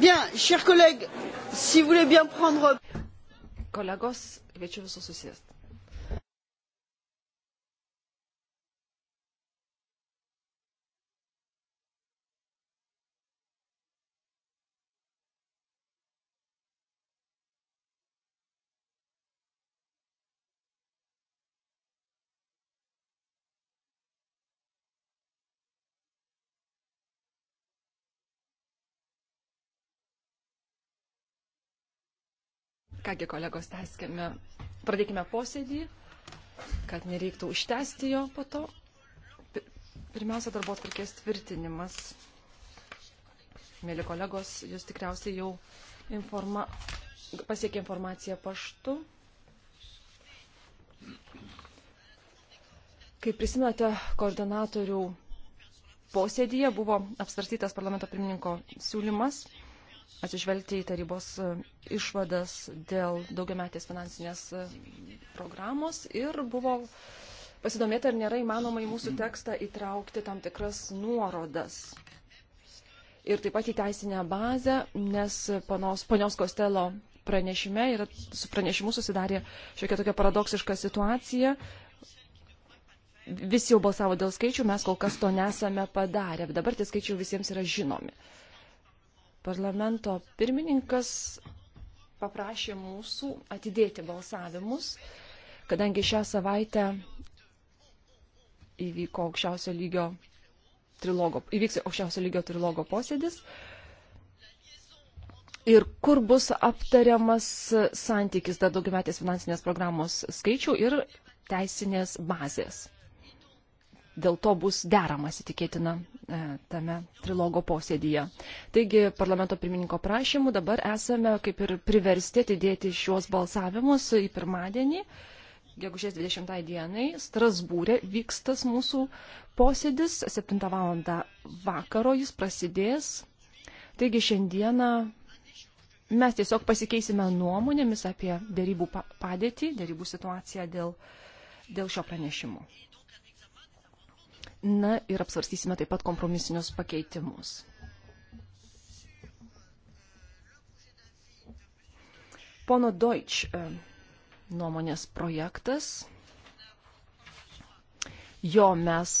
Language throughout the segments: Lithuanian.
Bien, chers collègues, si vous voulez bien prendre. Kolegos, kviečiu visus susėsti. Kągi, kolegos, tęskime. Pradėkime posėdį, kad nereiktų užtęsti jo po to. Pirmiausia, darbo atvarkės tvirtinimas. Mėly kolegos, jūs tikriausiai jau informa... pasiekė informaciją paštu. Kaip prisimėte, koordinatorių posėdyje buvo apsvarstytas parlamento pirmininko siūlymas atsižvelgti į tarybos e, išvadas dėl daugiametės finansinės e, programos ir buvo pasidomėta, ar nėra įmanoma į mūsų tekstą įtraukti tam tikras nuorodas. Ir taip pat į teisinę bazę, nes panos, ponios Kostelo pranešime ir su pranešimu susidarė šiokia tokia paradoksiška situacija, visi jau balsavo dėl skaičių, mes kol kas to nesame padarę, bet dabar tie skaičiai visiems yra žinomi. Parlamento pirmininkas paprašė mūsų atidėti balsavimus, kadangi šią savaitę įvyko aukščiausio lygio trilogo, įvyks aukščiausio lygio trilogo posėdis ir kur bus aptariamas santykis dar daugiametės finansinės programos skaičių ir teisinės bazės dėl to bus deramasi tikėtina e, tame trilogo posėdyje. Taigi parlamento pirmininko prašymu dabar esame kaip ir priversti atidėti šios balsavimus į pirmadienį, gegužės 20 dienai, Strasbūrė vyks tas mūsų posėdis, 7 val. vakaro jis prasidės. Taigi šiandieną mes tiesiog pasikeisime nuomonėmis apie dėrybų padėtį, dėrybų situaciją dėl, dėl šio pranešimo. Na ir apsvarstysime taip pat kompromisinius pakeitimus. Pono Deutsch e, nuomonės projektas. Jo mes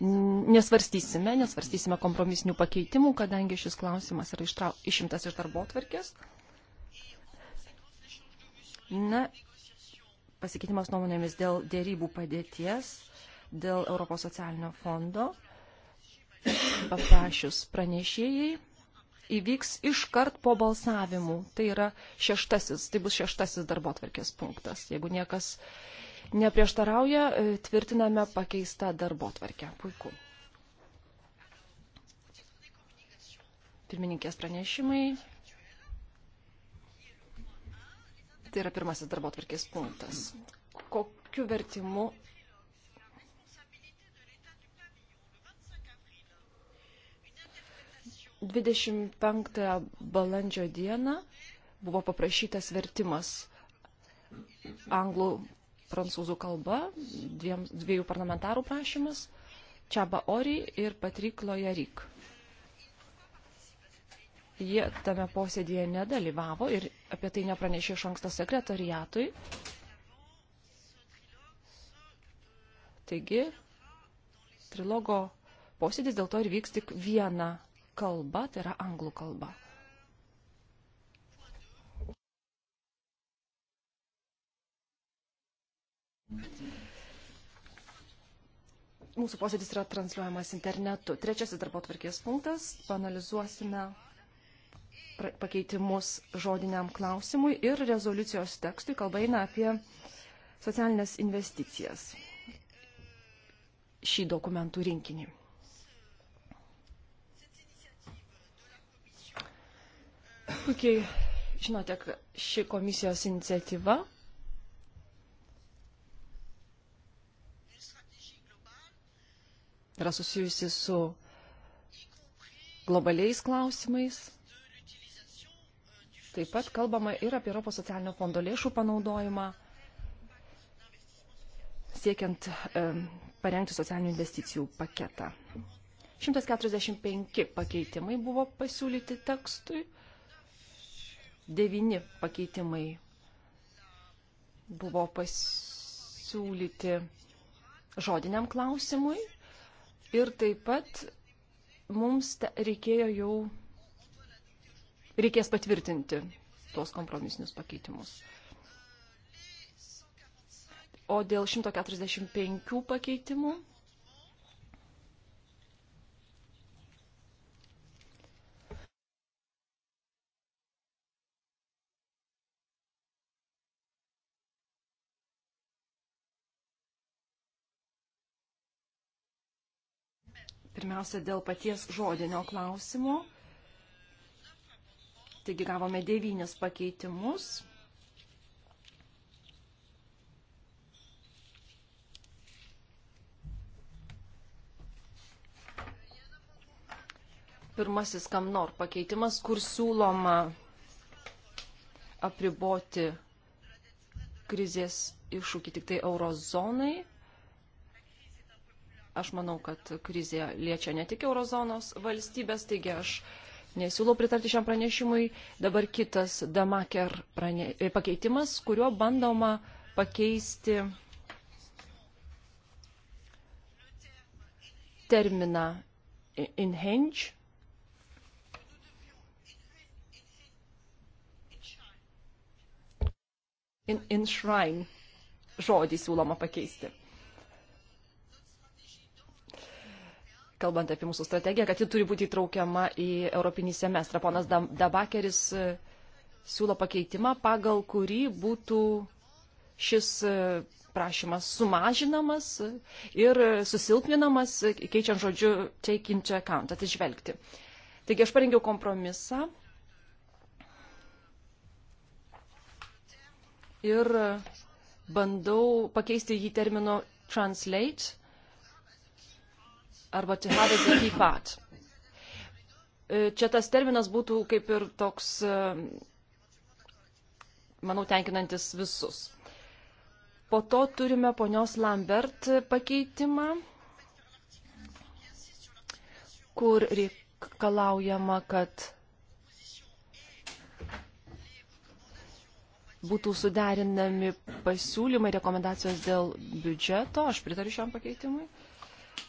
nesvarstysime, nesvarstysime kompromisinių pakeitimų, kadangi šis klausimas yra ištrau, išimtas iš darbo atvarkės. Na, pasikeitimas nuomonėmis dėl dėrybų padėties dėl Europos socialinio fondo, paprašius pranešėjai, įvyks iškart po balsavimų. Tai yra šeštasis, tai bus šeštasis darbo atverkės punktas. Jeigu niekas neprieštarauja, e, tvirtiname pakeistą darbo atverkę. Puiku. Pirmininkės pranešimai. Tai yra pirmasis darbo atverkės punktas. Kokiu vertimu 25 balandžio dieną buvo paprašytas vertimas anglų prancūzų kalba, dviem, dviejų parlamentarų prašymas, Čiaba Ori ir Patrik Lojarik. Jie tame posėdėje nedalyvavo ir apie tai nepranešė iš anksto sekretariatui. Taigi, trilogo posėdis dėl to ir vyks tik vieną kalba, tai yra anglų kalba. Mūsų posėdis yra transliuojamas internetu. Trečiasis darbo tvarkės punktas - panalizuosime pakeitimus žodiniam klausimui ir rezoliucijos tekstui kalba eina apie socialinės investicijas šį dokumentų rinkinį. puikiai žinote, ši komisijos iniciatyva yra susijusi su globaliais klausimais. Taip pat kalbama ir apie Europos socialinio fondo lėšų panaudojimą, siekiant e, parengti socialinių investicijų paketą. 145 pakeitimai buvo pasiūlyti tekstui devyni pakeitimai buvo pasiūlyti žodiniam klausimui ir taip pat mums reikėjo jau, reikės patvirtinti tuos kompromisinius pakeitimus. O dėl 145 pakeitimų Pirmiausia, dėl paties žodinio klausimo. Taigi gavome devynis pakeitimus. pirmasis Kamnor pakeitimas, kur siūloma apriboti krizės iššūkį tik tai eurozonai Aš manau, kad krizė liečia ne tik eurozonos valstybės, taigi aš nesiūlau pritarti šiam pranešimui. Dabar kitas Damaker prane... E, pakeitimas, kuriuo bandoma pakeisti terminą inhenge in, enshrine žodį siūloma pakeisti. kalbant apie mūsų strategiją, kad ji turi būti įtraukiama į Europinį semestrą. Ponas Dabakeris e, siūlo pakeitimą, pagal kurį būtų šis e, prašymas sumažinamas ir susilpninamas, e, keičiant žodžiu take into account, atsižvelgti. Taigi aš parengiau kompromisą ir bandau pakeisti jį termino translate arba džihadas ir jihad. E, čia tas terminas būtų kaip ir toks, e, manau, tenkinantis visus. Po to turime ponios Lambert pakeitimą, kur reikalaujama, kad būtų suderinami pasiūlymai, rekomendacijos dėl biudžeto. Aš pritariu šiam pakeitimui.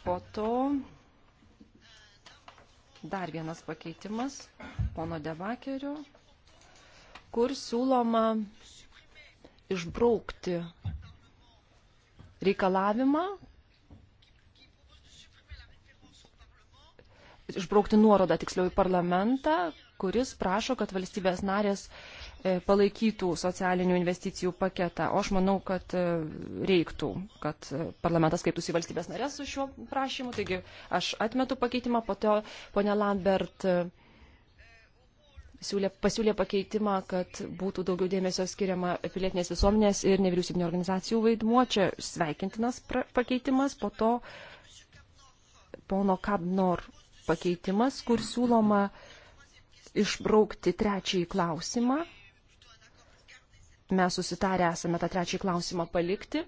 Po to dar vienas pakeitimas pono Debakerio, kur siūloma išbraukti reikalavimą, išbraukti nuorodą tiksliau į parlamentą, kuris prašo, kad valstybės narės uh, E, palaikytų socialinių investicijų paketą. O aš manau, kad e, reiktų, kad e, parlamentas kreiptųsi valstybės narės su šiuo prašymu. Taigi aš atmetu pakeitimą, po to ponia Lambert siūlė, pasiūlė pakeitimą, kad būtų daugiau dėmesio skiriama pilietinės visuomenės ir nevyriausybinio organizacijų vaidmuo. Čia sveikintinas pra, pakeitimas, po to pono Kabnor pakeitimas, kur siūloma išbraukti trečiąjį klausimą mes susitarę esame tą trečią klausimą palikti.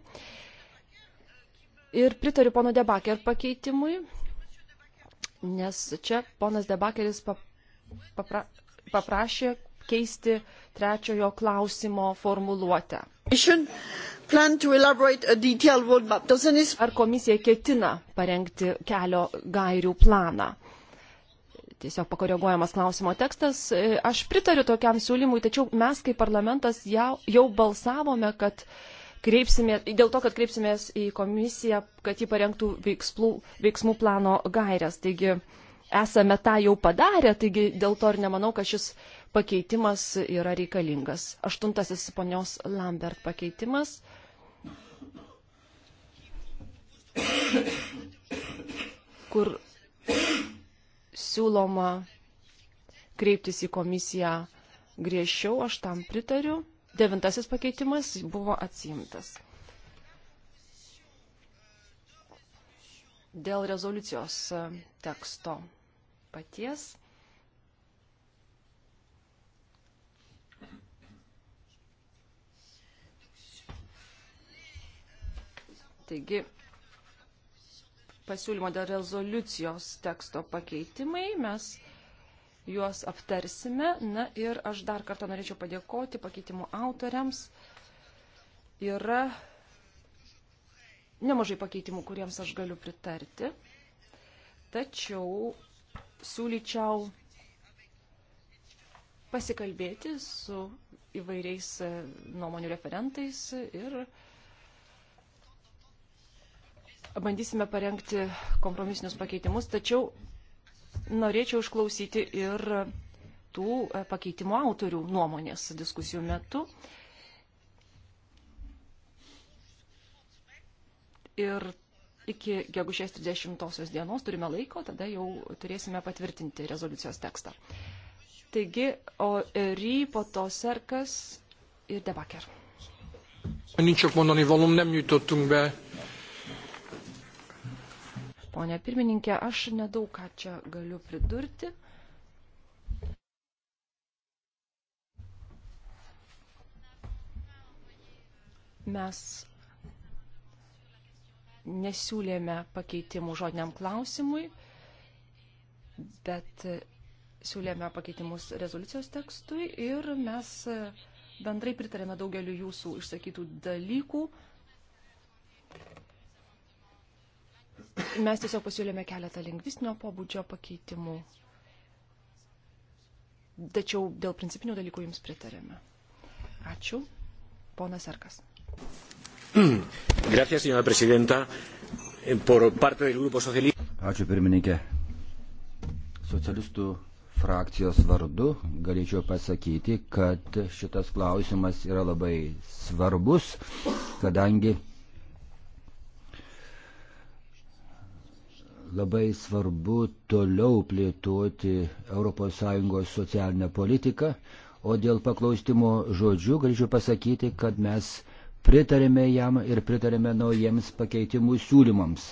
Ir pritariu pono Debaker pakeitimui, nes čia ponas Debakeris papra paprašė keisti trečiojo klausimo formuluotę. Ar komisija ketina parengti kelio gairių planą? tiesiog pakoreguojamas klausimo tekstas. Aš pritariu tokiam siūlymui, tačiau mes kaip parlamentas jau, jau balsavome, kad kreipsime, dėl to, kad kreipsimės į komisiją, kad ji parengtų veikslų, veiksmų plano gairias. Taigi esame tą jau padarę, taigi dėl to ir nemanau, kad šis pakeitimas yra reikalingas. Aštuntasis ponios Lambert pakeitimas. kur siūloma kreiptis į komisiją griežčiau, aš tam pritariu. Devintasis pakeitimas buvo atsimtas. Dėl rezoliucijos e, teksto paties. Taigi, pasiūlymo dėl rezoliucijos teksto pakeitimai. Mes juos aptarsime. Na ir aš dar kartą norėčiau padėkoti pakeitimų autoriams. Yra nemažai pakeitimų, kuriems aš galiu pritarti. Tačiau siūlyčiau pasikalbėti su įvairiais e, nuomonių referentais ir uh, bandysime parengti kompromisinius pakeitimus, tačiau norėčiau išklausyti ir tų e, pakeitimo autorių nuomonės diskusijų metu. Ir iki gegužės 30 dienos turime laiko, tada jau turėsime patvirtinti rezoliucijos tekstą. Taigi, o e, ry po to serkas ir debaker. Nincs sok mondani valom, nem jutottunk be ponė pirmininkė. Aš nedaug ką čia galiu pridurti. Mes nesiūlėme pakeitimų žodiniam klausimui, bet siūlėme pakeitimus rezoliucijos tekstui ir mes bendrai pritarėme daugeliu jūsų išsakytų dalykų. mes tiesiog pasiūlėme keletą lingvistinio pobūdžio pakeitimų. Tačiau dėl principinių dalykų jums pritarėme. Ačiū. Ponas Erkas. Gracias, señora presidenta. Por parte del Grupo Socialista. Ačiū, pirmininkė. Socialistų frakcijos vardu galėčiau pasakyti, kad šitas klausimas yra labai svarbus, kadangi labai svarbu toliau plėtoti ES socialinę politiką, o dėl paklaustimo žodžių galėčiau pasakyti, kad mes pritarėme jam ir pritarėme naujiems pakeitimų siūlymams.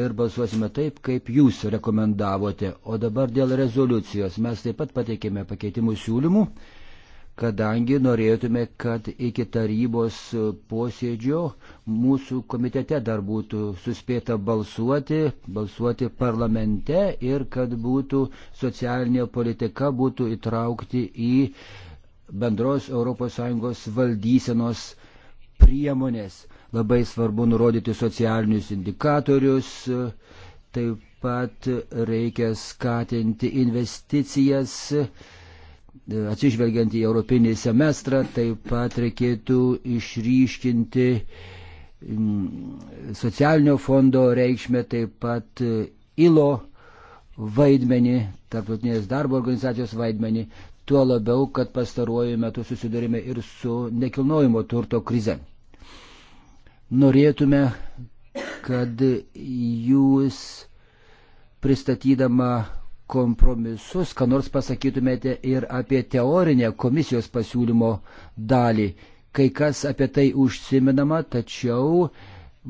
Ir balsuosime taip, kaip jūs rekomendavote. O dabar dėl rezoliucijos mes taip pat pateikėme pakeitimų siūlymų kadangi norėtume, kad iki tarybos posėdžio mūsų komitete dar būtų suspėta balsuoti, balsuoti parlamente ir kad būtų socialinė politika būtų įtraukti į bendros ES valdysenos priemonės. Labai svarbu nurodyti socialinius indikatorius, taip pat reikia skatinti investicijas, atsižvelgiant į Europinį semestrą, taip pat reikėtų išryškinti mm, socialinio fondo reikšmę, taip pat e, ILO vaidmenį, tarptautinės darbo organizacijos vaidmenį, tuo labiau, kad pastaruoju metu susidurime ir su nekilnojimo turto krize. Norėtume, kad jūs pristatydama kompromisus, ką nors pasakytumėte ir apie teorinę komisijos pasiūlymo dalį. Kai kas apie tai užsiminama, tačiau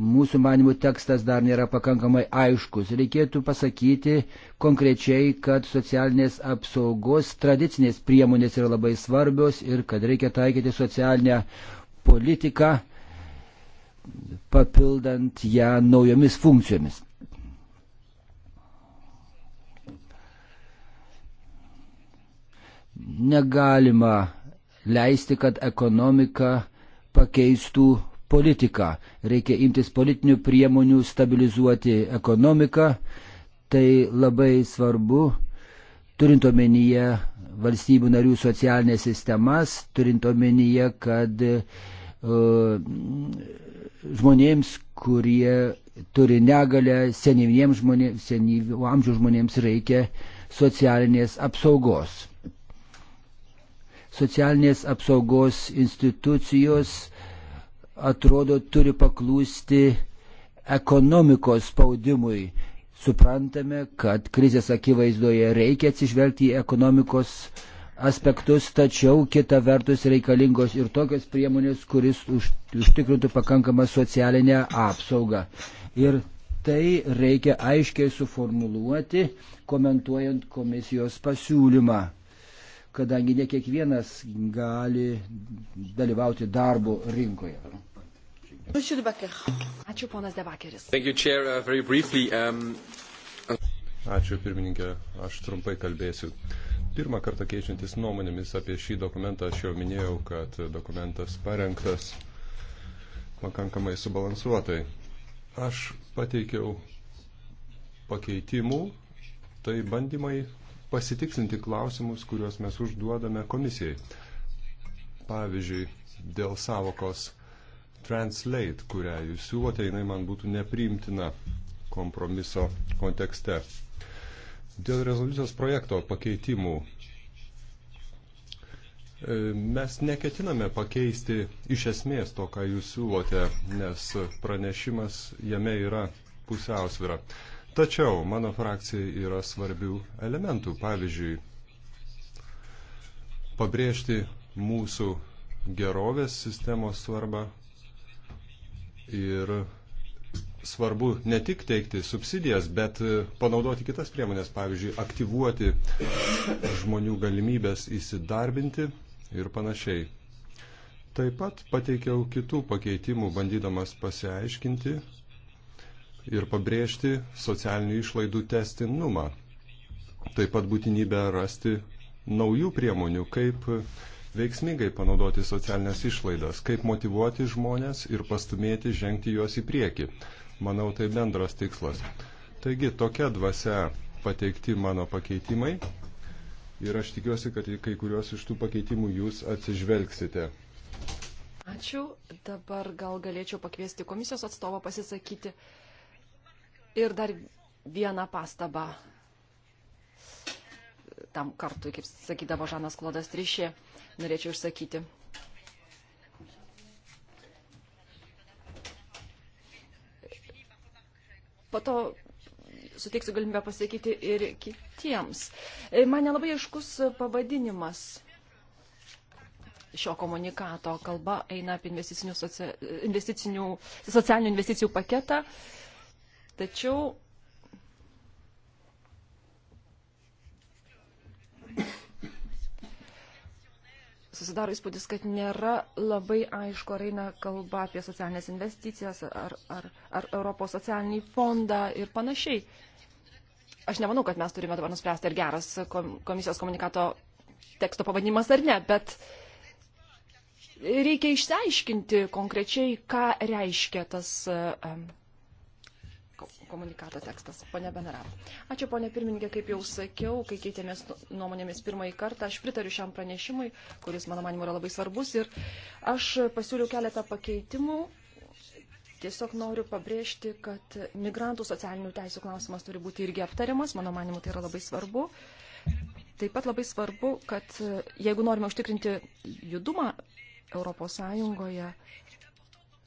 mūsų manimų tekstas dar nėra pakankamai aiškus. Reikėtų pasakyti konkrečiai, kad socialinės apsaugos tradicinės priemonės yra labai svarbios ir kad reikia taikyti socialinę politiką, papildant ją naujomis funkcijomis. Negalima leisti, kad ekonomika pakeistų politiką. Reikia imtis politinių priemonių stabilizuoti ekonomiką. Tai labai svarbu, turint omenyje valstybių narių socialinės sistemas, turint omenyje, kad uh, žmonėms, kurie turi negalę, senyviems žmonėms, senyvių amžiaus žmonėms reikia socialinės apsaugos socialinės apsaugos institucijos atrodo turi paklūsti ekonomikos spaudimui. Suprantame, kad krizės akivaizdoje reikia atsižvelgti į ekonomikos aspektus, tačiau kita vertus reikalingos ir tokios priemonės, kuris už, užtikrintų pakankamą socialinę apsaugą. Ir tai reikia aiškiai suformuluoti, komentuojant komisijos pasiūlymą kadangi ne kiekvienas gali dalyvauti darbo rinkoje. Ačiū, ponas Debakeris. Uh, um, Ačiū, pirmininkė. Aš trumpai kalbėsiu. Pirmą kartą keičiantis nuomonėmis apie šį dokumentą aš jau minėjau, kad dokumentas parengtas pakankamai subalansuotai. Aš pateikiau pakeitimų, tai bandymai pasitikslinti klausimus, kuriuos mes užduodame komisijai. Pavyzdžiui, dėl savokos translate, kurią jūs siūlote, jinai man būtų nepriimtina kompromiso kontekste. Dėl rezoliucijos projekto pakeitimų e, mes neketiname pakeisti iš esmės to, ką jūs siūlote, nes pranešimas jame yra pusiausvira. Tačiau mano frakcijai yra svarbių elementų. Pavyzdžiui, pabrėžti mūsų gerovės sistemos svarbą ir svarbu ne tik teikti subsidijas, bet panaudoti kitas priemonės, pavyzdžiui, aktyvuoti žmonių galimybės įsidarbinti ir panašiai. Taip pat pateikiau kitų pakeitimų, bandydamas pasiaiškinti, ir pabrėžti socialinių išlaidų testinumą. Taip pat būtinybę rasti naujų priemonių, kaip veiksmingai panaudoti socialinės išlaidas, kaip motivuoti žmonės ir pastumėti žengti juos į priekį. Manau, tai bendras tikslas. Taigi, tokia dvasia pateikti mano pakeitimai ir aš tikiuosi, kad į kai kuriuos iš tų pakeitimų jūs atsižvelgsite. Ačiū. Dabar gal galėčiau pakviesti komisijos atstovą pasisakyti. Ir dar vieną pastabą tam kartui, kaip sakydavo Žanas Klodas Trišė, norėčiau išsakyti. Po to suteiksiu galimybę pasakyti ir kitiems. E, man nelabai aiškus pavadinimas šio komunikato. Kalba eina apie investicinių, socia, investicinių, socialinių investicijų paketą. Uh, Tačiau susidaro įspūdis, kad nėra labai aišku, ar eina kalba apie socialinės investicijas, ar, ar, ar Europos socialinį fondą ir panašiai. Aš nemanau, kad mes turime dabar nuspręsti, ar geras komisijos komunikato teksto pavadinimas ar ne, bet reikia išsiaiškinti konkrečiai, ką reiškia tas komunikato tekstas. Pone Benara. Ačiū, ponė pirmininkė, kaip jau sakiau, kai keitėmės nu, nuomonėmis pirmąjį kartą, aš pritariu šiam pranešimui, kuris, mano manimu, yra labai svarbus ir aš pasiūliau keletą pakeitimų. Tiesiog noriu pabrėžti, kad migrantų socialinių teisų klausimas turi būti irgi aptariamas, mano manimu, tai yra labai svarbu. Taip pat labai svarbu, kad e, jeigu norime užtikrinti judumą Europos Sąjungoje,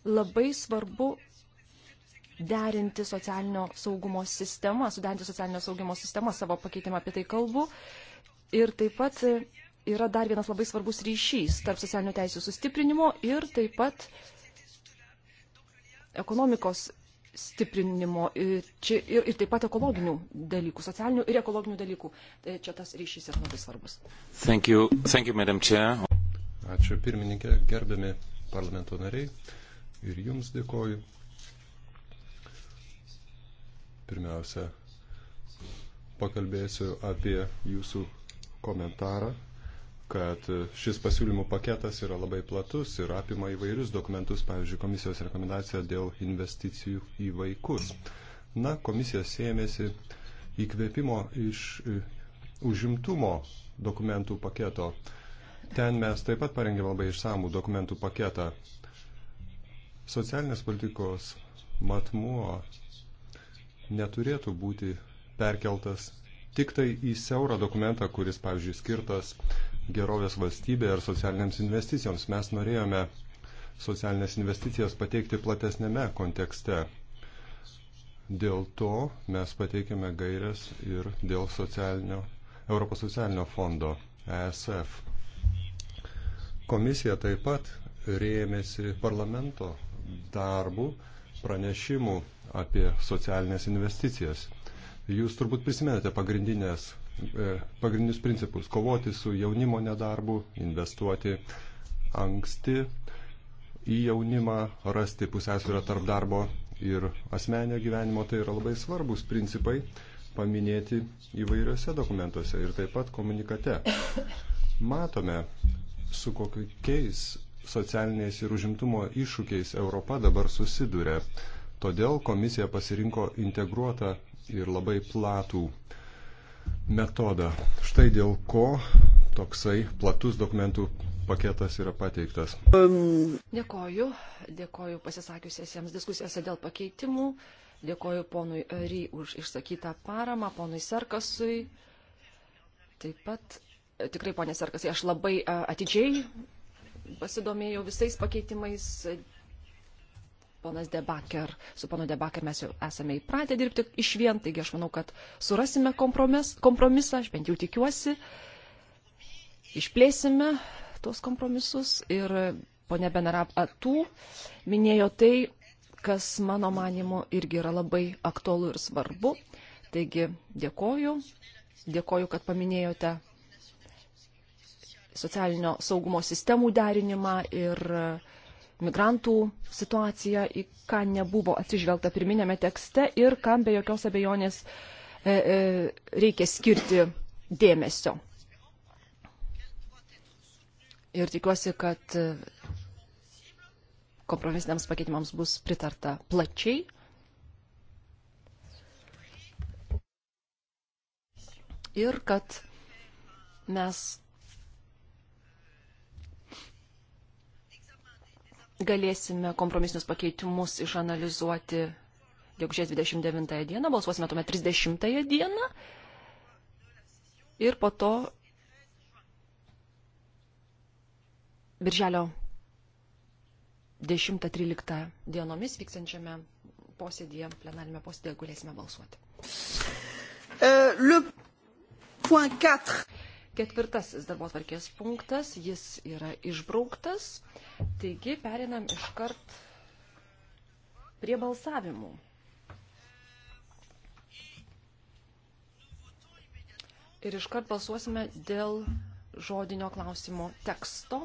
labai svarbu derinti socialinio saugumo sistemą, suderinti socialinio saugumo sistemą, savo pakeitimą apie tai kalbu. Ir taip pat yra dar vienas labai svarbus ryšys tarp socialinių teisų sustiprinimo ir taip pat ekonomikos stiprinimo ir, čia, ir, ir taip pat ekologinių dalykų, socialinių ir ekologinių dalykų. Tai čia tas ryšys yra labai svarbus. Thank you. Thank you, Madam Chair. Ačiū pirmininkė, gerbiami parlamento nariai ir jums dėkoju. Pirmiausia, pakalbėsiu apie jūsų komentarą, kad šis pasiūlymų paketas yra labai platus ir apima įvairius dokumentus, pavyzdžiui, komisijos rekomendacija dėl investicijų į vaikus. Na, komisija sėmėsi įkvėpimo iš e, užimtumo dokumentų paketo. Ten mes taip pat parengėme labai išsamų dokumentų paketą. Socialinės politikos matmuo neturėtų būti perkeltas tik tai į siaurą dokumentą, kuris, pavyzdžiui, skirtas gerovės valstybė ir socialiniams investicijoms. Mes norėjome socialinės investicijas pateikti platesnėme kontekste. Dėl to mes pateikėme gairias ir dėl socialinio, Europos socialinio fondo ESF. Komisija taip pat rėmėsi parlamento darbų pranešimų apie socialinės investicijas. Jūs turbūt prisimenate pagrindinės, e, pagrindinius principus - kovoti su jaunimo nedarbu, investuoti anksti į jaunimą, rasti pusiausvyrą tarp darbo ir asmenio gyvenimo. Tai yra labai svarbus principai paminėti įvairiose dokumentuose ir taip pat komunikate. Matome, su kokiais socialiniais ir užimtumo iššūkiais Europa dabar susiduria. Todėl komisija pasirinko integruotą ir labai platų metodą. Štai dėl ko toksai platus dokumentų paketas yra pateiktas. Dėkoju, dėkoju pasisakiusiesiems diskusijose dėl pakeitimų, dėkoju ponui Ry už išsakytą paramą, ponui Serkasui. Taip pat, e, tikrai, ponė Serkasai, aš labai e, atidžiai pasidomėjau visais pakeitimais, Ponas Debaker, su ponu Debaker mes jau esame įpratę dirbti iš vien, taigi aš manau, kad surasime kompromis, kompromisą, aš bent jau tikiuosi, išplėsime tuos kompromisus ir ponė Benarab Atų minėjo tai, kas mano manimu irgi yra labai aktualu ir svarbu. Taigi dėkoju, dėkoju, kad paminėjote socialinio saugumo sistemų derinimą ir uh, migrantų situaciją, į ką nebuvo atsižvelgta pirminėme tekste ir kam be jokios abejonės e, e, reikia skirti dėmesio. Ir tikiuosi, kad kompromisiniams pakeitimams bus pritarta plačiai. Ir kad mes galėsime kompromisinius pakeitimus išanalizuoti gegužės 29 dieną, balsuosime tuomet 30 dieną ir po to birželio 10-13 dienomis vyksiančiame posėdėje, plenarinėme posėdėje galėsime balsuoti. Uh, le point 4. Ketvirtasis darbos varkės punktas, jis yra išbrauktas. Taigi perinam iškart prie balsavimų. Ir iškart balsuosime dėl žodinio klausimo teksto.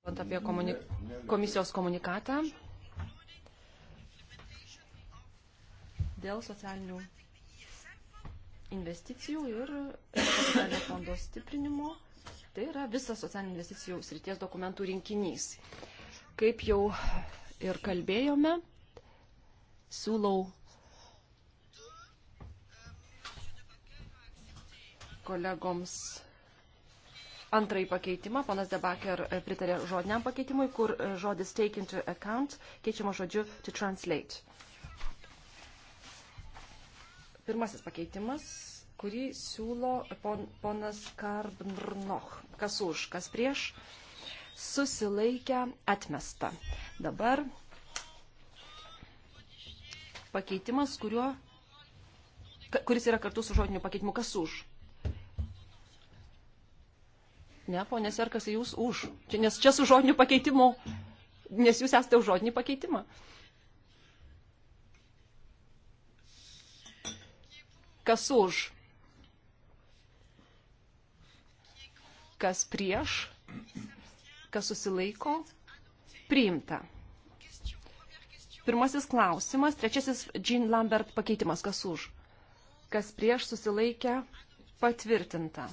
kalbant apie komuni komisijos komunikatą dėl socialinių investicijų ir socialinio fondo stiprinimo. Tai yra visas socialinių investicijų srities dokumentų rinkinys. Kaip jau ir kalbėjome, siūlau kolegoms antrąjį pakeitimą. Panas Debaker pritarė žodiniam pakeitimui, kur žodis take into account keičiama žodžiu to translate. Pirmasis pakeitimas, kurį siūlo pon, ponas Karbrnoch. Kas už, kas prieš, susilaikę atmesta. Dabar pakeitimas, kuriuo, kuris yra kartu su žodiniu pakeitimu, kas už. Ne, ponė Serkas, jūs už. Čia, nes čia su žodiniu pakeitimu, nes jūs esate už žodinį pakeitimą. Uh, kas už, kas prieš, kas susilaiko, priimta. Pirmasis klausimas, trečiasis Jean Lambert pakeitimas, kas už, kas prieš susilaikę, patvirtinta.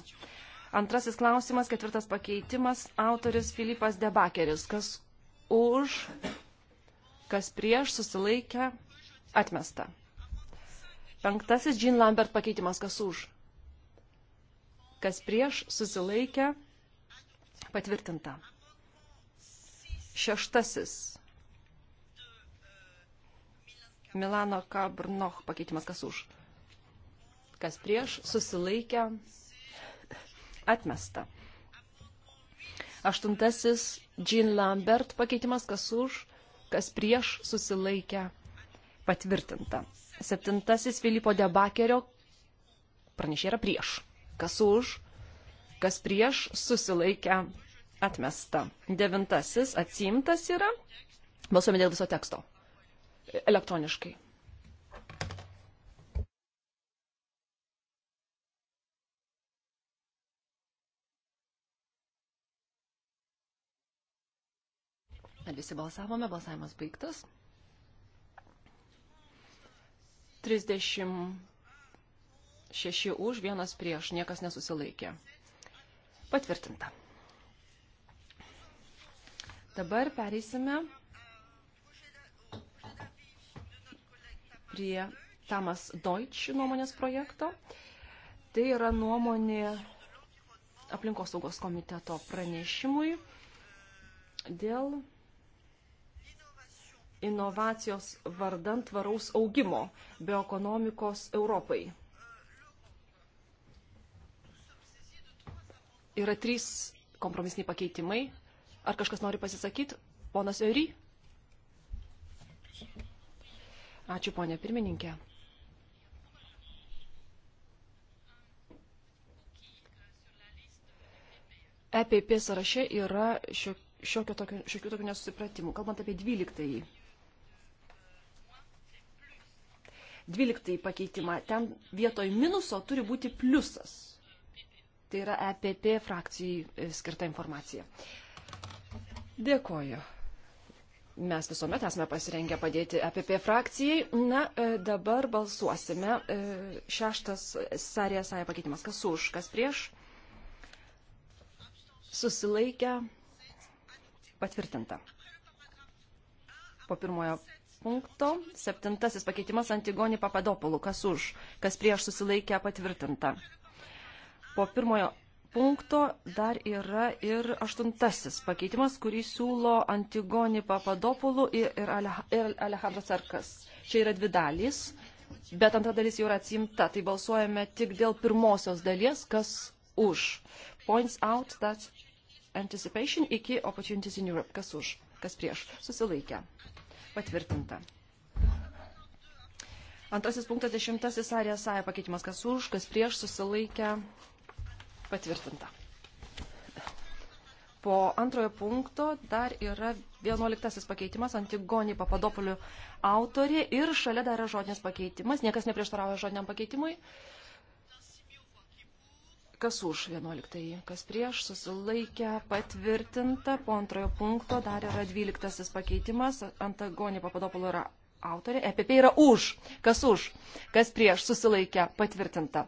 Antrasis klausimas, ketvirtas pakeitimas, autoris Filipas Debakeris, kas už, kas prieš susilaikę, atmesta. Penktasis Jean Lambert pakeitimas kas už. Kas prieš susilaikė patvirtinta. Šeštasis Milano Kabrnoch pakeitimas kas už. Kas prieš susilaikė atmesta. Aštuntasis Jean Lambert pakeitimas kas už, kas prieš susilaikė patvirtinta. Septintasis Filipo Debakerio pranešė yra prieš. Kas už, kas prieš susilaikę atmesta. Devintasis atsimtas yra. Balsuojame dėl viso teksto. Elektroniškai. Ar visi balsavome? Balsavimas baigtas. 36 už, vienas prieš, niekas nesusilaikė. Patvirtinta. Dabar pereisime prie Tamas Deutsch nuomonės projekto. Tai yra nuomonė aplinkosaugos komiteto pranešimui dėl inovacijos vardant tvaraus augimo bioekonomikos Europai. Yra trys kompromisiniai pakeitimai. Ar kažkas nori pasisakyti? Ponas Eury? Ačiū, ponė pirmininkė. EPP sąraše yra šiokių tokių nesusipratimų. Kalbant apie 12 12 pakeitimą. Ten vietoj minuso turi būti pliusas. Tai yra EPP frakcijai e, skirta informacija. Dėkoju. Mes visuomet esame pasirengę padėti EPP frakcijai. Na, e, dabar balsuosime. E, šeštas Sarija Saja pakeitimas. Kas už, kas prieš? Susilaikę. Patvirtinta. Po pirmojo punkto. Septintasis pakeitimas Antigonį Papadopolų. Kas už, kas prieš susilaikę patvirtinta. Po pirmojo punkto dar yra ir aštuntasis pakeitimas, kurį siūlo Antigonį Papadopolų ir Alejandro Cerkas. Čia yra dvi dalys, bet antra dalis jau yra atsimta. Tai balsuojame tik dėl pirmosios dalies, kas už. Points out that anticipation iki opportunities in Europe. Kas už, kas prieš. Susilaikę. Patvirtinta. Antrasis punktas dešimtasis arė sąja e pakeitimas, kas už, kas prieš susilaikę. Patvirtinta. Po antrojo punkto dar yra vienuoliktasis pakeitimas Antigonį Papadopolių autorė ir šalia dar yra žodinis pakeitimas. Niekas neprieštarauja žodiniam pakeitimui. Uh, Kas už 11, kas prieš, susilaikę, patvirtinta. Po antrojo punkto dar yra 12 pakeitimas. Antagonė Papadopolo yra autorė. EPP yra už. Kas už, kas prieš, susilaikę, patvirtinta.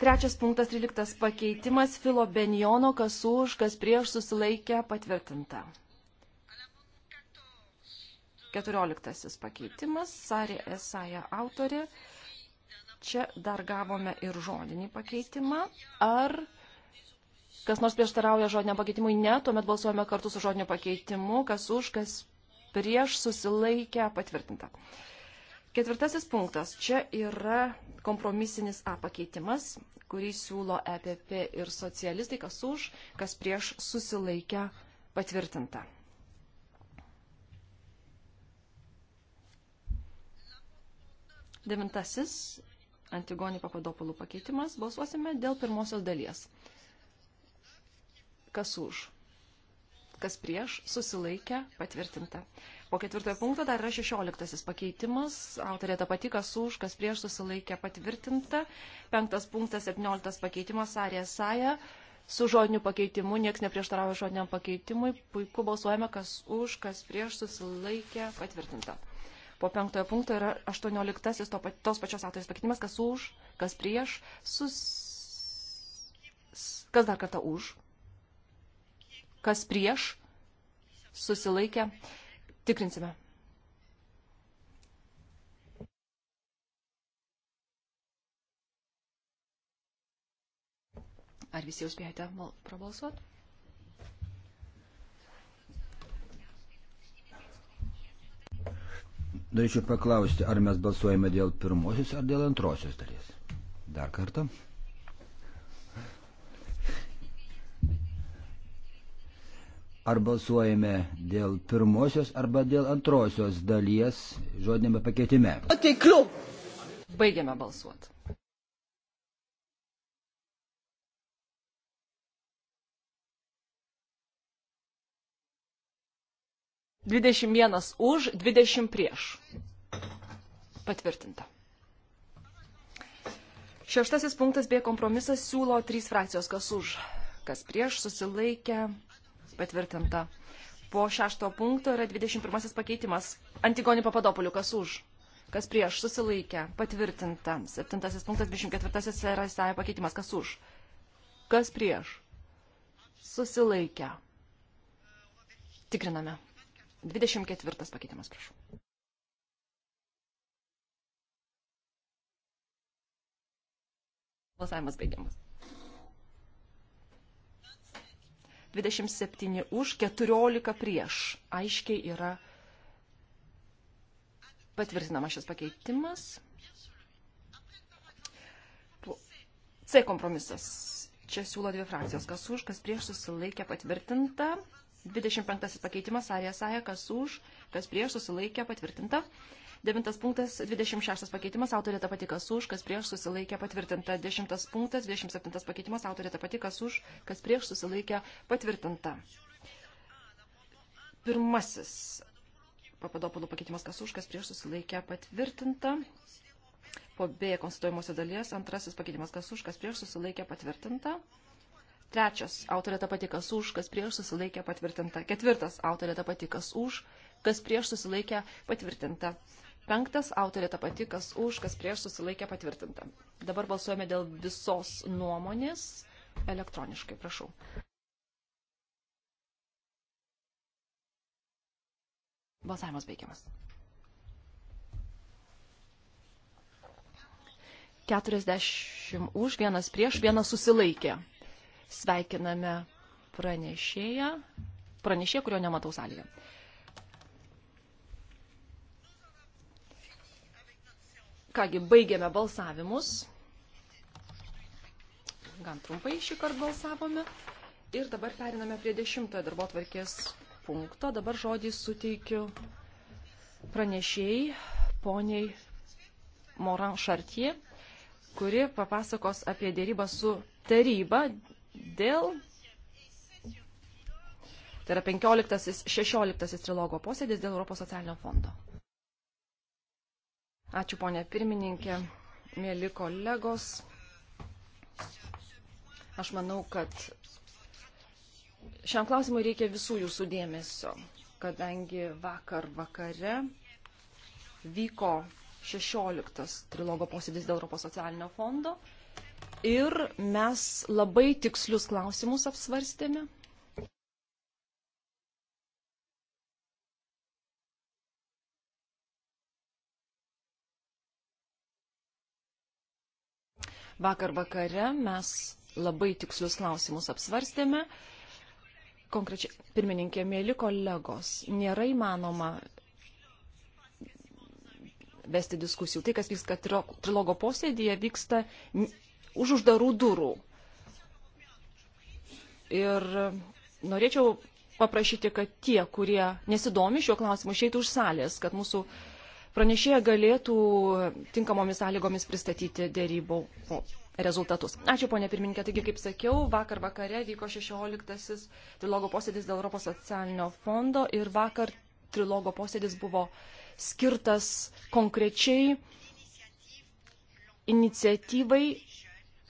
Trečias punktas, 13 pakeitimas. Filo Benjono, kas už, kas prieš, susilaikę, patvirtinta. 14 pakeitimas. Sarė Esaja autorė čia dar gavome ir žodinį pakeitimą. Ar kas nors prieštarauja žodiniam pakeitimui? Ne, tuomet balsuojame kartu su žodiniu pakeitimu, kas už, kas prieš susilaikę patvirtinta. Ketvirtasis punktas. Čia yra kompromisinis A pakeitimas, kurį siūlo EPP ir socialistai, kas už, kas prieš susilaikę patvirtinta. Devintasis Antigonį Papadopolų pakeitimas. Balsuosime dėl pirmosios dalies. Kas už? Kas prieš? Susilaikę? Patvirtinta. Po ketvirtojo punkto dar yra šešioliktasis pakeitimas. Autorė ta pati, kas už, kas prieš susilaikė patvirtinta. Penktas punktas, septynioliktas pakeitimas, Arija Saja. Su žodiniu pakeitimu, niekas neprieštaravo žodiniam pakeitimui. Puiku balsuojame, kas už, kas prieš susilaikė patvirtinta po penktojo punkto yra aštuonioliktasis to, tos pačios autorės pakeitimas, kas už, kas prieš, sus... kas dar kartą už, kas prieš, susilaikę, tikrinsime. Ar visi jau spėjote prabalsuoti? Norėčiau paklausti, ar mes balsuojame dėl pirmosios ar dėl antrosios dalies. Dar kartą. Ar balsuojame dėl pirmosios arba dėl antrosios dalies žodinėme pakeitime. Baigiame balsuoti. 21 už, 20 prieš. Patvirtinta. Šeštasis punktas B kompromisas siūlo trys frakcijos, kas už, kas prieš, susilaikė, patvirtinta. Po šešto punkto yra 21 pakeitimas. Antigonį Papadopolių, kas už, kas prieš, susilaikė, patvirtinta. Septintasis punktas, 24 yra įsavę pakeitimas, kas už, kas prieš, susilaikė. Tikriname. 24 pakeitimas, prašau. Balsavimas baigiamas. 27 už, 14 prieš. Aiškiai yra patvirtinamas šis pakeitimas. C kompromisas. Čia siūlo dvi frakcijos. Kas už, kas prieš susilaikė patvirtinta. 25 pakeitimas, Arija Saja, kas už, kas prieš, susilaikė, patvirtinta. 9 punktas, 26 pakeitimas, autorė ta pati, kas už, kas prieš, susilaikė, patvirtinta. 10 punktas, 27 pakeitimas, autorė ta pati, kas už, kas prieš, susilaikė, patvirtinta. Pirmasis papadopolų pakeitimas, kas už, kas prieš, susilaikė, patvirtinta. Po B konstatuojamosios dalies, antrasis pakeitimas, kas už, kas prieš, susilaikė, patvirtinta. Trečias autorė ta pati, kas už, kas prieš susilaikė patvirtinta. Ketvirtas autorė ta pati, kas už, kas prieš susilaikė patvirtinta. Penktas autorė ta pati, kas už, kas prieš susilaikė patvirtinta. Dabar balsuojame dėl visos nuomonės elektroniškai, prašau. Balsavimas baigiamas. 40 už, vienas prieš, vienas susilaikė. Sveikiname pranešėją, pranešėją, kurio nematau salėje. Kągi, baigėme balsavimus. Gan trumpai šį kartą balsavome. Ir dabar periname prie dešimtojo darbo tvarkės punkto. Dabar žodį suteikiu pranešėjai poniai Moran Šartie, kuri papasakos apie dėrybą su taryba dėl. Tai yra 15-16 trilogo posėdis dėl Europos socialinio fondo. Ačiū, ponė pirmininkė, mėly kolegos. Aš manau, kad šiam klausimui reikia visų jūsų dėmesio, kadangi vakar vakare vyko 16 trilogo posėdis dėl Europos socialinio fondo ir mes labai tikslius klausimus apsvarstėme. Vakar vakare mes labai tikslius klausimus apsvarstėme. Konkrečiai, pirmininkė, mėly kolegos, nėra įmanoma vesti diskusijų. Tai, kas vyksta trilogo posėdėje, vyksta už uždarų durų. Ir norėčiau paprašyti, kad tie, kurie nesidomi šiuo klausimu, išeitų už salės, kad mūsų pranešėja galėtų tinkamomis sąlygomis pristatyti dėrybų rezultatus. Ačiū, ponė pirmininkė. Taigi, kaip sakiau, vakar vakare vyko 16-asis trilogo posėdis dėl Europos socialinio fondo ir vakar trilogo posėdis buvo skirtas konkrečiai iniciatyvai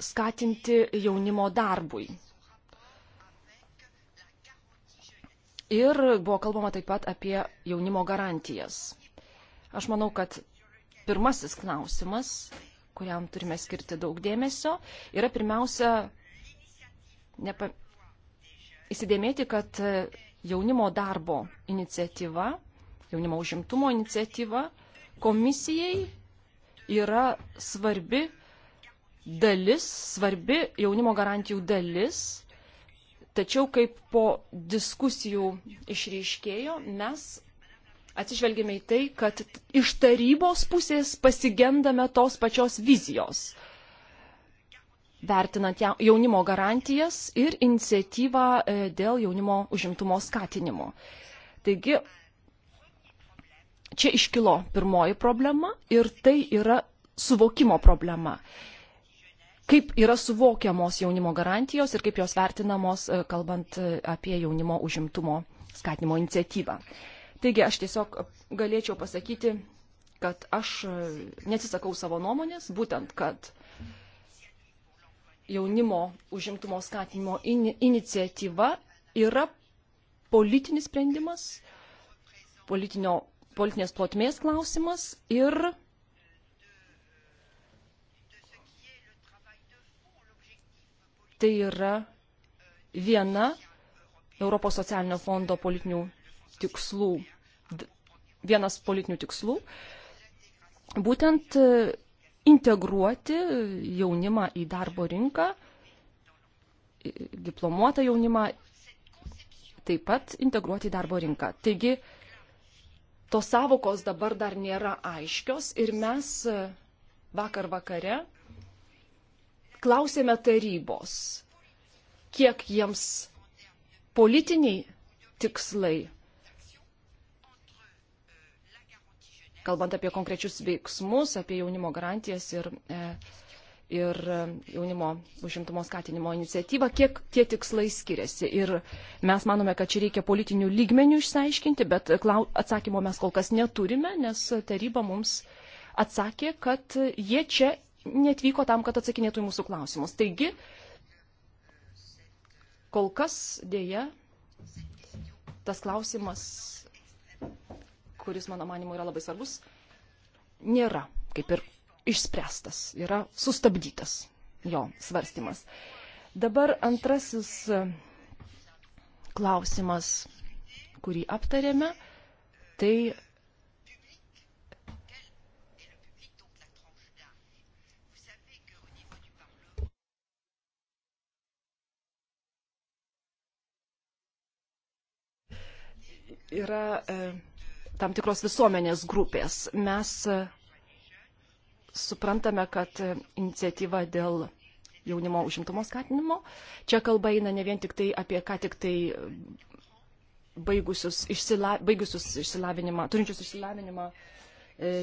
skatinti jaunimo darbui. Ir buvo kalbama taip pat apie jaunimo garantijas. Aš manau, kad pirmasis klausimas, kuriam turime skirti daug dėmesio, yra pirmiausia nepa... įsidėmėti, kad jaunimo darbo iniciatyva, jaunimo užimtumo iniciatyva komisijai yra svarbi dalis, svarbi jaunimo garantijų dalis, tačiau kaip po diskusijų išryškėjo, mes atsižvelgėme į tai, kad iš tarybos pusės pasigendame tos pačios vizijos vertinant jaunimo garantijas ir iniciatyvą e, dėl jaunimo užimtumo skatinimo. Taigi, čia iškilo pirmoji problema ir tai yra suvokimo problema kaip yra suvokiamos jaunimo garantijos ir kaip jos vertinamos, e, kalbant e, apie jaunimo užimtumo skatinimo iniciatyvą. Taigi aš tiesiog galėčiau pasakyti, kad aš e, nesisakau savo nuomonės, būtent, kad jaunimo užimtumo skatinimo in iniciatyva yra politinis sprendimas, politinio, politinės plotmės klausimas ir Tai yra viena Europos socialinio fondo politinių tikslų, vienas politinių tikslų, būtent e, integruoti jaunimą į darbo rinką, diplomuotą jaunimą taip pat integruoti į darbo rinką. Taigi, tos savokos dabar dar nėra aiškios ir mes e, vakar vakare klausėme tarybos, kiek jiems politiniai tikslai, kalbant apie konkrečius veiksmus, apie jaunimo garantijas ir, e, ir e, jaunimo užimtumo skatinimo iniciatyvą, kiek tie tikslai skiriasi. Ir mes manome, kad čia reikia politinių lygmenių išsiaiškinti, bet atsakymo mes kol kas neturime, nes taryba mums atsakė, kad jie čia netvyko tam, kad atsakinėtų į mūsų klausimus. Taigi, kol kas dėja, tas klausimas, kuris mano manimu yra labai svarbus, nėra kaip ir išspręstas, yra sustabdytas jo svarstymas. Dabar antrasis e, klausimas, kurį aptarėme, tai yra e, tam tikros visuomenės grupės. Mes e, suprantame, kad e, iniciatyva dėl jaunimo užimtumo skatinimo, čia kalba eina ne vien tik tai apie ką tik tai baigusius, išsila, baigusius išsilavinimą, turinčius išsilavinimą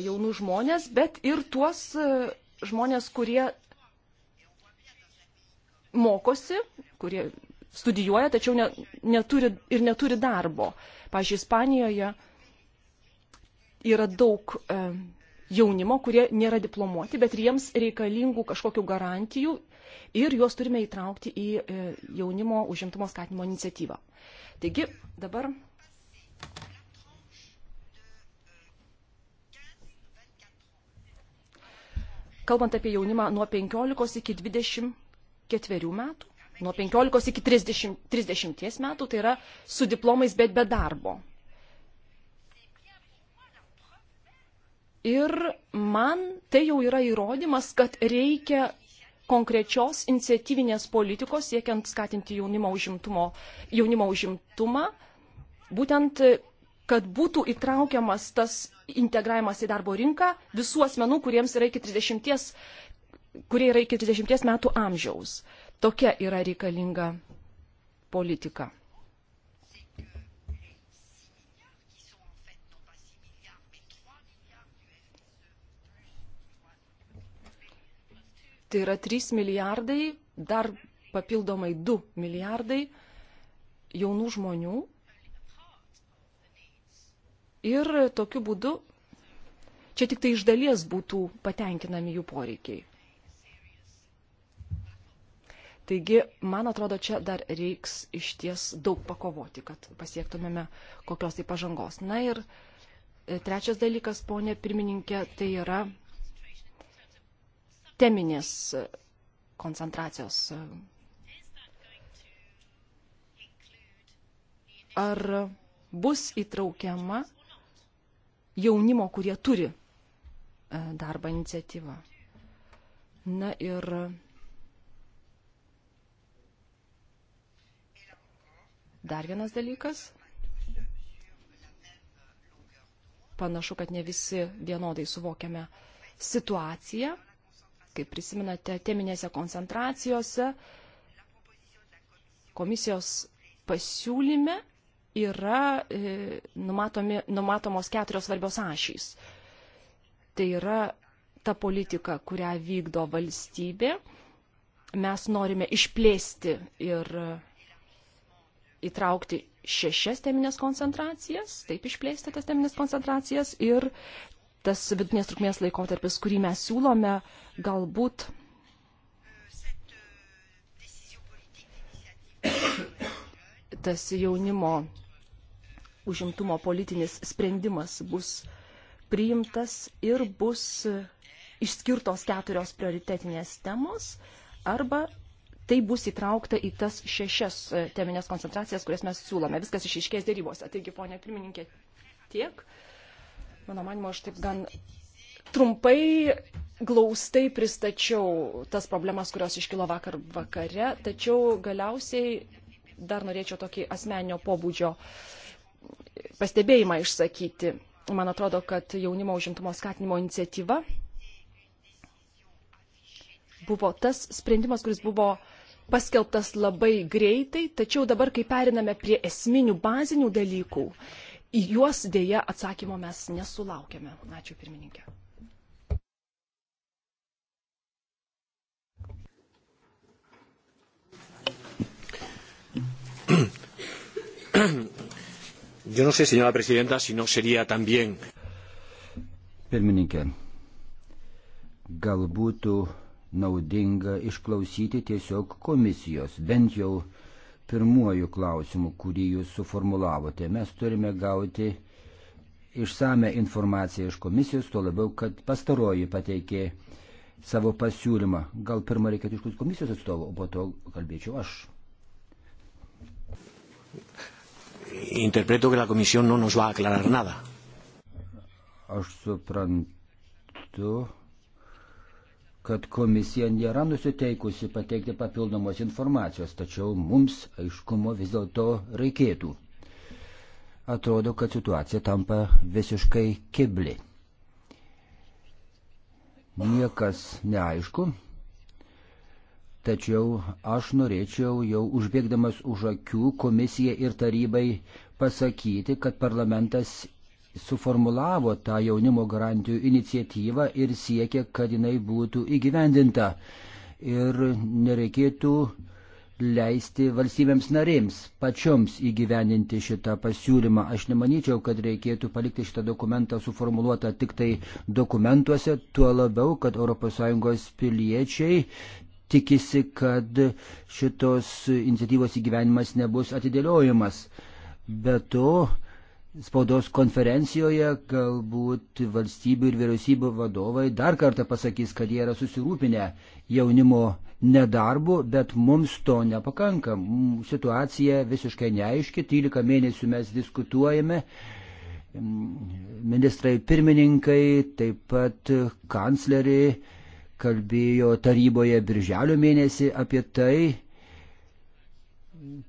jaunų žmonės, bet ir tuos žmonės, kurie mokosi, kurie studijuoja, tačiau ne, neturi ir neturi darbo. Pavyzdžiui, Ispanijoje yra daug e, jaunimo, kurie nėra diplomuoti, bet jiems reikalingų kažkokių garantijų ir juos turime įtraukti į e, jaunimo užimtumo skatinimo iniciatyvą. Taigi dabar. Kalbant apie jaunimą nuo 15 iki 24 metų, nuo 15 iki 30, 30 metų, tai yra su diplomais, bet be darbo. Ir man tai jau yra įrodymas, kad reikia konkrečios iniciatyvinės politikos siekiant skatinti jaunimo, užimtumo, jaunimo užimtumą, būtent kad būtų įtraukiamas tas integravimas į darbo rinką visų asmenų, kuriems yra iki 30, kurie yra iki 30 metų amžiaus. Uh, Tokia yra reikalinga politika. Tai yra 3 milijardai, dar papildomai 2 milijardai jaunų žmonių. Ir tokiu būdu čia tik tai iš dalies būtų patenkinami jų poreikiai. Taigi, man atrodo, čia dar reiks iš ties daug pakovoti, kad pasiektumėme kokios tai pažangos. Na ir e, trečias dalykas, ponė pirmininkė, tai yra teminės e, koncentracijos. E. Ar bus įtraukiama jaunimo, kurie turi darbą iniciatyvą? Na ir Dar vienas dalykas. Panašu, kad ne visi vienodai suvokiame situaciją. Kaip prisiminate, teminėse koncentracijose komisijos pasiūlyme yra e, numatomi, numatomos keturios svarbios ašys. Tai yra ta politika, kurią vykdo valstybė. Mes norime išplėsti ir įtraukti šešias teminės koncentracijas, taip išplėsti tas teminės koncentracijas ir tas vidutinės trukmės laikotarpis, kurį mes siūlome, galbūt tas jaunimo užimtumo politinis sprendimas bus priimtas ir bus išskirtos keturios prioritetinės temos arba tai bus įtraukta į tas šešias e, teminės koncentracijas, kurias mes siūlome. Viskas išiškės dėrybose. Taigi, ponė pirmininkė, tiek. Mano manimo, aš taip gan trumpai, glaustai pristačiau tas problemas, kurios iškilo vakar vakare, tačiau galiausiai dar norėčiau tokį asmeninio pobūdžio pastebėjimą išsakyti. Man atrodo, kad jaunimo užimtumo skatinimo iniciatyva buvo tas sprendimas, kuris buvo uh, paskelbtas labai greitai, tačiau dabar, kai periname prie esminių bazinių dalykų, į juos dėja atsakymo mes nesulaukėme. Ačiū pirmininkė. Yo no sé, señora presidenta, si no sería también. Pirmininkė, galbūt naudinga išklausyti tiesiog komisijos, bent jau pirmuoju klausimu, kurį jūs suformulavote. Mes turime gauti išsame informaciją iš komisijos, tuo labiau, kad pastaroji pateikė savo pasiūlymą. Gal pirmą reikėtų išklausyti komisijos atstovų, o po to kalbėčiau aš. Interpreto, kad la komisija no nos va aclarar nada. Aš suprantu, kad komisija nėra nusiteikusi pateikti papildomos informacijos, tačiau mums aiškumo vis dėlto reikėtų. Atrodo, kad situacija tampa visiškai kibli. Niekas neaišku, tačiau aš norėčiau jau užbėgdamas už akių komisijai ir tarybai pasakyti, kad parlamentas suformulavo tą jaunimo garantijų iniciatyvą ir siekia, kad jinai būtų įgyvendinta. Ir nereikėtų leisti valstybėms narėms pačioms įgyvendinti šitą pasiūlymą. Aš nemanyčiau, kad reikėtų palikti šitą dokumentą suformuluotą tik tai dokumentuose, tuo labiau, kad ES piliečiai tikisi, kad šitos iniciatyvos įgyvenimas nebus atidėliojimas. Be to, spaudos konferencijoje galbūt valstybių ir vyriausybių vadovai dar kartą pasakys, kad jie yra susirūpinę jaunimo nedarbu, bet mums to nepakanka. Situacija visiškai neaiški, 13 mėnesių mes diskutuojame, ministrai pirmininkai, taip pat kancleriai kalbėjo taryboje birželio mėnesį apie tai,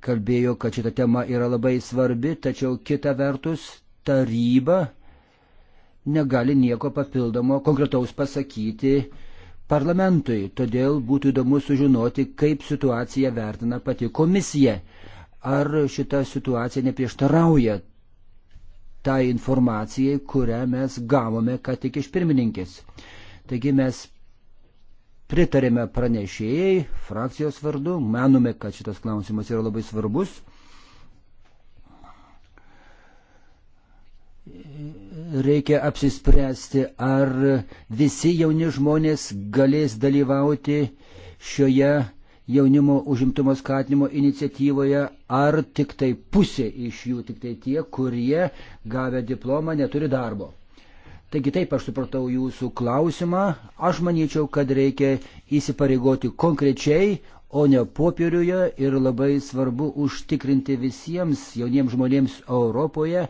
kalbėjo, kad šita tema yra labai svarbi, tačiau kita vertus taryba negali nieko papildomo konkretaus pasakyti parlamentui. Todėl būtų įdomu sužinoti, kaip situaciją vertina pati komisija. Ar šita situacija neprieštarauja tai informacijai, kurią mes gavome ką tik iš pirmininkės. Taigi mes pritarėme pranešėjai frakcijos vardu, manome, kad šitas klausimas yra labai svarbus. Reikia apsispręsti, ar visi jauni žmonės galės dalyvauti šioje jaunimo užimtumo skatinimo iniciatyvoje, ar tik tai pusė iš jų, tik tai tie, kurie gavę diplomą neturi darbo. Taigi taip aš supratau jūsų klausimą. Aš manyčiau, kad reikia įsipareigoti konkrečiai, o ne popieriuje ir labai svarbu užtikrinti visiems jauniems žmonėms Europoje e,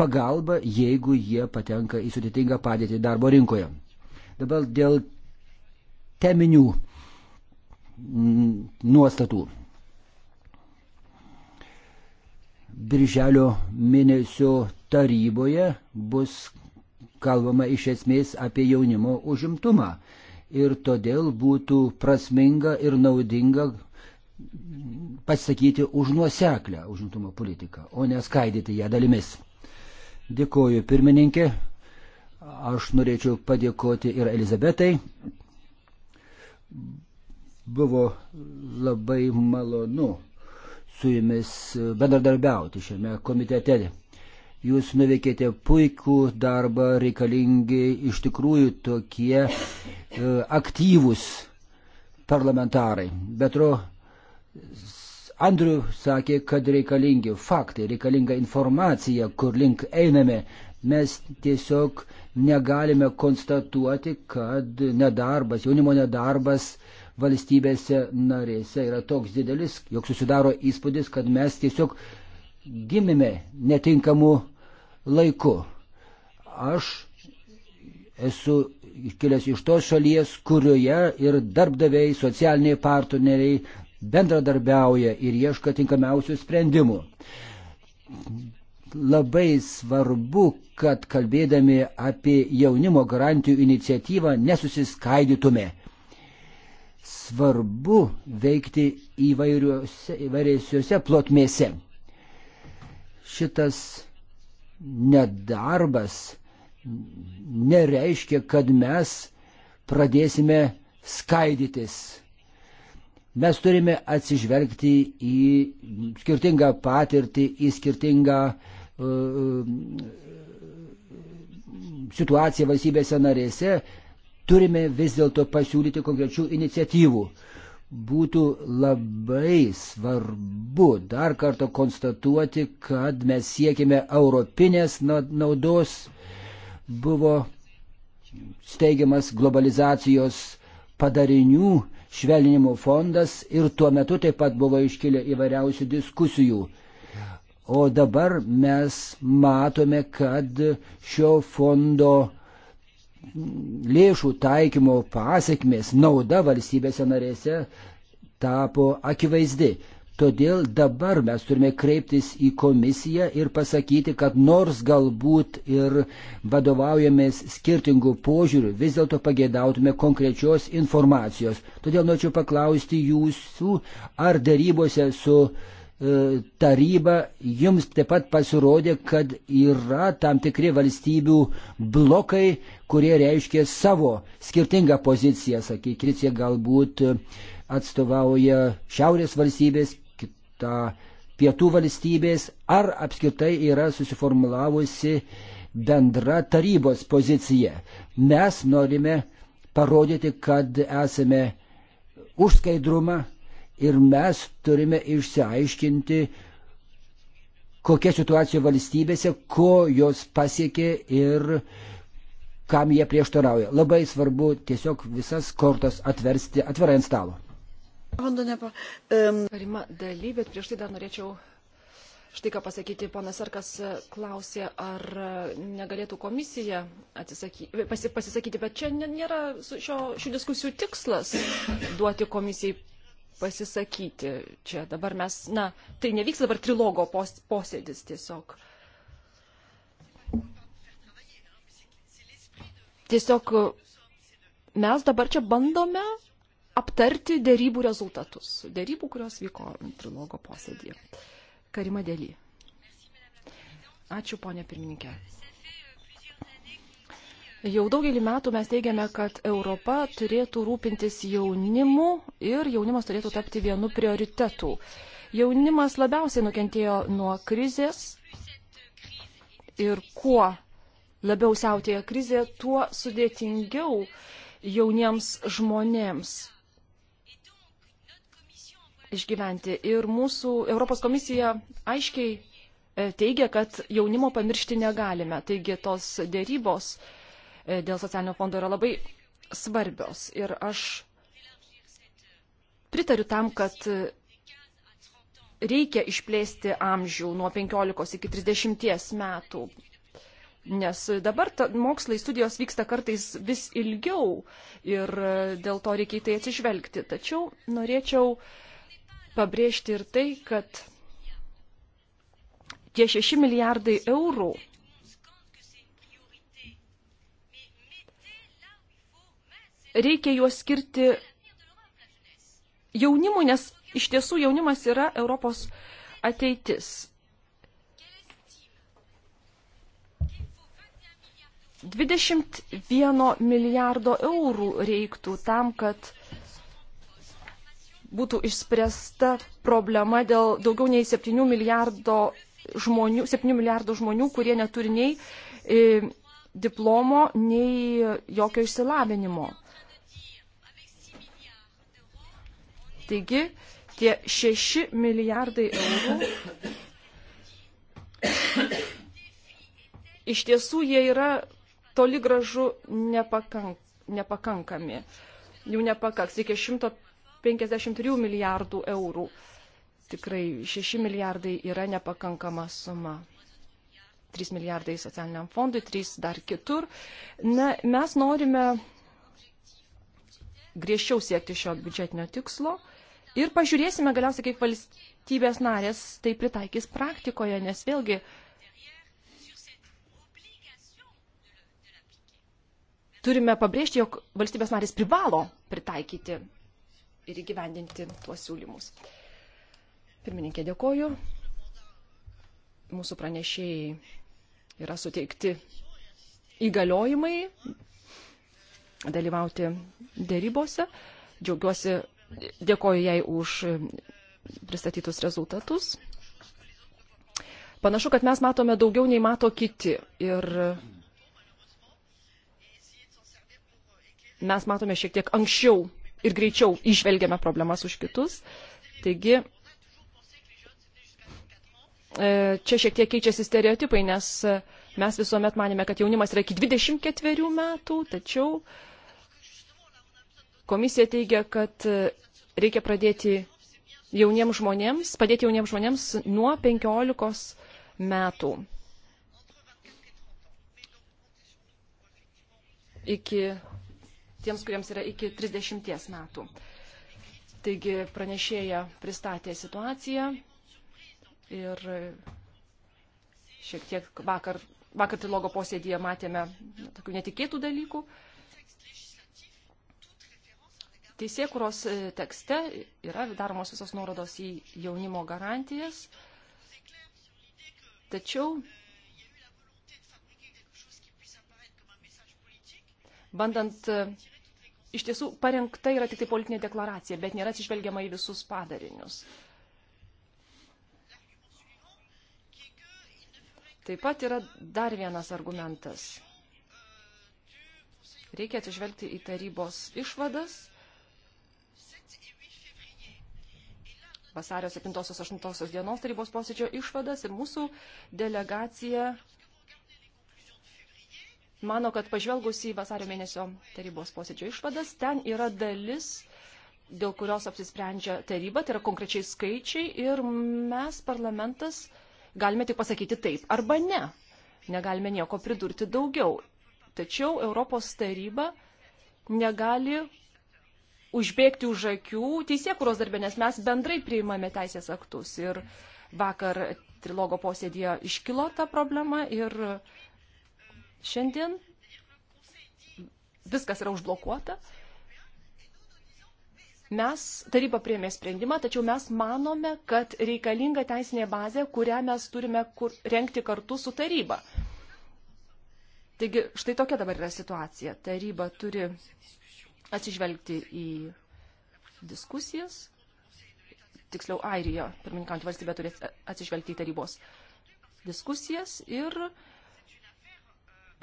pagalbą, jeigu jie patenka į sudėtingą padėtį darbo rinkoje. Dabar dėl teminių mm, nuostatų. Birželio mėnesio taryboje bus kalbama iš esmės apie jaunimo užimtumą. Ir todėl būtų prasminga ir naudinga pasakyti už nuoseklę užimtumo politiką, o neskaidyti ją dalimis. Dėkoju pirmininkė. Aš norėčiau padėkoti ir Elizabetai. Buvo labai malonu su jumis bendradarbiauti šiame komitete. Jūs nuveikėte puikų darbą, reikalingi iš tikrųjų tokie e, aktyvūs parlamentarai. Betro Andriu sakė, kad reikalingi faktai, reikalinga informacija, kur link einame. Mes tiesiog negalime konstatuoti, kad nedarbas, jaunimo nedarbas valstybėse narėse yra toks didelis, jog susidaro įspūdis, kad mes tiesiog gimime netinkamu laiku. Aš esu kilęs iš tos šalies, kurioje ir darbdaviai, socialiniai partneriai bendradarbiauja ir ieško tinkamiausių sprendimų. Labai svarbu, kad kalbėdami apie jaunimo garantijų iniciatyvą nesusiskaidytume. Svarbu veikti įvairiose, įvairiose plotmėse šitas nedarbas nereiškia, kad mes pradėsime skaidytis. Mes turime atsižvelgti į skirtingą patirtį, į skirtingą uh, uh situaciją valstybėse narėse. Turime vis dėlto pasiūlyti konkrečių iniciatyvų. Uh, būtų labai svarbu dar kartą konstatuoti, kad mes siekime europinės naudos. Buvo steigiamas globalizacijos padarinių švelninimo fondas ir tuo metu taip pat buvo iškilę įvairiausių diskusijų. O dabar mes matome, kad šio fondo lėšų taikymo pasiekmes, nauda valstybėse narėse tapo akivaizdi. Todėl dabar mes turime kreiptis į komisiją ir pasakyti, kad nors galbūt ir vadovaujamės skirtingų požiūrių, vis dėlto pageidautume konkrečios informacijos. Todėl norėčiau paklausti jūsų, ar darybose su uh, E, taryba jums taip pat pasirodė, kad yra tam tikri valstybių blokai, kurie reiškia savo skirtingą poziciją, sakykime, Kricija galbūt atstovauja šiaurės valstybės, kita pietų valstybės, ar apskritai yra susiformulavusi bendra tarybos pozicija. Mes norime parodyti, kad esame už skaidrumą, ir mes turime išsiaiškinti, kokia situacija valstybėse, ko jos pasiekė ir kam jie prieštarauja. Labai svarbu tiesiog visas kortas atversti atvirai ant stalo. Karima daly, bet prieš tai dar norėčiau štai ką pasakyti. Ponas Arkas klausė, ar negalėtų komisija pasisakyti, bet čia nėra šio, šių diskusijų tikslas duoti komisijai pasisakyti čia. Dabar mes, na, tai nevyks dabar trilogo pos, posėdis tiesiog. Tiesiog mes dabar čia bandome aptarti dėrybų rezultatus. Dėrybų, kurios vyko trilogo posėdėje. Karima Dėly. Ačiū, ponė pirmininkė. Jau daugelį metų mes teigiame, kad Europa turėtų rūpintis jaunimu ir jaunimas turėtų tapti vienu prioritetų. Jaunimas labiausiai nukentėjo nuo krizės ir kuo labiau siautėja krizė, tuo sudėtingiau jauniems žmonėms išgyventi. Ir mūsų Europos komisija aiškiai e, teigia, kad jaunimo pamiršti negalime. Taigi tos dėrybos E, dėl socialinio fondo yra labai svarbios. Ir aš pritariu tam, kad reikia išplėsti amžių nuo 15 iki 30 metų. Nes dabar ta, mokslai studijos vyksta kartais vis ilgiau ir dėl to reikia į tai atsižvelgti. Tačiau norėčiau pabrėžti ir tai, kad tie 6 milijardai eurų reikia juos skirti jaunimui, nes iš tiesų jaunimas yra Europos ateitis. 21 milijardo eurų reiktų tam, kad būtų išspręsta problema dėl daugiau nei 7 milijardo žmonių, 7 milijardo žmonių kurie neturi nei e, diplomo, nei jokio išsilavinimo. Taigi, tie 6 milijardai eurų iš tiesų jie yra toli gražu nepakank, nepakankami. Jų nepakaks. Reikia 153 milijardų eurų. Tikrai 6 milijardai yra nepakankama suma. 3 milijardai socialiniam fondui, 3 dar kitur. Na, mes norime griežčiau siekti šio biudžetinio tikslo. Ir pažiūrėsime galiausiai, kaip valstybės narės tai pritaikys praktikoje, nes vėlgi turime pabrėžti, jog valstybės narės privalo pritaikyti ir įgyvendinti tuos siūlymus. Pirmininkė, dėkoju. Mūsų pranešėjai yra suteikti įgaliojimai dalyvauti dėrybose. Džiaugiuosi Dėkoju jai už pristatytus rezultatus. Panašu, kad mes matome daugiau nei mato kiti. Ir mes matome šiek tiek anksčiau ir greičiau išvelgiame problemas už kitus. Taigi, e, čia šiek tiek keičiasi stereotipai, nes mes visuomet manėme, kad jaunimas yra iki 24 metų, tačiau uh, Komisija teigia, kad e, reikia pradėti jauniems žmonėms, padėti jauniems žmonėms nuo 15 metų iki tiems, kuriems yra iki 30 metų. Taigi pranešėja pristatė situaciją ir šiek tiek vakar, vakar trilogo posėdėje matėme tokių netikėtų dalykų. Uh, Teisėkuros e, tekste yra daromos visos nuorodos į jaunimo garantijas, tačiau bandant e, iš tiesų parengta yra tik tai politinė deklaracija, bet nėra atsižvelgiama į visus padarinius. Taip pat yra dar vienas argumentas. Reikia atsižvelgti į tarybos išvadas vasario 7-8 dienos tarybos posėdžio išvadas ir mūsų delegacija mano, kad pažvelgus į vasario mėnesio tarybos posėdžio išvadas, ten yra dalis, dėl kurios apsisprendžia taryba, tai yra konkrečiai skaičiai ir mes, parlamentas, galime tik pasakyti taip arba ne. Negalime nieko pridurti daugiau. Tačiau Europos taryba negali užbėgti už akių teisėkuros darbė, nes mes bendrai priimame teisės aktus. Ir vakar trilogo posėdėje iškilo ta problema ir šiandien viskas yra užblokuota. Mes, taryba priėmė sprendimą, tačiau mes manome, kad reikalinga teisinė bazė, kurią mes turime kur, renkti kartu su taryba. Taigi, štai tokia dabar yra situacija. Taryba turi atsižvelgti į diskusijas. Tiksliau, Airija, pirmininkant valstybė, turės atsižvelgti į tarybos diskusijas ir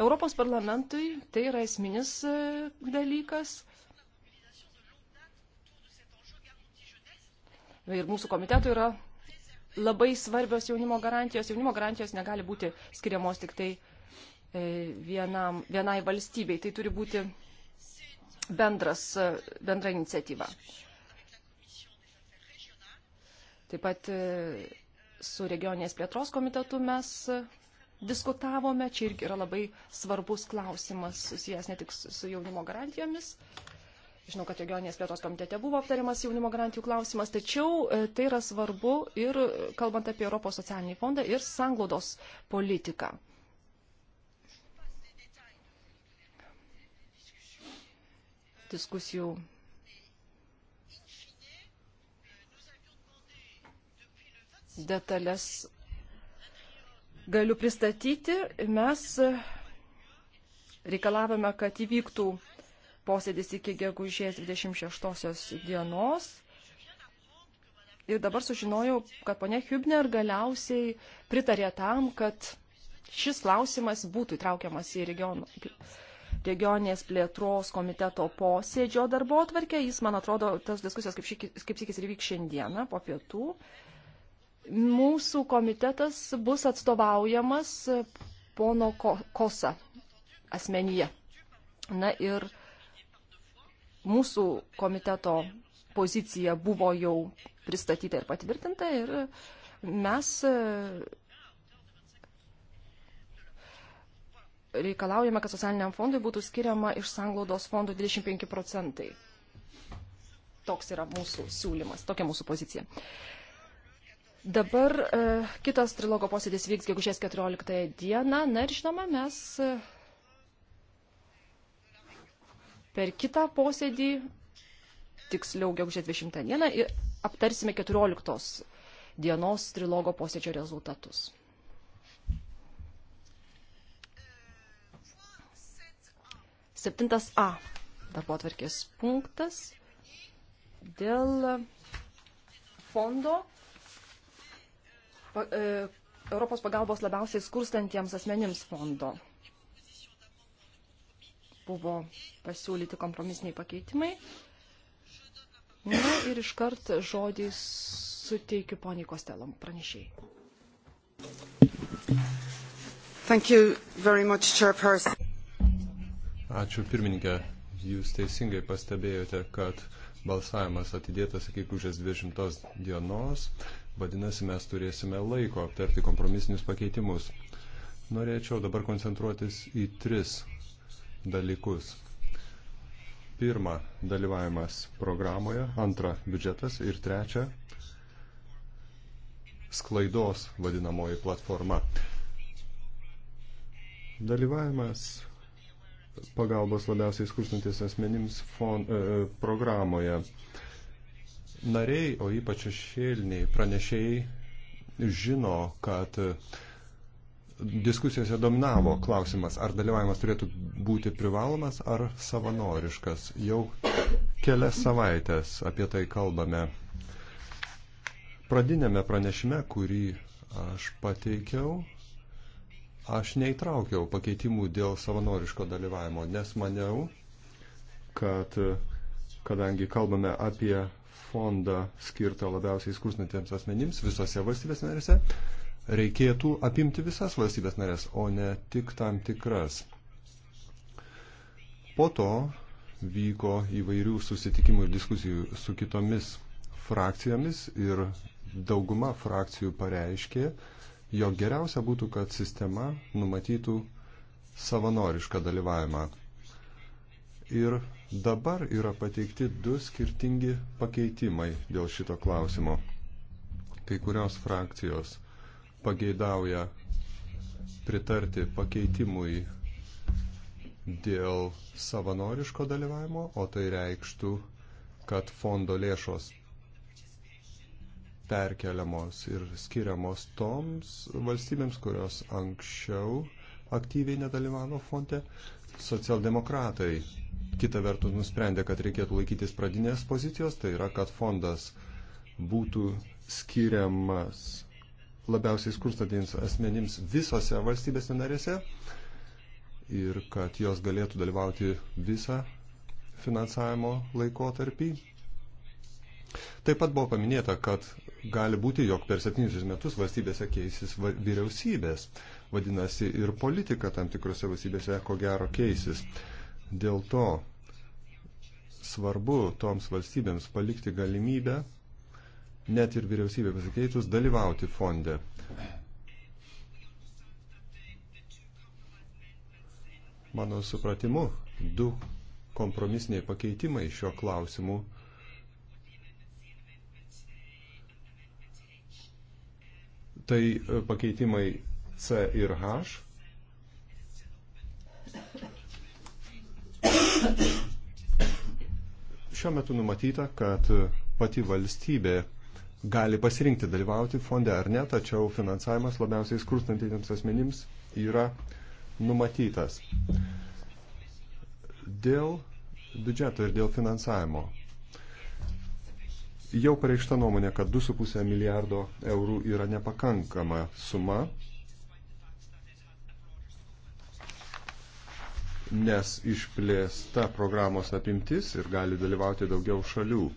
Europos parlamentui tai yra esminis e, dalykas. Ir mūsų komitetui yra labai svarbios jaunimo garantijos. Jaunimo garantijos negali būti skiriamos tik tai e, vienam, vienai valstybei. Tai turi būti bendras, e, bendra iniciatyva. Taip pat e, su regioninės plėtros komitetu mes e, diskutavome, čia irgi yra labai svarbus klausimas susijęs ne tik su jaunimo garantijomis. Žinau, kad regioninės plėtros komitete buvo aptariamas jaunimo garantijų klausimas, tačiau tai yra svarbu ir kalbant apie Europos socialinį fondą ir sanglaudos politiką. diskusijų. Detalės galiu pristatyti. Mes reikalavome, kad įvyktų posėdis iki gegužės 26 dienos. Ir dabar sužinojau, kad ponia Hübner galiausiai pritarė tam, kad šis klausimas būtų įtraukiamas į regionų regioninės plėtros komiteto posėdžio darbo atvarkę. Jis, man atrodo, tas diskusijos kaip, šik, kaip sikis ir vyks šiandieną po pietų. Mūsų komitetas bus atstovaujamas pono Ko, Kosa asmenyje. Na ir mūsų komiteto pozicija buvo jau pristatyta ir patvirtinta ir mes reikalaujame, kad socialiniam fondui būtų skiriama iš sanglaudos fondo 25 procentai. Toks yra mūsų siūlymas, tokia mūsų pozicija. Dabar e, kitas trilogo posėdis vyks gegužės 14 dieną. Na ir žinoma, mes e, per kitą posėdį, tiksliau gegužės 20 dieną, aptarsime 14 dienos trilogo posėdžio rezultatus. Septintas A darbo atvarkės punktas dėl fondo pa, e, Europos pagalbos labiausiai skurstantiems asmenims fondo. Buvo pasiūlyti kompromisiniai pakeitimai. Na ir iškart žodį suteikiu poniai Kostelom pranešėjai. Thank you very much, Chairperson. Ačiū pirmininkė. Jūs teisingai pastebėjote, kad balsavimas atidėtas iki grūžės 20 dienos. Vadinasi, mes turėsime laiko aptarti kompromisinius pakeitimus. Norėčiau dabar koncentruotis į tris dalykus. Pirma, dalyvavimas programoje, antra, biudžetas ir trečia, sklaidos vadinamoji platforma. Dalyvavimas pagalbos labiausiai skurstantis asmenims fon, e, e, programoje. Nariai, o ypač šešėliniai pranešėjai žino, kad e, diskusijose dominavo klausimas, ar dalyvavimas turėtų būti privalomas ar savanoriškas. Jau kelias savaitės apie tai kalbame. Pradinėme pranešime, kurį aš pateikiau, Aš neįtraukiau pakeitimų dėl savanoriško dalyvavimo, nes maniau, kad kadangi kalbame apie fondą skirtą labiausiai skursnantiems asmenims visose valstybės narėse, reikėtų apimti visas valstybės narės, o ne tik tam tikras. Po to vyko įvairių susitikimų ir diskusijų su kitomis frakcijomis ir dauguma frakcijų pareiškė, jog geriausia būtų, kad sistema numatytų savanorišką dalyvavimą. Ir dabar yra pateikti du skirtingi pakeitimai dėl šito klausimo. Kai kurios frakcijos pageidauja pritarti pakeitimui dėl savanoriško dalyvavimo, o tai reikštų, kad fondo lėšos perkeliamos ir skiriamos toms valstybėms, kurios anksčiau aktyviai nedalyvavo fonte. Socialdemokratai kita vertus nusprendė, kad reikėtų laikytis pradinės pozicijos, tai yra, kad fondas būtų skiriamas labiausiai skurstantiems asmenims visose valstybėse narėse ir kad jos galėtų dalyvauti visą finansavimo laikotarpį. Taip pat buvo paminėta, kad gali būti, jog per septynius metus valstybėse keisis vyriausybės. Vadinasi, ir politika tam tikrose valstybėse ko gero keisis. Dėl to svarbu toms valstybėms palikti galimybę, net ir vyriausybė pasikeitus, dalyvauti fonde. Mano supratimu, du kompromisiniai pakeitimai šiuo klausimu Tai e, pakeitimai C ir H. Šiuo metu numatyta, kad pati valstybė gali pasirinkti dalyvauti fonde ar ne, tačiau finansavimas labiausiai skurstantiems asmenims yra numatytas. Dėl biudžeto ir dėl finansavimo Jau pareikšta nuomonė, kad 2,5 milijardo eurų yra nepakankama suma, nes išplėsta programos apimtis ir gali dalyvauti daugiau šalių.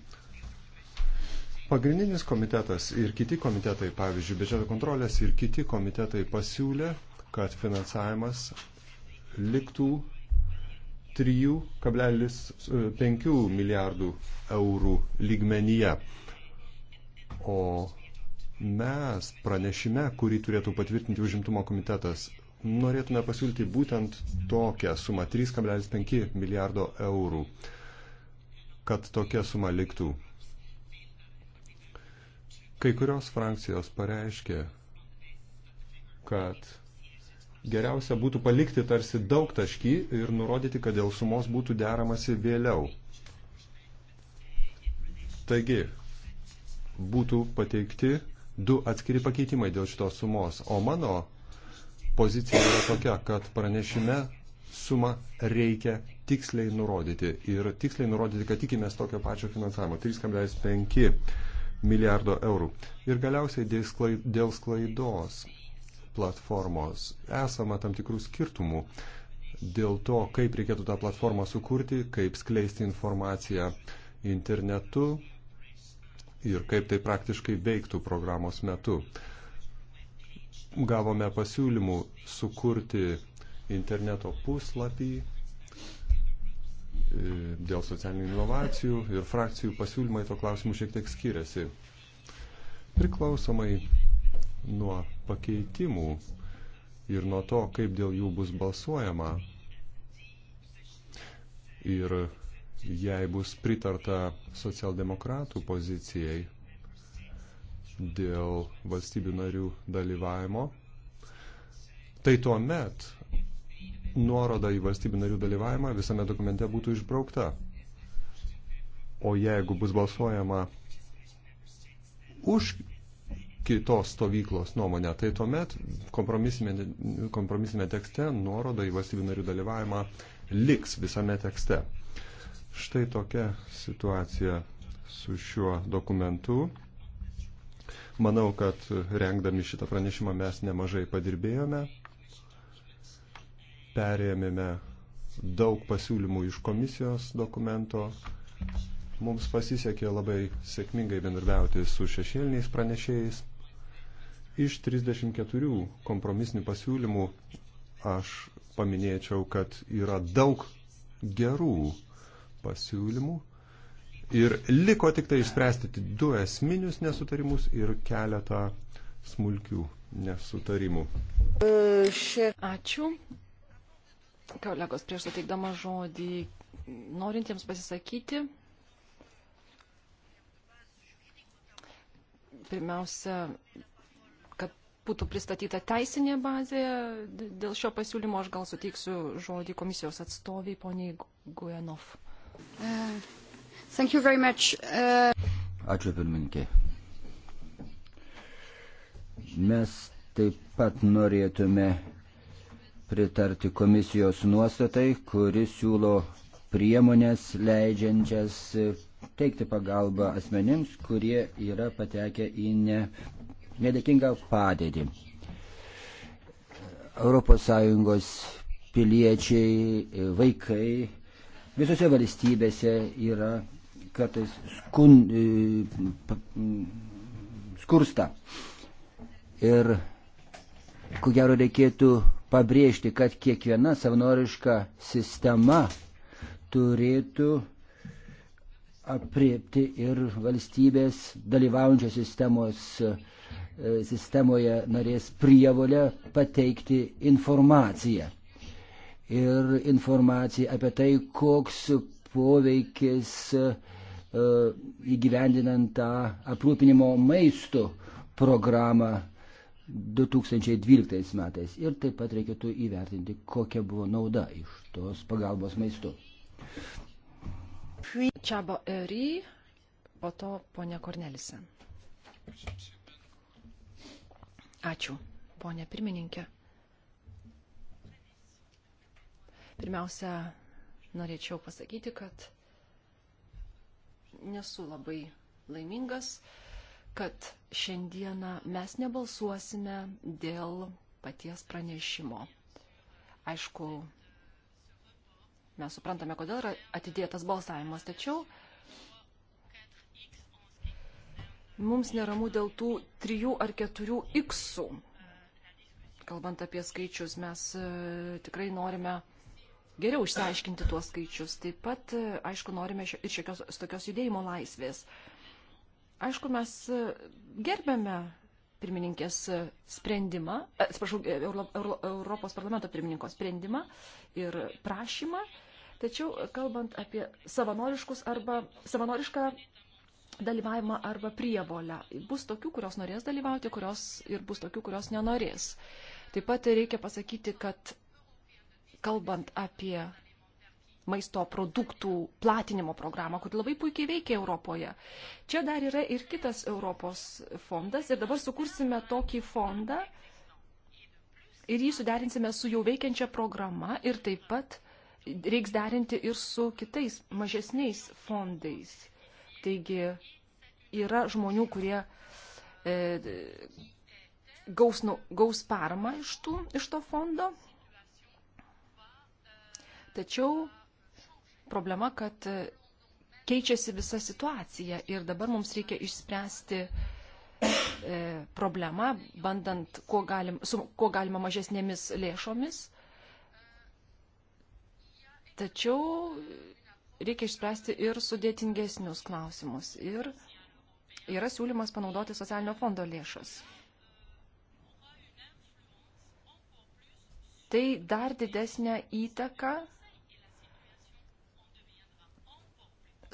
Pagrindinis komitetas ir kiti komitetai, pavyzdžiui, biudžeto kontrolės ir kiti komitetai pasiūlė, kad finansavimas liktų 3,5 e, milijardų eurų lygmenyje. O mes pranešime, kurį turėtų patvirtinti užimtumo komitetas, norėtume pasiūlyti būtent tokią sumą 3,5 milijardo eurų, kad tokia suma liktų. Kai kurios frakcijos pareiškė, kad geriausia būtų palikti tarsi daug taškį ir nurodyti, kad dėl sumos būtų deramasi vėliau. Taigi, būtų pateikti du atskiri pakeitimai dėl šitos sumos, o mano pozicija yra tokia, kad pranešime sumą reikia tiksliai nurodyti ir tiksliai nurodyti, kad tikimės tokio pačio finansavimo 3,5 milijardo eurų. Ir galiausiai dėl sklaidos platformos. Esama tam tikrų skirtumų dėl to, kaip reikėtų tą platformą sukurti, kaip skleisti informaciją internetu ir kaip tai praktiškai veiktų programos metu. Gavome pasiūlymų sukurti interneto puslapį e, dėl socialinių inovacijų ir frakcijų pasiūlymai to klausimu šiek tiek skiriasi. Priklausomai nuo pakeitimų ir nuo to, kaip dėl jų bus balsuojama. Ir jei bus pritarta socialdemokratų pozicijai dėl valstybių narių dalyvavimo, tai tuo met nuoroda į valstybių narių dalyvavimą visame dokumente būtų išbraukta. O jeigu bus balsuojama už kitos stovyklos nuomonę, tai tuomet kompromisime tekste nuoroda į valstybių narių dalyvavimą liks visame tekste. Štai tokia situacija su šiuo dokumentu. Manau, kad rengdami šitą pranešimą mes nemažai padirbėjome, perėmėme daug pasiūlymų iš komisijos dokumento, mums pasisekė labai sėkmingai bendradarbiauti su šešėliniais pranešėjais. Iš 34 kompromisinių pasiūlymų aš paminėčiau, kad yra daug gerų pasiūlymų ir liko tik tai išspręsti du esminius nesutarimus ir keletą smulkių nesutarimų. Ačiū. Kolegos, prieš suteikdama žodį norintiems pasisakyti, pirmiausia, būtų pristatyta teisinė bazė. Dėl šio pasiūlymo aš gal suteiksiu žodį komisijos atstoviai, poniai Guenov. Uh, uh... Ačiū pirmininkė. Mes taip pat norėtume pritarti komisijos nuostatai, kuris siūlo priemonės leidžiančias teikti pagalbą asmenims, kurie yra patekę į ne nedėkingą padėtį. ES piliečiai, vaikai visose valstybėse yra kartais skun, e, mm, skursta. Ir ko gero reikėtų pabrėžti, kad kiekviena savanoriška sistema turėtų apriepti ir valstybės dalyvaujančios sistemos uh, E, sistemoje norės prievolę pateikti informaciją. Ir informacija apie tai, koks poveikis e, įgyvendinant tą aprūpinimo maisto programą 2012 metais. Ir taip pat reikėtų įvertinti, kokia buvo nauda iš tos pagalbos maistu. Čiabo Eri, po to ponia Kornelisen. Ačiū. Ačiū, ponė pirmininkė. Pirmiausia, norėčiau pasakyti, kad nesu labai laimingas, kad šiandieną mes nebalsuosime dėl paties pranešimo. Aišku, mes suprantame, kodėl yra atidėtas balsavimas, tačiau mums neramu dėl tų trijų ar keturių iksų. Kalbant apie skaičius, mes e, tikrai norime geriau išsiaiškinti tuos skaičius. Taip pat, e, aišku, norime ir šiokios tokios judėjimo laisvės. Aišku, mes e, gerbėme pirmininkės sprendimą, atsiprašau, Euro, Euro, Europos parlamento pirmininko sprendimą ir prašymą. Tačiau, kalbant apie savanoriškus arba savanorišką dalyvavimą arba prievolę. Bus tokių, kurios norės dalyvauti kurios ir bus tokių, kurios nenorės. Taip pat reikia pasakyti, kad kalbant apie maisto produktų platinimo programą, kuri labai puikiai veikia Europoje. Čia dar yra ir kitas Europos fondas ir dabar sukursime tokį fondą ir jį suderinsime su jau veikiančia programa ir taip pat reiks derinti ir su kitais mažesniais fondais Taigi yra žmonių, kurie e, gaus, nu, gaus paramą iš, tų, iš to fondo. Tačiau problema, kad e, keičiasi visa situacija ir dabar mums reikia išspręsti e, problemą, bandant, kuo galim, su kuo galima mažesnėmis lėšomis. Tačiau reikia išspręsti ir sudėtingesnius klausimus. Ir yra siūlymas panaudoti socialinio fondo lėšas. Tai dar didesnę įtaką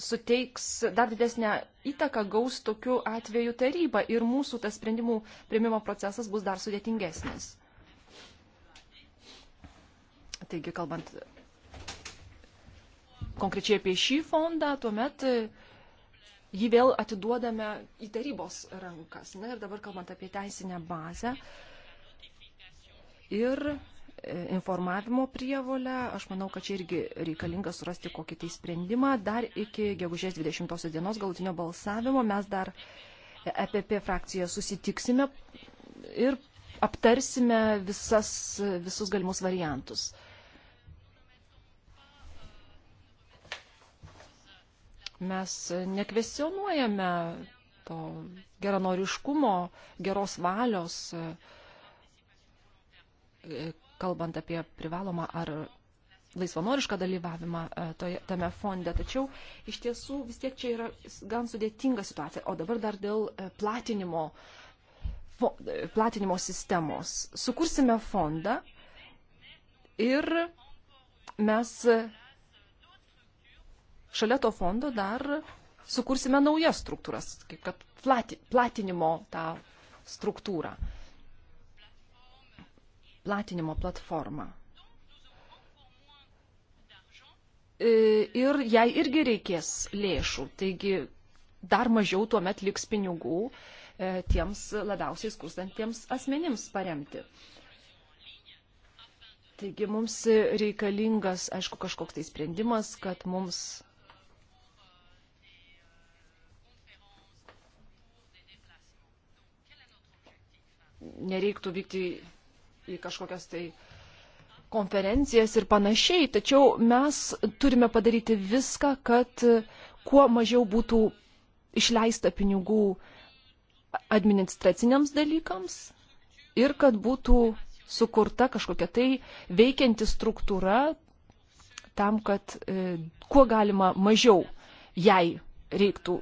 suteiks dar didesnę įtaką gaus tokiu atveju taryba ir mūsų tas sprendimų prieimimo procesas bus dar sudėtingesnis. Taigi, kalbant konkrečiai apie šį fondą, tuomet e, jį vėl atiduodame į tarybos rankas. Na ir dabar kalbant apie teisinę bazę ir e, informavimo prievolę, aš manau, kad čia irgi reikalinga surasti kokį tai sprendimą. Dar iki gegužės 20 dienos galutinio balsavimo mes dar EPP frakciją susitiksime ir aptarsime visas, visus galimus variantus. Mes nekvesionuojame to geranoriškumo, geros valios, e, kalbant apie privalomą ar laisvanorišką dalyvavimą e, toje, tame fonde. Tačiau iš tiesų vis tiek čia yra gan sudėtinga situacija. O dabar dar dėl e, platinimo, fo, platinimo sistemos. Sukursime fondą ir mes šalia to fondo dar sukursime naujas struktūras, kaip kad plati, platinimo tą struktūrą, platinimo platformą. E, ir jai irgi reikės lėšų, taigi dar mažiau tuomet liks pinigų e, tiems labiausiai skurstantiems asmenims paremti. Taigi mums reikalingas, aišku, kažkoks tai sprendimas, kad mums nereiktų vykti į kažkokias tai konferencijas ir panašiai, tačiau mes turime padaryti viską, kad kuo mažiau būtų išleista pinigų administraciniams dalykams ir kad būtų sukurta kažkokia tai veikianti struktūra tam, kad e, kuo galima mažiau jai reiktų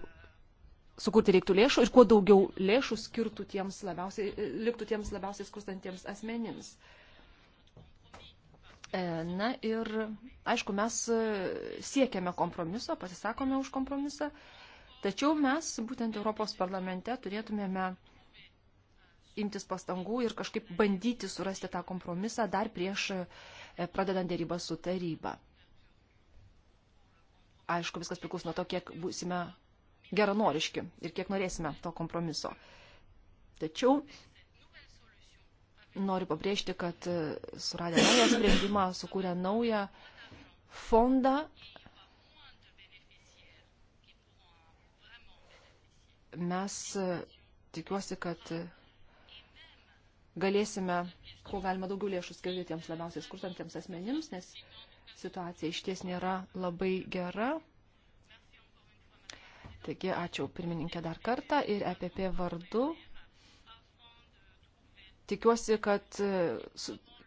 sukurti reiktų lėšų ir kuo daugiau lėšų skirtų tiems labiausiai, liktų tiems labiausiai skurstantiems asmenims. E, na ir, aišku, mes siekiame kompromiso, pasisakome už kompromisą, tačiau mes būtent Europos parlamente turėtumėme imtis pastangų ir kažkaip bandyti surasti tą kompromisą dar prieš e, pradedant dėrybą su taryba. Aišku, viskas priklauso nuo to, kiek būsime geranoriški ir kiek norėsime to kompromiso. Tačiau noriu pabrėžti, kad e, suradę naują sprendimą, sukūrę naują fondą, mes e, tikiuosi, kad e, galėsime, kuo galima daugiau lėšų skirti tiems labiausiai skurstantiems asmenims, nes situacija iš ties nėra labai gera. Taigi ačiū pirmininkė dar kartą ir EPP vardu. Tikiuosi, kad e,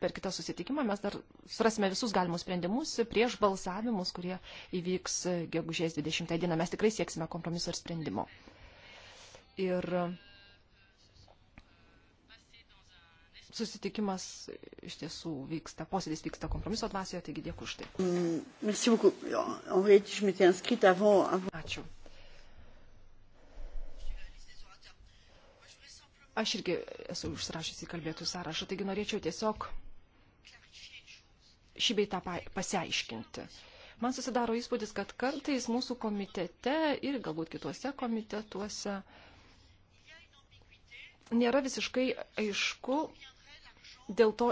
per kitą susitikimą mes dar surasime visus galimus sprendimus prieš balsavimus, kurie įvyks e, gegužės 20 dieną. Mes tikrai sieksime kompromiso ir sprendimo. Ir susitikimas iš tiesų vyksta, posėdis vyksta kompromiso dvasioje, taigi dėkui už tai. Mm, ačiū. Aš irgi esu užsirašęs į kalbėtų sąrašą, taigi norėčiau tiesiog šį beitą pasiaiškinti. Man susidaro įspūdis, kad kartais mūsų komitete ir galbūt kituose komitetuose nėra visiškai aišku dėl to,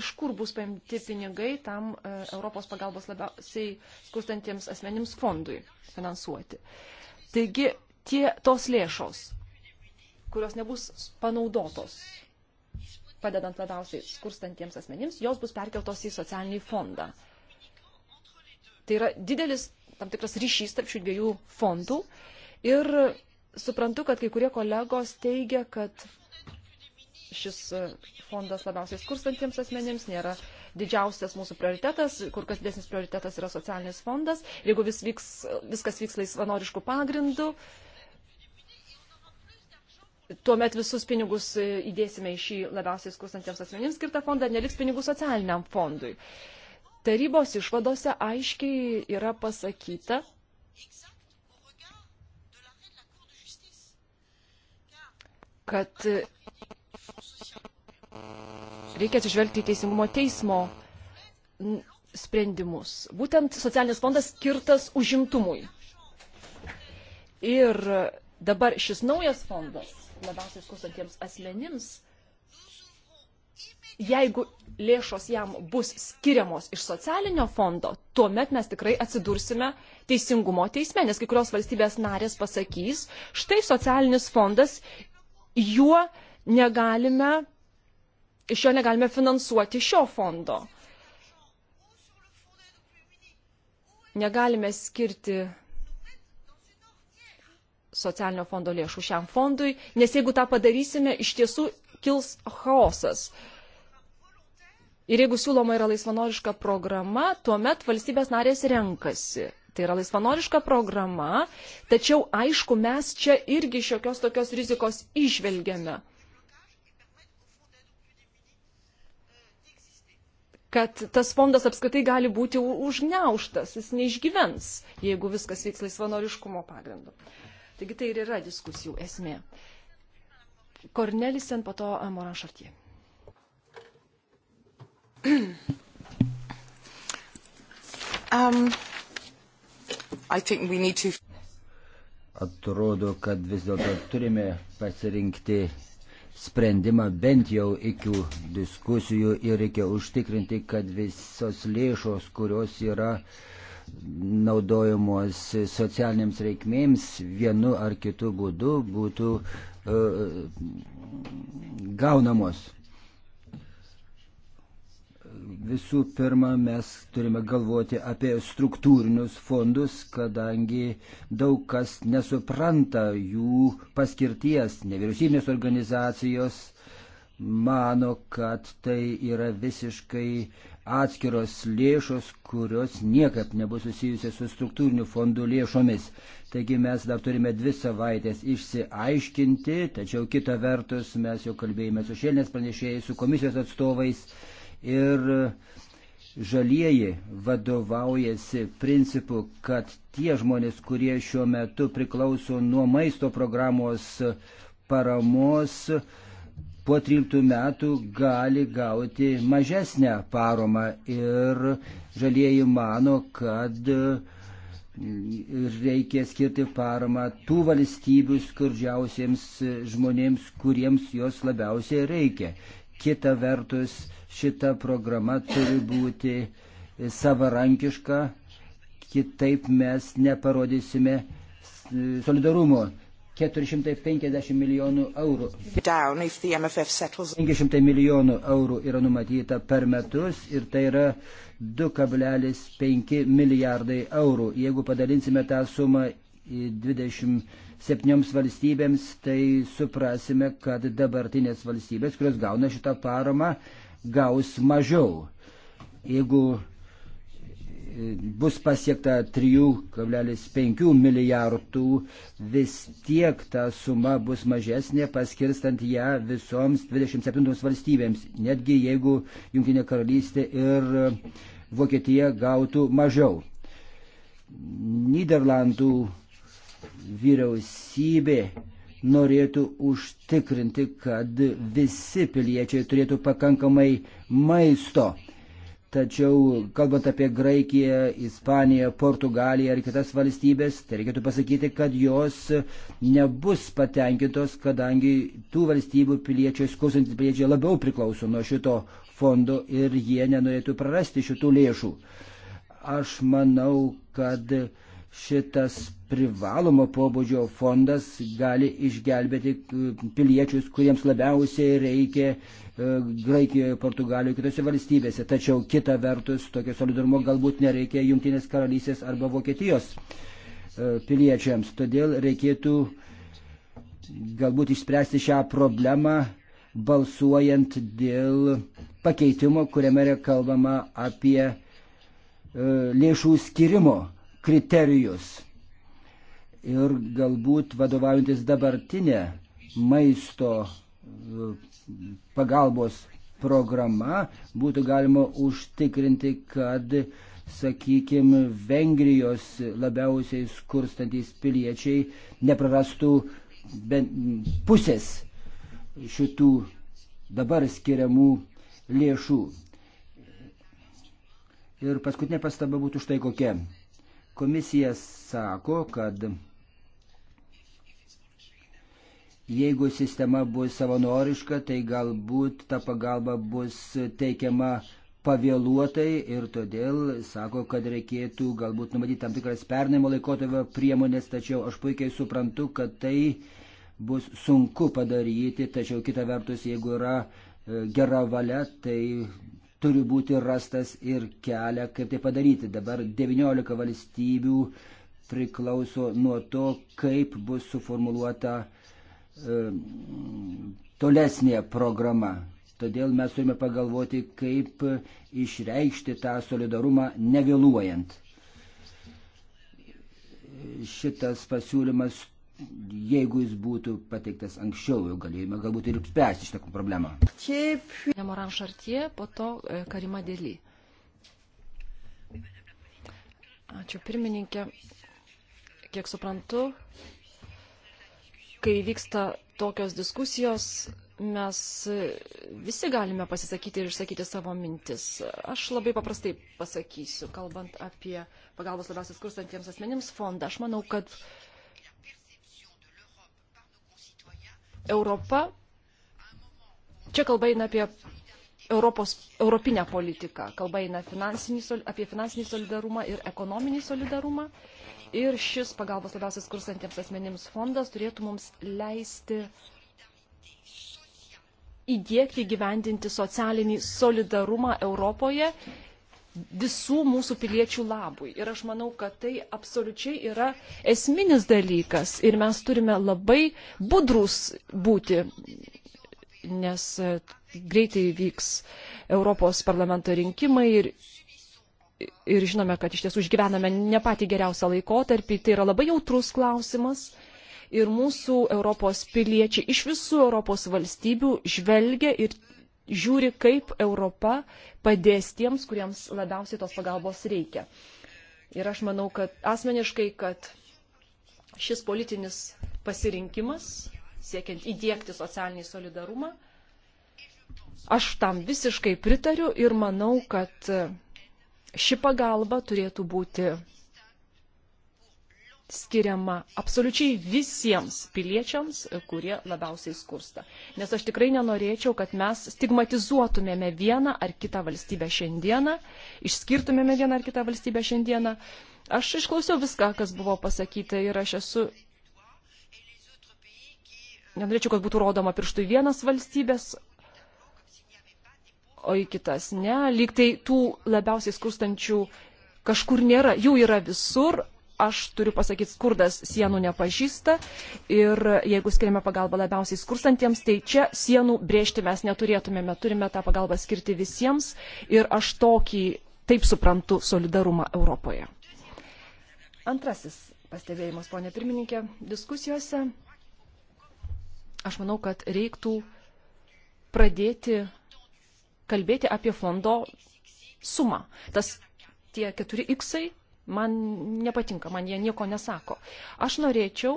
iš kur bus paimti pinigai tam e, Europos pagalbos labiausiai skurstantiems asmenims fondui finansuoti. Taigi tie, tos lėšos, kurios nebus panaudotos padedant labiausiai skurstantiems asmenims, jos bus perkeltos į socialinį fondą. Tai yra didelis tam tikras ryšys tarp šių dviejų fondų ir suprantu, kad kai kurie kolegos teigia, kad šis fondas labiausiai skurstantiems asmenims nėra didžiausias mūsų prioritetas, kur kas didesnis prioritetas yra socialinis fondas. Jeigu vis vyks, viskas vyks laisvanoriškų pagrindų, uh, tuomet visus pinigus e, įdėsime į šį labiausiai skurstantiems asmenims skirtą fondą ir neliks pinigų socialiniam fondui. Tarybos išvadose aiškiai yra pasakyta, kad reikia atsižvelgti į teisingumo teismo sprendimus. Būtent socialinis fondas skirtas užimtumui. Ir dabar šis naujas fondas labiausiai skurstantiems asmenims, jeigu lėšos jam bus skiriamos iš socialinio fondo, tuomet mes tikrai atsidursime teisingumo teisme, nes kai kurios valstybės narės pasakys, štai socialinis fondas, juo negalime, iš jo negalime finansuoti šio fondo. Negalime skirti socialinio fondo lėšų šiam fondui, nes jeigu tą padarysime, iš tiesų kils chaosas. Ir jeigu siūloma yra laisvanoriška programa, tuomet valstybės narės renkasi. Tai yra laisvanoriška programa, tačiau aišku, mes čia irgi šiokios tokios rizikos išvelgiame. kad tas fondas apskritai gali būti užgneuštas, jis neišgyvens, jeigu viskas vyks laisvanoriškumo pagrindu. Uh, Taigi tai ir yra diskusijų esmė. Kornelisen, po to Moran Šartie. Um, to... Atrodo, kad vis dėlto turime pasirinkti sprendimą bent jau iki diskusijų ir reikia užtikrinti, kad visos lėšos, kurios yra uh, naudojamos socialiniams reikmėms vienu ar kitu būdu būtų uh, gaunamos. Visų pirma, mes turime galvoti apie struktūrinius fondus, kadangi daug kas nesupranta jų paskirties. Nevyriausybinės organizacijos mano, kad tai yra visiškai uh, atskiros lėšos, kurios niekaip nebus susijusios su struktūrinių fondų lėšomis. Taigi mes dar turime dvi savaitės išsiaiškinti, tačiau kita vertus mes jau kalbėjome su šiandienės pranešėjais, su komisijos atstovais ir žalieji vadovaujasi principu, kad tie žmonės, kurie šiuo metu priklauso nuo maisto programos paramos, po 13 metų gali gauti mažesnę paramą ir žalieji mano, kad mm, reikia skirti paramą tų valstybių skurdžiausiems žmonėms, kuriems jos labiausiai reikia. Kita vertus, šita programa turi būti savarankiška, kitaip mes neparodysime solidarumo 450 milijonų eurų. 500 milijonų eurų yra numatyta per metus ir tai yra 2,5 milijardai eurų. Jeigu padalinsime tą sumą į 27 valstybėms, tai suprasime, kad dabartinės valstybės, kurios gauna šitą paramą, gaus mažiau. Jeigu bus pasiekta 3,5 milijardų, vis tiek ta suma bus mažesnė, paskirstant ją visoms 27 valstybėms, netgi jeigu Junktinė karalystė ir Vokietija gautų mažiau. Niderlandų vyriausybė norėtų užtikrinti, kad visi piliečiai turėtų pakankamai maisto Tačiau, kalbant apie Graikiją, Ispaniją, Portugaliją ir kitas valstybės, tai reikėtų pasakyti, kad jos nebus patenkintos, kadangi tų valstybių piliečiai, skursantis piliečiai labiau priklauso nuo šito fondo ir jie nenorėtų prarasti šitų lėšų. Aš manau, kad šitas privalomo pobūdžio fondas gali išgelbėti e, piliečius, kuriems labiausiai reikia e, Graikijoje, Portugalijoje, kitose valstybėse. Tačiau kita vertus, tokio solidarumo galbūt nereikia Junktinės karalystės arba Vokietijos e, piliečiams. Todėl reikėtų galbūt išspręsti šią problemą balsuojant dėl pakeitimo, kuriame yra kalbama apie lėšų skirimo kriterijus ir galbūt vadovaujantis dabartinė maisto e, pagalbos programa būtų galima užtikrinti, kad, sakykime, Vengrijos labiausiai skurstantys piliečiai neprarastų bent pusės šitų dabar skiriamų lėšų. Ir paskutinė pastaba būtų štai kokia. Komisija sako, kad Jeigu sistema bus savanoriška, tai galbūt ta pagalba bus teikiama pavėluotai ir todėl sako, kad reikėtų galbūt numatyti tam tikras pernimo laikotarpio priemonės, tačiau aš puikiai suprantu, kad tai bus sunku padaryti, tačiau kita vertus, jeigu yra e, gera valia, tai turi būti rastas ir kelią, kaip tai padaryti. Dabar 19 valstybių priklauso nuo to, kaip bus suformuoluota uh, E, tolesnė programa. Todėl mes turime pagalvoti, kaip išreikšti tą solidarumą nevėluojant. Šitas pasiūlymas, jeigu jis būtų pateiktas anksčiau, jau galėjome galbūt ir spręsti šitą problemą. Nemoran Šartie, po to e, Karima Dėly. Ačiū pirmininkė. Kiek suprantu, kai vyksta tokios diskusijos, mes visi galime pasisakyti ir išsakyti savo mintis. Aš labai paprastai pasakysiu, kalbant apie pagalbos labiausiai skurstantiems asmenims fondą. Aš manau, kad Europa, čia kalba eina apie Europos, europinę politiką, kalba eina finansinį, apie finansinį solidarumą ir ekonominį solidarumą. Ir šis pagalbos labiausiai skursantiems asmenims fondas turėtų mums leisti įdėkti, gyvendinti socialinį solidarumą Europoje visų mūsų piliečių labui. Ir aš manau, kad tai absoliučiai yra esminis dalykas ir mes turime labai budrus būti, nes greitai vyks Europos parlamento rinkimai ir ir žinome, kad iš tiesų išgyvename ne patį geriausią laikotarpį, tai yra labai jautrus klausimas. Ir mūsų Europos piliečiai iš visų Europos valstybių žvelgia ir žiūri, kaip Europa padės tiems, kuriems labiausiai tos pagalbos reikia. Ir aš manau, kad asmeniškai, kad šis politinis pasirinkimas, siekiant įdėkti socialinį solidarumą, aš tam visiškai pritariu ir manau, kad ši pagalba turėtų būti skiriama absoliučiai visiems piliečiams, kurie labiausiai skursta. Nes aš tikrai nenorėčiau, kad mes stigmatizuotumėme vieną ar kitą valstybę šiandieną, išskirtumėme vieną ar kitą valstybę šiandieną. Aš išklausiau viską, kas buvo pasakyta ir aš esu. Nenorėčiau, kad būtų rodoma pirštų vienas valstybės, o į kitas ne. Lyg tai tų labiausiai skurstančių kažkur nėra, jų yra visur. Aš turiu pasakyti, skurdas sienų nepažįsta ir jeigu skiriame pagalbą labiausiai skurstantiems, tai čia sienų brėžti mes neturėtumėme, turime tą pagalbą skirti visiems ir aš tokį, taip suprantu, solidarumą Europoje. Antrasis pastebėjimas, ponė pirmininkė, diskusijose aš manau, kad reiktų pradėti kalbėti apie fondo sumą. Tas tie keturi iksai man nepatinka, man jie nieko nesako. Aš norėčiau,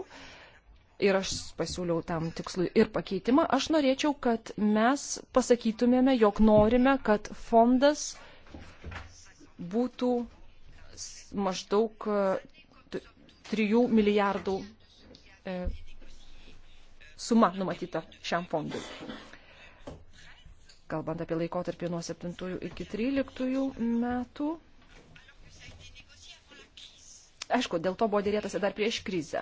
ir aš pasiūliau tam tikslui ir pakeitimą, aš norėčiau, kad mes pasakytumėme, jog norime, kad fondas būtų maždaug 3 e, milijardų e, suma numatyta šiam fondui kalbant apie laikotarpį nuo 7 iki 13 metų. Aišku, dėl to buvo dėrėtasi dar prieš krizę.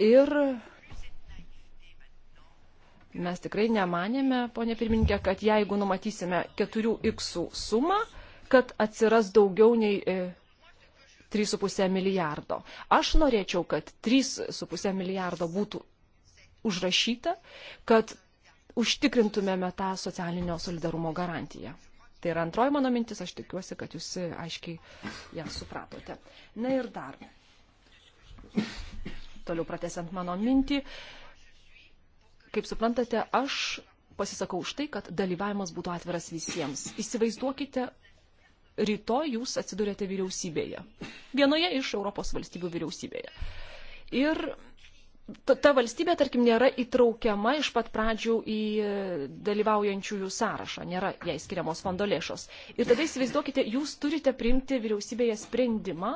Ir mes tikrai nemanėme, ponė pirmininkė, kad jeigu numatysime 4x sumą, kad atsiras daugiau nei 3,5 e, milijardo. Aš norėčiau, kad 3,5 milijardo būtų užrašyta, kad užtikrintumėme tą socialinio solidarumo garantiją. Tai yra antroji mano mintis, aš tikiuosi, kad jūs e, aiškiai ją supratote. Na ir dar. Toliau pratesiant mano mintį. Kaip suprantate, aš pasisakau už tai, kad dalyvavimas būtų atviras visiems. Įsivaizduokite, rytoj jūs atsidurėte vyriausybėje. Vienoje iš Europos valstybių vyriausybėje. Ir ta valstybė, tarkim, nėra įtraukiama iš pat pradžių į e, dalyvaujančiųjų sąrašą, nėra jai skiriamos fondo lėšos. Ir tada įsivaizduokite, jūs turite priimti vyriausybėje sprendimą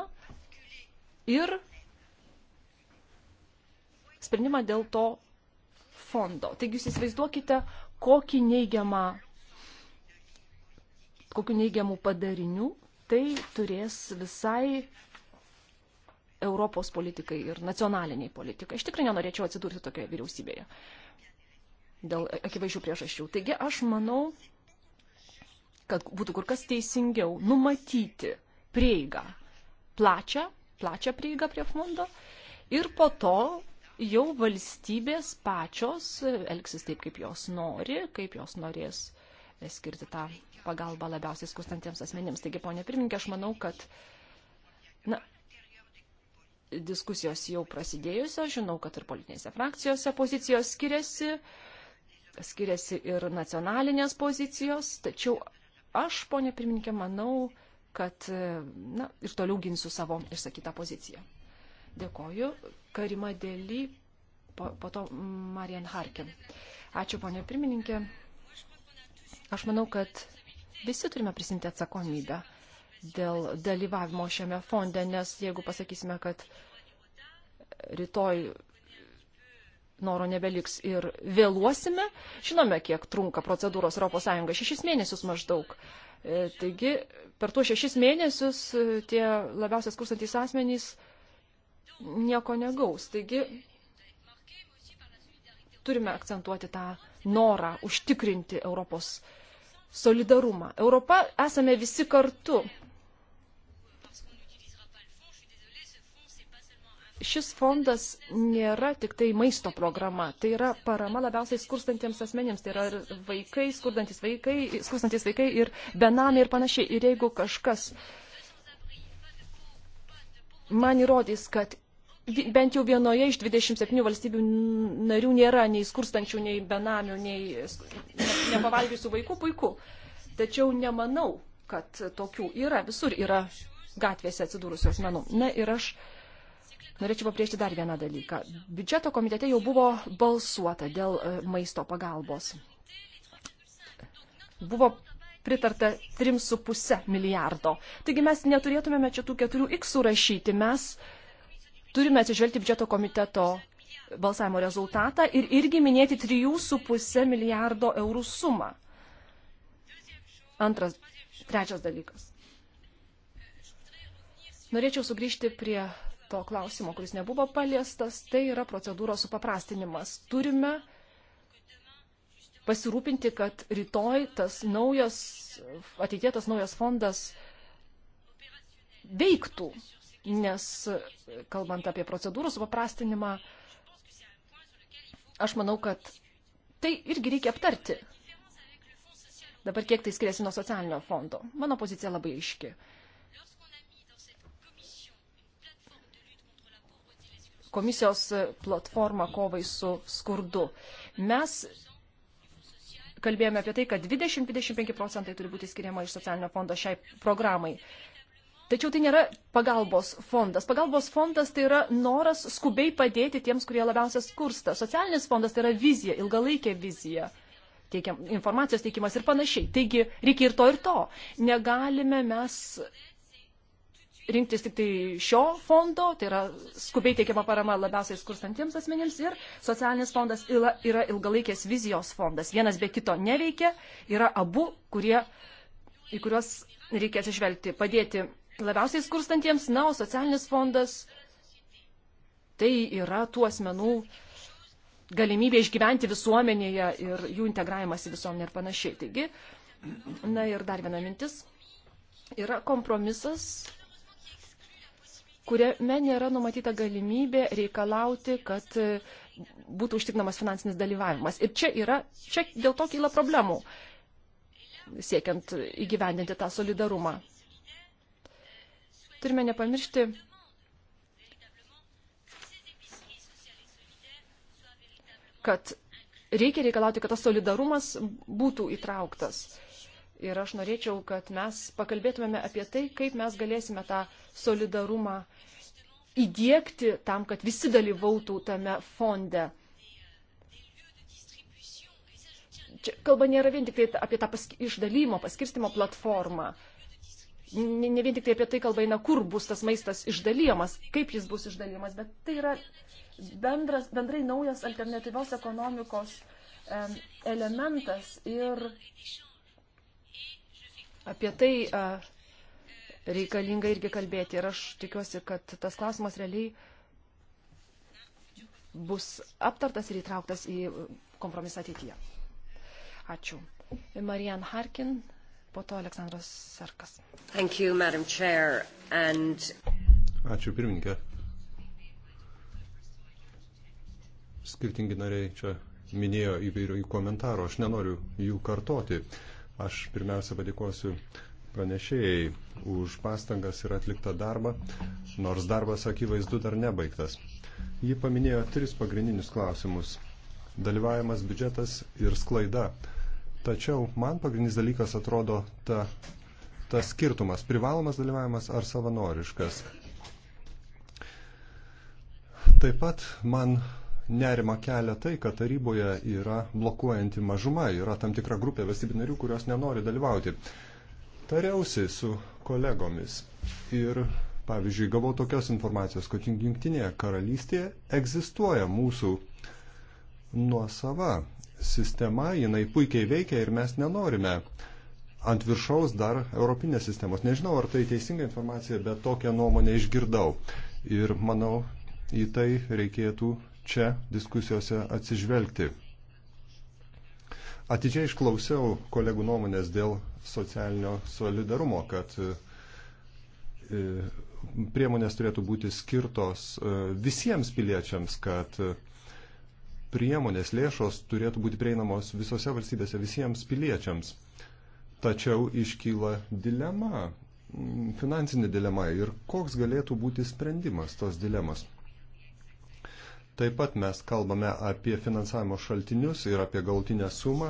ir sprendimą dėl to fondo. Taigi jūs įsivaizduokite, kokį neigiamą, kokiu neigiamu padariniu tai turės visai Europos politikai ir nacionaliniai politikai. Aš tikrai nenorėčiau atsidurti tokioje vyriausybėje dėl akivaizdžių priežasčių. Taigi aš manau, kad būtų kur kas teisingiau numatyti prieigą, plačią, plačią prieigą prie fondo ir po to jau valstybės pačios elgsis taip, kaip jos nori, kaip jos norės skirti tą pagalbą labiausiai skustantiems asmenims. Taigi, ponė pirmininkė, aš manau, kad na, diskusijos jau prasidėjusios, žinau, kad ir politinėse frakcijose pozicijos skiriasi, skiriasi ir nacionalinės pozicijos, tačiau aš, ponė pirmininkė, manau, kad na, ir toliau ginsiu savo išsakytą poziciją. Dėkoju. Karima Dėly, po, po to Marian Harkin. Ačiū, ponė pirmininkė. Aš manau, kad visi turime prisimti atsakomybę dėl dalyvavimo šiame fonde, nes jeigu pasakysime, kad rytoj noro nebeliks ir vėluosime, žinome, kiek trunka procedūros ES, šešis mėnesius maždaug. E, taigi per tuos šešis mėnesius e, tie labiausiai skurstantys asmenys nieko negaus. Taigi turime akcentuoti tą norą užtikrinti Europos solidarumą. Europa esame visi kartu. šis fondas nėra tik tai maisto programa, tai yra parama labiausiai skurstantiems asmenėms, tai yra ir vaikai, skurdantis vaikai, skurstantis vaikai ir benami ir panašiai. Ir jeigu kažkas man įrodys, kad bent jau vienoje iš 27 valstybių narių nėra nei skurstančių, nei benamių, nei nepavalgiusių vaikų, puiku. Tačiau nemanau, kad tokių yra, visur yra gatvėse atsidūrusių asmenų. Na ir aš norėčiau papriešti dar vieną dalyką. Biudžeto komitete jau buvo balsuota dėl e, maisto pagalbos. Buvo pritarta 3,5 milijardo. Taigi mes neturėtumėme čia tų keturių x surašyti. Mes turime atsižvelgti biudžeto komiteto balsavimo rezultatą ir irgi minėti 3,5 milijardo eurų sumą. Antras, trečias dalykas. Norėčiau sugrįžti prie to klausimo, kuris nebuvo paliestas, tai yra procedūros supaprastinimas. Turime pasirūpinti, kad rytoj tas naujas, ateitėtas naujas fondas veiktų, nes kalbant apie procedūrų supaprastinimą, aš manau, kad tai irgi reikia aptarti. Dabar kiek tai skiriasi nuo socialinio fondo? Mano pozicija labai aiški. komisijos platformą kovai su skurdu. Mes kalbėjome apie tai, kad 20-25 procentai turi būti skiriama iš socialinio fondo šiai programai. Tačiau tai nėra pagalbos fondas. Pagalbos fondas tai yra noras skubiai padėti tiems, kurie labiausia skursta. Socialinis fondas tai yra vizija, ilgalaikė vizija, teikiam, informacijos teikimas ir panašiai. Taigi reikia ir to, ir to. Negalime mes rinktis tik tai šio fondo, tai yra skubiai teikiama parama labiausiai skurstantiems asmenims ir socialinis fondas yra ilgalaikės vizijos fondas. Vienas be kito neveikia, yra abu, kurie, į kuriuos reikia atsižvelgti, padėti labiausiai skurstantiems, na, o socialinis fondas tai yra tų asmenų galimybė išgyventi visuomenėje ir jų integravimas į visuomenę ir panašiai. Taigi, na ir dar viena mintis. Yra kompromisas kuriame nėra numatyta galimybė reikalauti, kad e, būtų užtikrinamas finansinis dalyvavimas. Ir čia yra, čia dėl to kyla problemų, siekiant įgyvendinti tą solidarumą. Turime nepamiršti, kad reikia reikalauti, kad tas solidarumas būtų įtrauktas Ir aš norėčiau, kad mes pakalbėtumėme apie tai, kaip mes galėsime tą solidarumą įdėkti tam, kad visi dalyvautų tame fonde. Čia kalba nėra vien tik tai apie tą pask išdalymo, paskirstimo platformą. Ne, ne vien tik tai apie tai kalba eina, kur bus tas maistas išdalyjamas, kaip jis bus išdalyjamas, bet tai yra bendras, bendrai naujas alternatyvios ekonomikos um, elementas ir Apie tai reikalinga irgi kalbėti ir aš tikiuosi, kad tas klausimas realiai bus aptartas ir įtrauktas į kompromisą ateityje. Ačiū. Marian Harkin, po to Aleksandras Sarkas. Thank you, Madam Chair, and... Ačiū pirmininkė. Skirtingi nariai čia minėjo įvairių komentarų, aš nenoriu jų kartoti. Uh, Aš pirmiausia padėkosiu pranešėjai už pastangas ir atliktą darbą, nors darbas akivaizdu dar nebaigtas. Ji paminėjo tris pagrindinius klausimus - dalyvavimas biudžetas ir sklaida. Tačiau man pagrindinis dalykas atrodo ta, tas skirtumas - privalomas dalyvavimas ar savanoriškas. Taip pat man nerima kelia tai, kad taryboje yra blokuojanti mažuma, yra tam tikra grupė valstybių narių, kurios nenori dalyvauti. Tariausi su kolegomis ir, pavyzdžiui, gavau tokios informacijos, kad Junktinėje karalystėje egzistuoja mūsų nuosava sistema, jinai puikiai veikia ir mes nenorime ant viršaus dar europinės sistemos. Nežinau, ar tai teisinga informacija, bet tokią nuomonę išgirdau. Ir manau, į tai reikėtų čia diskusijose atsižvelgti. Atidžiai išklausiau kolegų nuomonės dėl socialinio solidarumo, kad e, priemonės turėtų būti skirtos e, visiems piliečiams, kad e, priemonės lėšos turėtų būti prieinamos visose valstybėse visiems piliečiams. Tačiau iškyla dilema, finansinė dilema ir koks galėtų būti sprendimas tos dilemas. Taip pat mes kalbame apie finansavimo šaltinius ir apie galutinę sumą.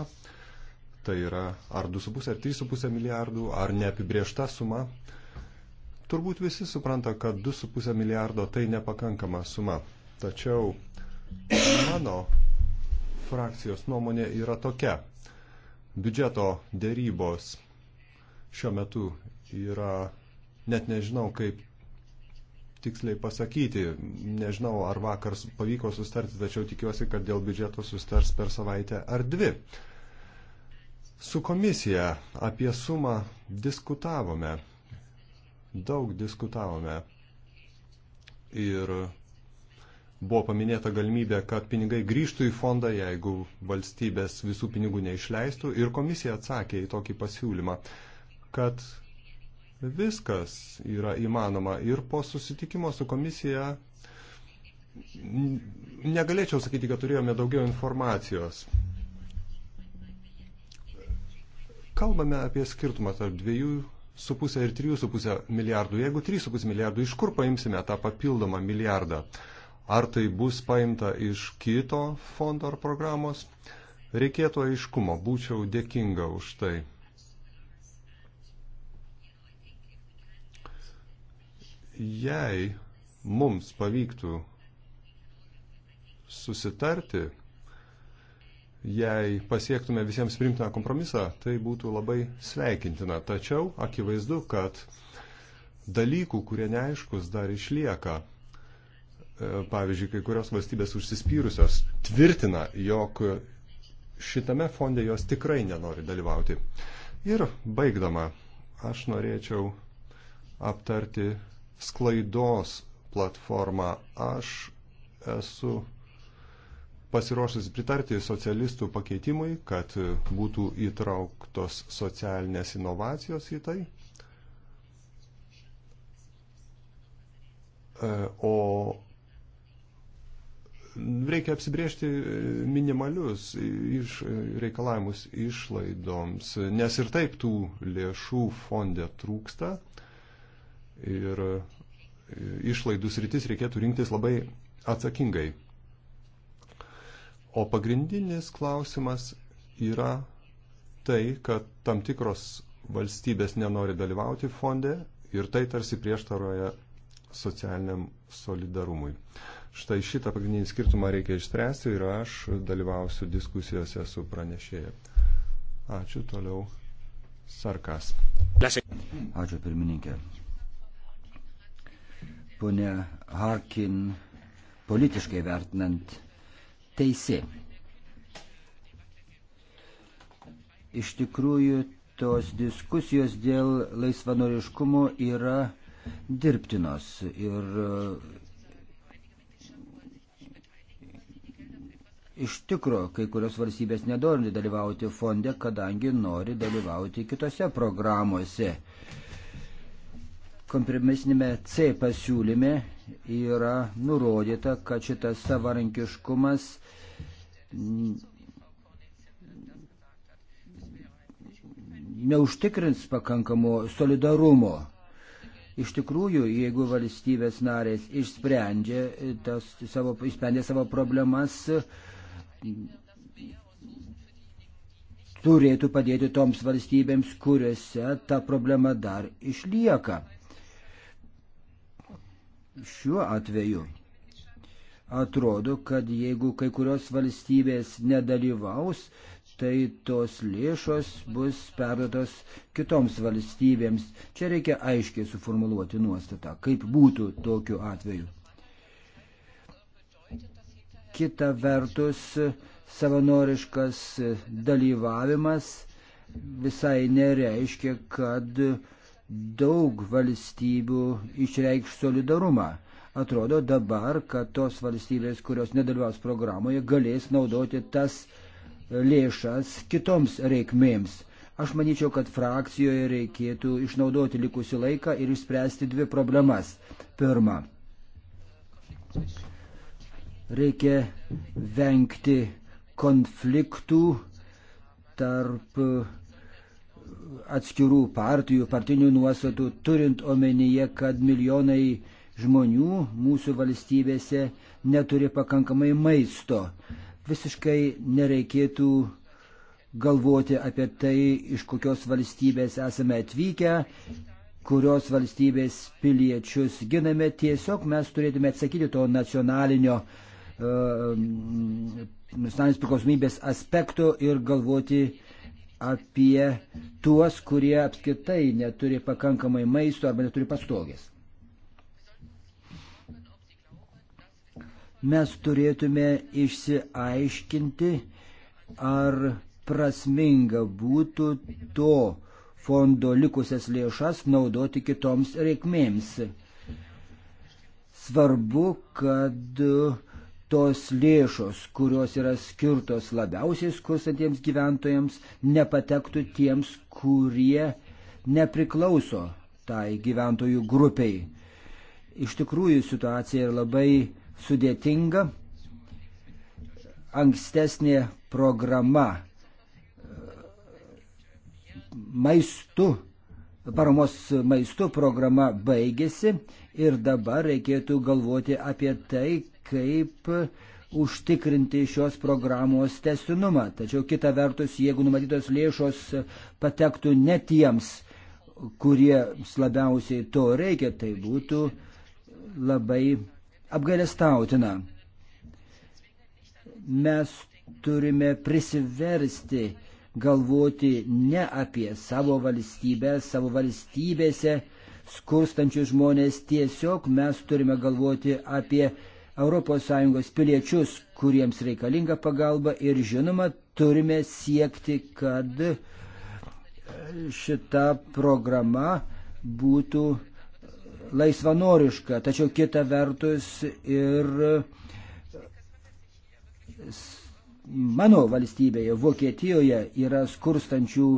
Tai yra ar 2,5 ar 3,5 milijardų, ar neapibriešta suma. Turbūt visi supranta, kad 2,5 milijardo tai nepakankama suma. Tačiau mano frakcijos nuomonė yra tokia. Biudžeto dėrybos šiuo metu yra, net nežinau, kaip tiksliai pasakyti. Nežinau, ar vakar pavyko sustarti, tačiau tikiuosi, kad dėl biudžeto sustars per savaitę ar dvi. Su komisija apie sumą diskutavome, daug diskutavome ir buvo paminėta galimybė, kad pinigai grįžtų į fondą, jeigu valstybės visų pinigų neišleistų ir komisija atsakė į tokį pasiūlymą, kad viskas yra įmanoma. Ir po susitikimo su komisija negalėčiau sakyti, kad turėjome daugiau informacijos. Kalbame apie skirtumą tarp dviejų su pusė ir 3,5 milijardų. Jeigu 3,5 milijardų, iš kur paimsime tą papildomą milijardą? Ar tai bus paimta iš kito fondo ar programos? Reikėtų aiškumo, būčiau dėkinga už tai. jei mums pavyktų susitarti, jei pasiektume visiems primtiną kompromisą, tai būtų labai sveikintina. Tačiau akivaizdu, kad dalykų, kurie neaiškus, dar išlieka. E, pavyzdžiui, kai kurios valstybės užsispyrusios tvirtina, jog šitame fonde jos tikrai nenori dalyvauti. Ir baigdama, aš norėčiau aptarti sklaidos platformą. Aš esu pasiruošęs pritarti socialistų pakeitimui, kad būtų įtrauktos socialinės inovacijos į tai. E, o reikia apsibriežti minimalius iš, reikalavimus išlaidoms, nes ir taip tų lėšų fonde trūksta ir e, išlaidų sritis reikėtų rinktis labai atsakingai. O pagrindinis klausimas yra tai, kad tam tikros valstybės nenori dalyvauti fonde ir tai tarsi prieštaroja socialiniam solidarumui. Štai šitą pagrindinį skirtumą reikia išspręsti ir aš dalyvausiu diskusijose su pranešėja. Ačiū toliau. Sarkas. Ačiū pirmininkė ponia Harkin politiškai vertinant teisė. Iš tikrųjų, tos diskusijos dėl laisvanoriškumo yra dirbtinos ir e, iš tikro kai kurios valstybės nedori dalyvauti fonde, kadangi nori dalyvauti kitose programuose kompromisinėme C pasiūlyme yra nurodyta, kad šitas savarankiškumas neužtikrins pakankamo solidarumo. Iš tikrųjų, jeigu valstybės narės išsprendžia, tas, savo, išsprendė savo problemas, turėtų padėti toms valstybėms, kuriuose ta problema dar išlieka šiuo atveju atrodo, kad jeigu kai kurios valstybės nedalyvaus, tai tos lėšos bus perdotos kitoms valstybėms. Čia reikia aiškiai suformuluoti nuostatą, kaip būtų tokiu atveju. Kita vertus, savanoriškas dalyvavimas visai nereiškia, kad uh, daug valstybių išreikš solidarumą. Atrodo dabar, kad tos valstybės, kurios nedalyvaus programoje, galės naudoti tas lėšas kitoms reikmėms. Aš manyčiau, kad frakcijoje reikėtų išnaudoti likusių laiką ir išspręsti dvi problemas. Pirma, reikia vengti konfliktų tarp atskirų partijų, partinių nuostatų, turint omenyje, kad milijonai žmonių mūsų valstybėse neturi pakankamai maisto. Visiškai nereikėtų galvoti apie tai, iš kokios valstybės esame atvykę, kurios valstybės piliečius giname. Tiesiog mes turėtume atsakyti to nacionalinio uh, nacionalinės priklausomybės aspektų ir galvoti, apie tuos, kurie apskritai neturi pakankamai maisto arba neturi pastogės. Mes turėtume išsiaiškinti, ar prasminga būtų to fondo likusias lėšas naudoti kitoms reikmėms. Svarbu, kad uh, tos lėšos, kurios yra skirtos labiausiai skurstantiems gyventojams, nepatektų tiems, kurie nepriklauso tai gyventojų grupiai. Iš tikrųjų situacija yra labai sudėtinga. Ankstesnė programa e, maistu, paramos maistu programa baigėsi ir dabar reikėtų galvoti apie tai, kaip užtikrinti šios programos testinumą. Tačiau kita vertus, jeigu numatytos lėšos patektų ne tiems, kuriems labiausiai to reikia, tai būtų labai apgailestautina. Mes turime prisiversti galvoti ne apie savo valstybę, savo valstybėse skurstančius žmonės, tiesiog mes turime galvoti apie ES piliečius, kuriems reikalinga pagalba ir žinoma, turime siekti, kad e, šita programa būtų laisvanoriška, tačiau kita vertus ir e, mano valstybėje, Vokietijoje, yra skurstančių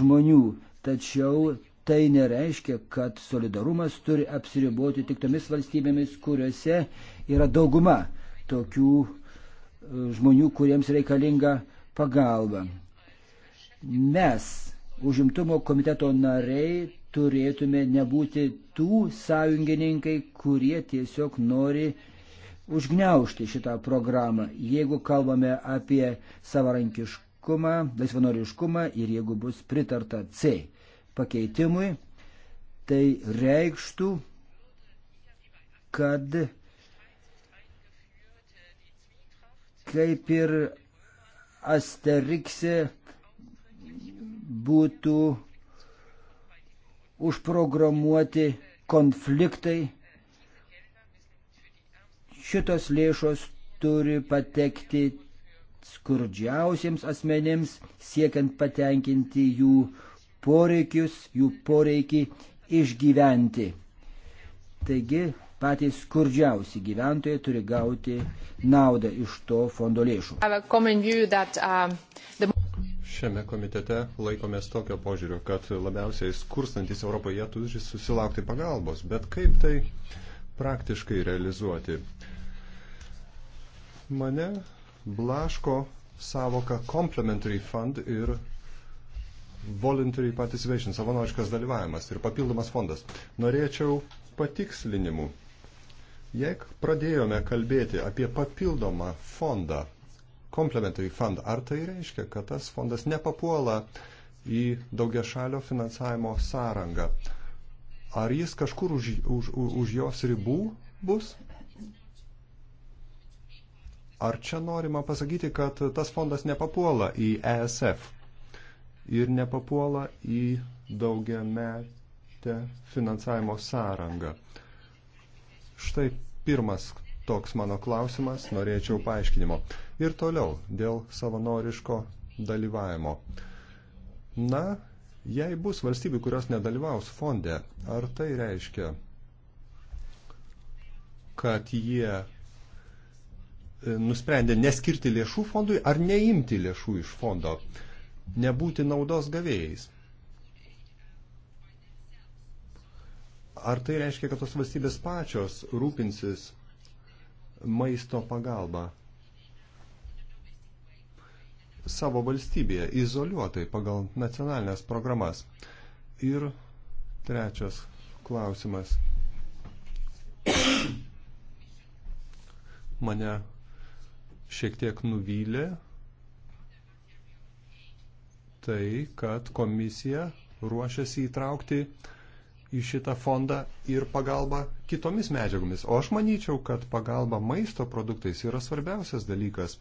žmonių, tačiau tai nereiškia, kad solidarumas turi apsiriboti tik tomis valstybėmis, kuriuose yra dauguma tokių e, žmonių, kuriems reikalinga pagalba. Mes, užimtumo komiteto nariai, turėtume nebūti tų sąjungininkai, kurie tiesiog nori užgneušti šitą programą. Jeigu kalbame apie savarankiškumą, laisvanoriškumą ir jeigu bus pritarta C pakeitimui, tai reikštų, kad kaip ir Asterikse būtų užprogramuoti konfliktai. Šitos lėšos turi patekti skurdžiausiems asmenėms, siekiant patenkinti jų poreikius, jų poreikį išgyventi. Taigi patys skurdžiausi gyventojai turi gauti naudą iš to fondo lėšų. Um, Šiame komitete laikomės tokio požiūrio, kad labiausiai skurstantis Europoje turi susilaukti pagalbos, bet kaip tai praktiškai realizuoti? Mane blaško savoka complementary fund ir Voluntary Participation, savanoriškas dalyvavimas ir papildomas fondas. Norėčiau patikslinimų. Jeigu pradėjome kalbėti apie papildomą fondą, Complementary Fund, ar tai reiškia, kad tas fondas nepapuola į daugiašalio finansavimo sąrangą? Ar jis kažkur už, už, už jos ribų bus? Ar čia norima pasakyti, kad tas fondas nepapuola į ESF? ir nepapuola į daugiametę finansavimo sąrangą. Štai pirmas toks mano klausimas, norėčiau paaiškinimo. Ir toliau dėl savanoriško dalyvavimo. Na, jei bus valstybių, kurios nedalyvaus fonde, ar tai reiškia, kad jie e, nusprendė neskirti lėšų fondui ar neimti lėšų iš fondo? Uh, nebūti naudos gavėjais. Ar tai reiškia, kad tos valstybės pačios rūpinsis maisto pagalba savo valstybėje, izoliuotai pagal nacionalinės programas? Ir trečias klausimas. Mane šiek tiek nuvylė tai, kad komisija ruošiasi įtraukti į šitą fondą ir pagalbą kitomis medžiagomis. O aš manyčiau, kad pagalba maisto produktais yra svarbiausias dalykas.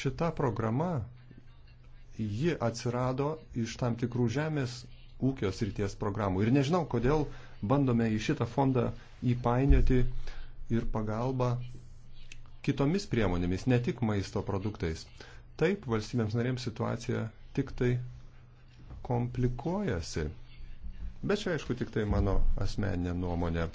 Šita programa, ji atsirado iš tam tikrų žemės ūkio srities programų. Ir nežinau, kodėl bandome į šitą fondą įpainioti ir pagalbą kitomis priemonėmis, ne tik maisto produktais. Taip, valstybėms narėms situacija tik tai komplikuojasi. Bet čia aišku tik tai mano asmeninė nuomonė.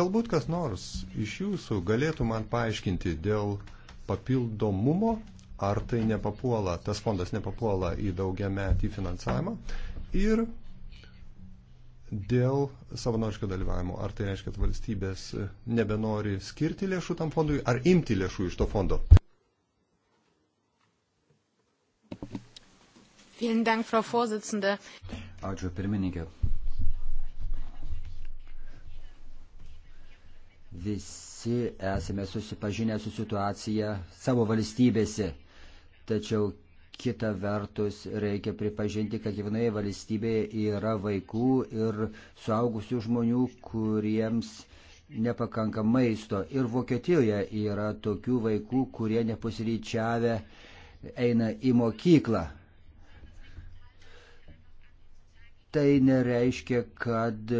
Galbūt kas nors iš jūsų galėtų man paaiškinti dėl papildomumo, ar tai nepapuola, tas fondas nepapuola į daugiametį finansavimą ir dėl savanoriško dalyvavimo. Ar tai reiškia, kad valstybės nebenori skirti lėšų tam fondui, ar imti lėšų iš to fondo? Dank, Frau Ačiū pirmininkė. Visi esame susipažinę su situacija savo valstybėse, tačiau Kita vertus, reikia pripažinti, kad kiekvienoje valstybėje yra vaikų ir suaugusių žmonių, kuriems nepakanka maisto. Ir Vokietijoje yra tokių vaikų, kurie nepusryčiavę eina į mokyklą. Tai nereiškia, kad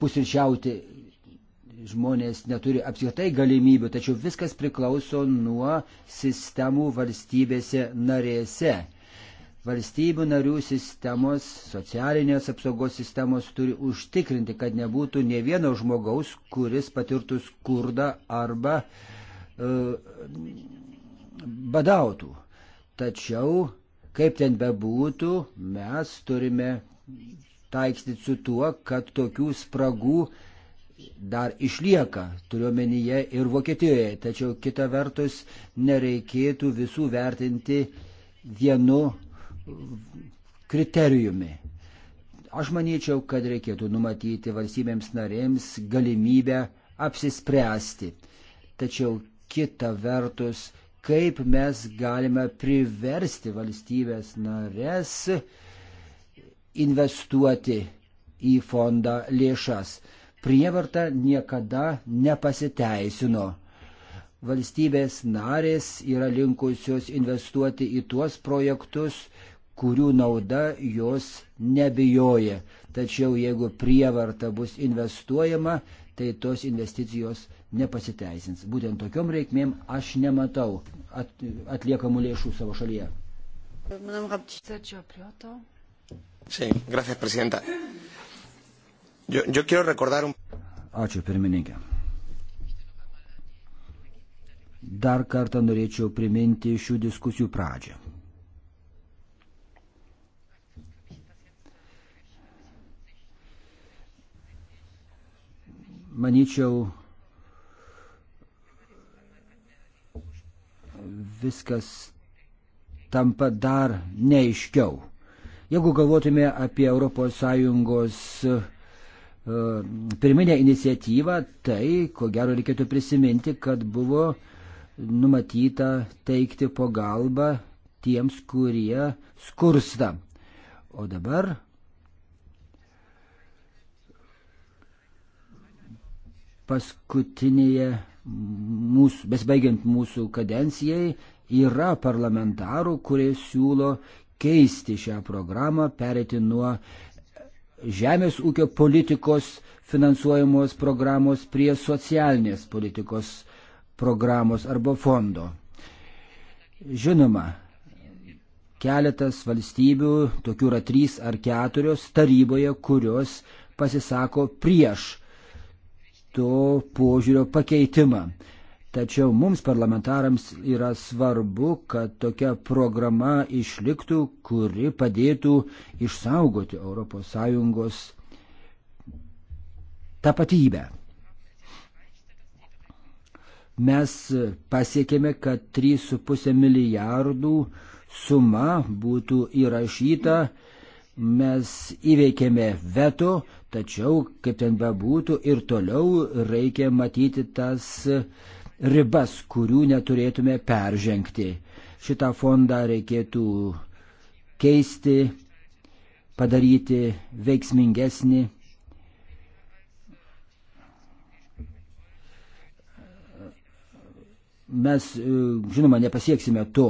pusryčiauti žmonės neturi apskritai galimybių, tačiau viskas priklauso nuo sistemų valstybėse narėse. Valstybių narių sistemos, socialinės apsaugos sistemos turi užtikrinti, kad nebūtų ne vieno žmogaus, kuris patirtų skurdą arba uh, badautų. Tačiau, kaip ten bebūtų, mes turime taikstyti su tuo, kad tokių spragų uh, dar išlieka, turiuomenyje ir Vokietijoje. Tačiau kita vertus nereikėtų visų vertinti vienu kriterijumi. Aš manyčiau, kad reikėtų numatyti valstybėms narėms galimybę apsispręsti. Tačiau kita vertus, kaip mes galime priversti valstybės narės investuoti į fondą lėšas prievarta niekada nepasiteisino. Valstybės narės yra linkusios investuoti į tuos projektus, kurių nauda jos nebijoja. Tačiau jeigu prievarta bus investuojama, tai tos investicijos nepasiteisins. Būtent tokiom reikmėm aš nematau at, atliekamų lėšų savo šalyje. Gracias, Presidenta. Yo, yo quiero recordar un... Ačiū pirmininkė. Dar kartą norėčiau priminti šių diskusijų pradžią. Manyčiau, viskas tampa dar neiškiau. Jeigu galvotume apie ES E, pirminę iniciatyvą, tai ko gero reikėtų prisiminti, kad buvo numatyta teikti pagalbą tiems, kurie skursta. O dabar paskutinėje mūsų, besbaigiant mūsų kadencijai, yra parlamentarų, kurie siūlo keisti šią programą, perėti nuo uh, žemės ūkio politikos finansuojamos programos prie socialinės politikos programos arba fondo. Žinoma, keletas valstybių, tokių yra trys ar keturios taryboje, kurios pasisako prieš to požiūrio pakeitimą. Tačiau mums parlamentarams yra svarbu, kad tokia programa išliktų, kuri padėtų išsaugoti ES tapatybę. Mes pasiekėme, kad 3,5 milijardų suma būtų įrašyta, mes įveikėme veto, tačiau, kaip ten bebūtų, ir toliau reikia matyti tas uh, ribas, kurių neturėtume peržengti. Šitą fondą reikėtų keisti, padaryti veiksmingesnį. Mes, e, žinoma, nepasieksime to,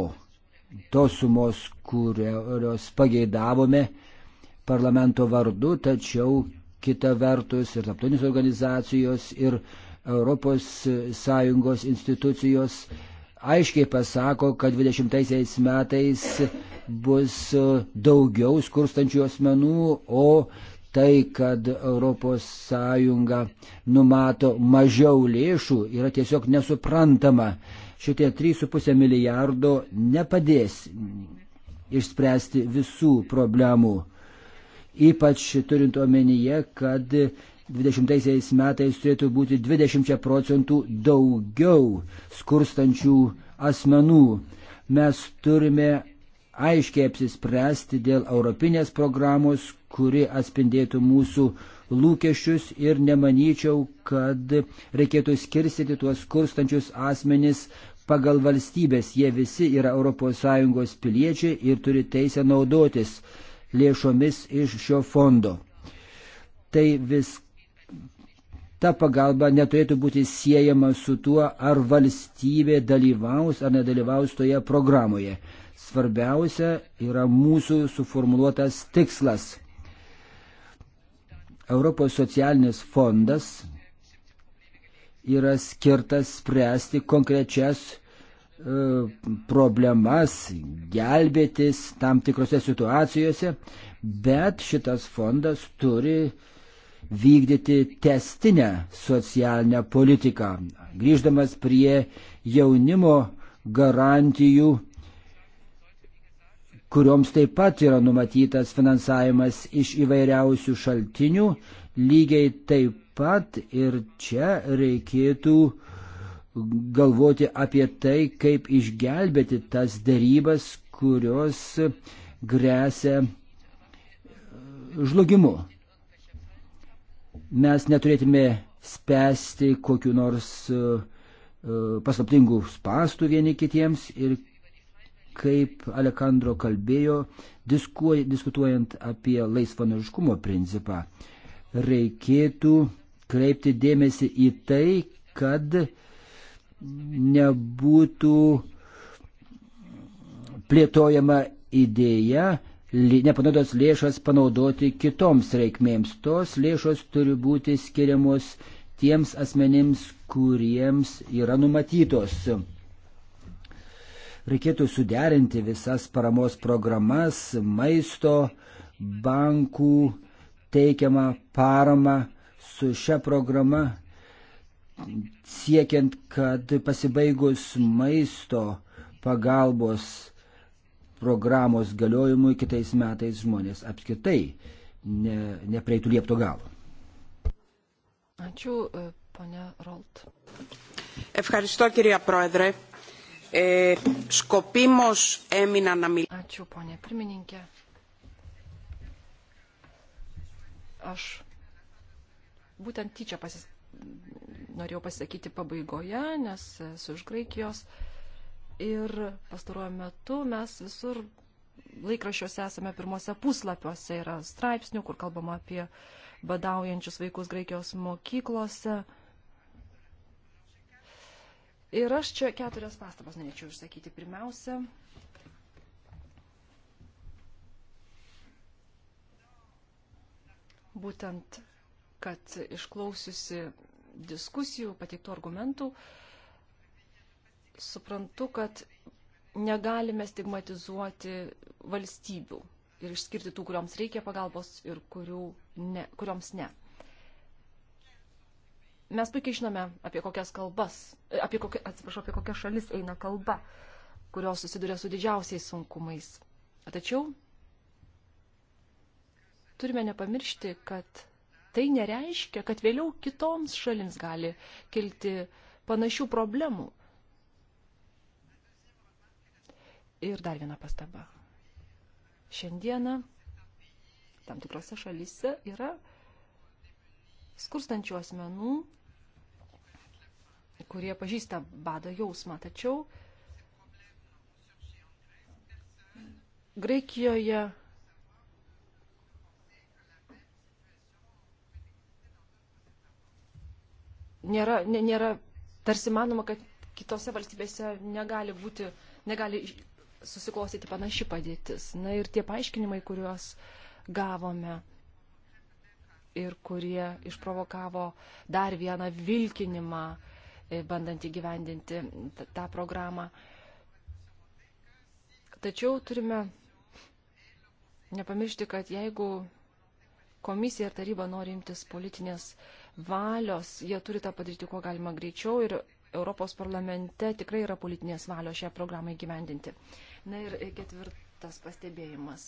tos sumos, kurios pageidavome parlamento vardu, tačiau kita vertus ir taptonis organizacijos ir uh, ES institucijos aiškiai pasako, kad 20 metais bus daugiau skurstančių asmenų, o tai, kad ES numato mažiau lėšų, yra tiesiog nesuprantama. Šitie 3,5 milijardo nepadės išspręsti visų problemų. Ypač turint omenyje, kad 20 metais turėtų būti 20 procentų daugiau skurstančių asmenų. Mes turime aiškiai apsispręsti dėl europinės programos, kuri atspindėtų mūsų lūkesčius ir nemanyčiau, kad reikėtų skirstyti tuos skurstančius asmenis pagal valstybės. Jie visi yra ES piliečiai ir turi teisę naudotis lėšomis iš šio fondo. Tai vis ta pagalba neturėtų būti siejama su tuo, ar valstybė dalyvaus ar nedalyvaus toje programoje. Svarbiausia yra mūsų suformuoluotas tikslas. Europos socialinis fondas yra skirtas spręsti konkrečias e, problemas, gelbėtis tam tikrose situacijose, bet šitas fondas turi uh, vykdyti testinę socialinę politiką. Grįždamas prie jaunimo garantijų, kurioms taip pat yra numatytas finansavimas iš įvairiausių šaltinių, lygiai taip pat ir čia reikėtų galvoti apie tai, kaip išgelbėti tas darybas, kurios grėsia žlugimu mes neturėtume spęsti kokiu nors e, e, paslaptingų spastų vieni kitiems ir kaip Alekandro kalbėjo, diskuoj, diskutuojant apie laisvanoriškumo principą, reikėtų kreipti dėmesį į tai, kad nebūtų plėtojama idėja, nepanaudotas lėšas panaudoti kitoms reikmėms. Tos lėšos turi būti skiriamos tiems asmenims, kuriems yra numatytos. Reikėtų suderinti visas paramos programas, maisto, bankų teikiamą paramą su šia programa, siekiant, kad pasibaigus maisto pagalbos programos galiojimui kitais metais žmonės apskritai ne, nepreitų liepto galo. Ačiū, e, ponia Rolt. Ευχαριστώ κυρία Πρόεδρε. Ε, σκοπίμως έμεινα να μιλήσω. Ačiū, ponia pirmininkė. Aš būtent tyčia pasis... norėjau pasakyti pabaigoje, nes esu iš Graikijos. E, Ir pastaruoju metu mes visur laikraščiuose esame pirmose puslapiuose, yra straipsnių, kur kalbama apie badaujančius vaikus Graikijos mokyklose. Ir aš čia keturias pastabas norėčiau išsakyti. Pirmiausia, būtent, kad išklausiusi diskusijų, pateiktų argumentų, uh, suprantu, kad negalime stigmatizuoti valstybių ir išskirti tų, kurioms reikia pagalbos ir ne, kurioms ne. Mes puikiai žinome, apie kokias kalbas, e, apie kokia, atsiprašau, apie kokias šalis eina kalba, kurios susiduria su didžiausiais sunkumais. Tačiau turime nepamiršti, kad tai nereiškia, kad vėliau kitoms šalims gali kilti panašių problemų. Ir dar viena pastaba. Šiandieną tam tikrose šalyse yra skurstančių asmenų, kurie pažįsta bado jausmą, tačiau Graikijoje nėra, nėra tarsi manoma, kad kitose valstybėse negali būti, negali susiklostyti panaši padėtis. Na ir tie paaiškinimai, kuriuos gavome ir kurie išprovokavo dar vieną vilkinimą, e, bandant įgyvendinti tą programą. Tačiau turime nepamiršti, kad jeigu komisija ir taryba nori imtis politinės valios, jie turi tą padaryti kuo galima greičiau ir Europos parlamente tikrai yra politinės valios šią programą įgyvendinti. Na ir ketvirtas pastebėjimas.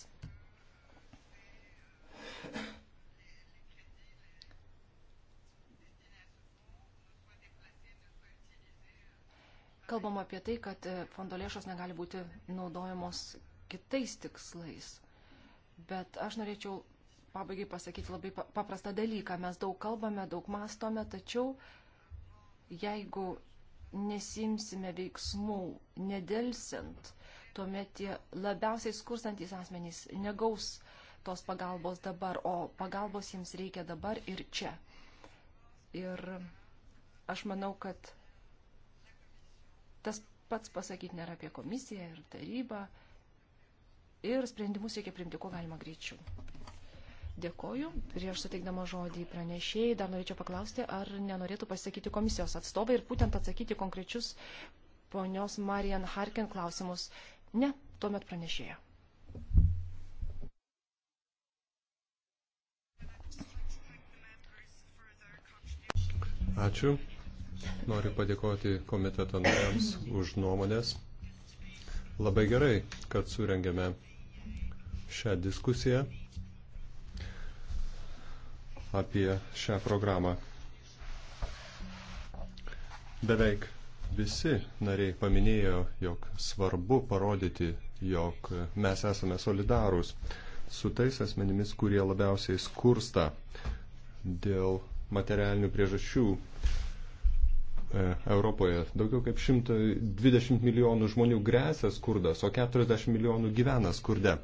Kalbam apie tai, kad fondo lėšos negali būti naudojamos kitais tikslais. Bet aš norėčiau pabaigai pasakyti labai paprastą dalyką. Mes daug kalbame, daug mastome, tačiau jeigu nesimsime veiksmų nedelsiant, tuomet tie labiausiai skurstantis asmenys negaus tos pagalbos dabar, o pagalbos jiems reikia dabar ir čia. Ir aš manau, kad tas pats pasakyti nėra apie komisiją ir tarybą. Ir sprendimus reikia priimti kuo galima greičiau. Dėkoju. Prieš suteikdama žodį pranešėjai dar norėčiau paklausti, ar nenorėtų pasakyti komisijos atstovai ir būtent atsakyti konkrečius ponios Marian Harkin klausimus. Ne, tuomet pranešėja. Ačiū. Noriu padėkoti komiteto nariams už nuomonės. Labai gerai, kad surengėme šią diskusiją apie šią programą. Beveik Visi nariai paminėjo, jog svarbu parodyti, jog mes esame solidarūs su tais asmenimis, kurie labiausiai skursta dėl materialinių priežasčių e, Europoje. Daugiau kaip 120 milijonų žmonių grėsia skurdas, o 40 milijonų gyvena skurde.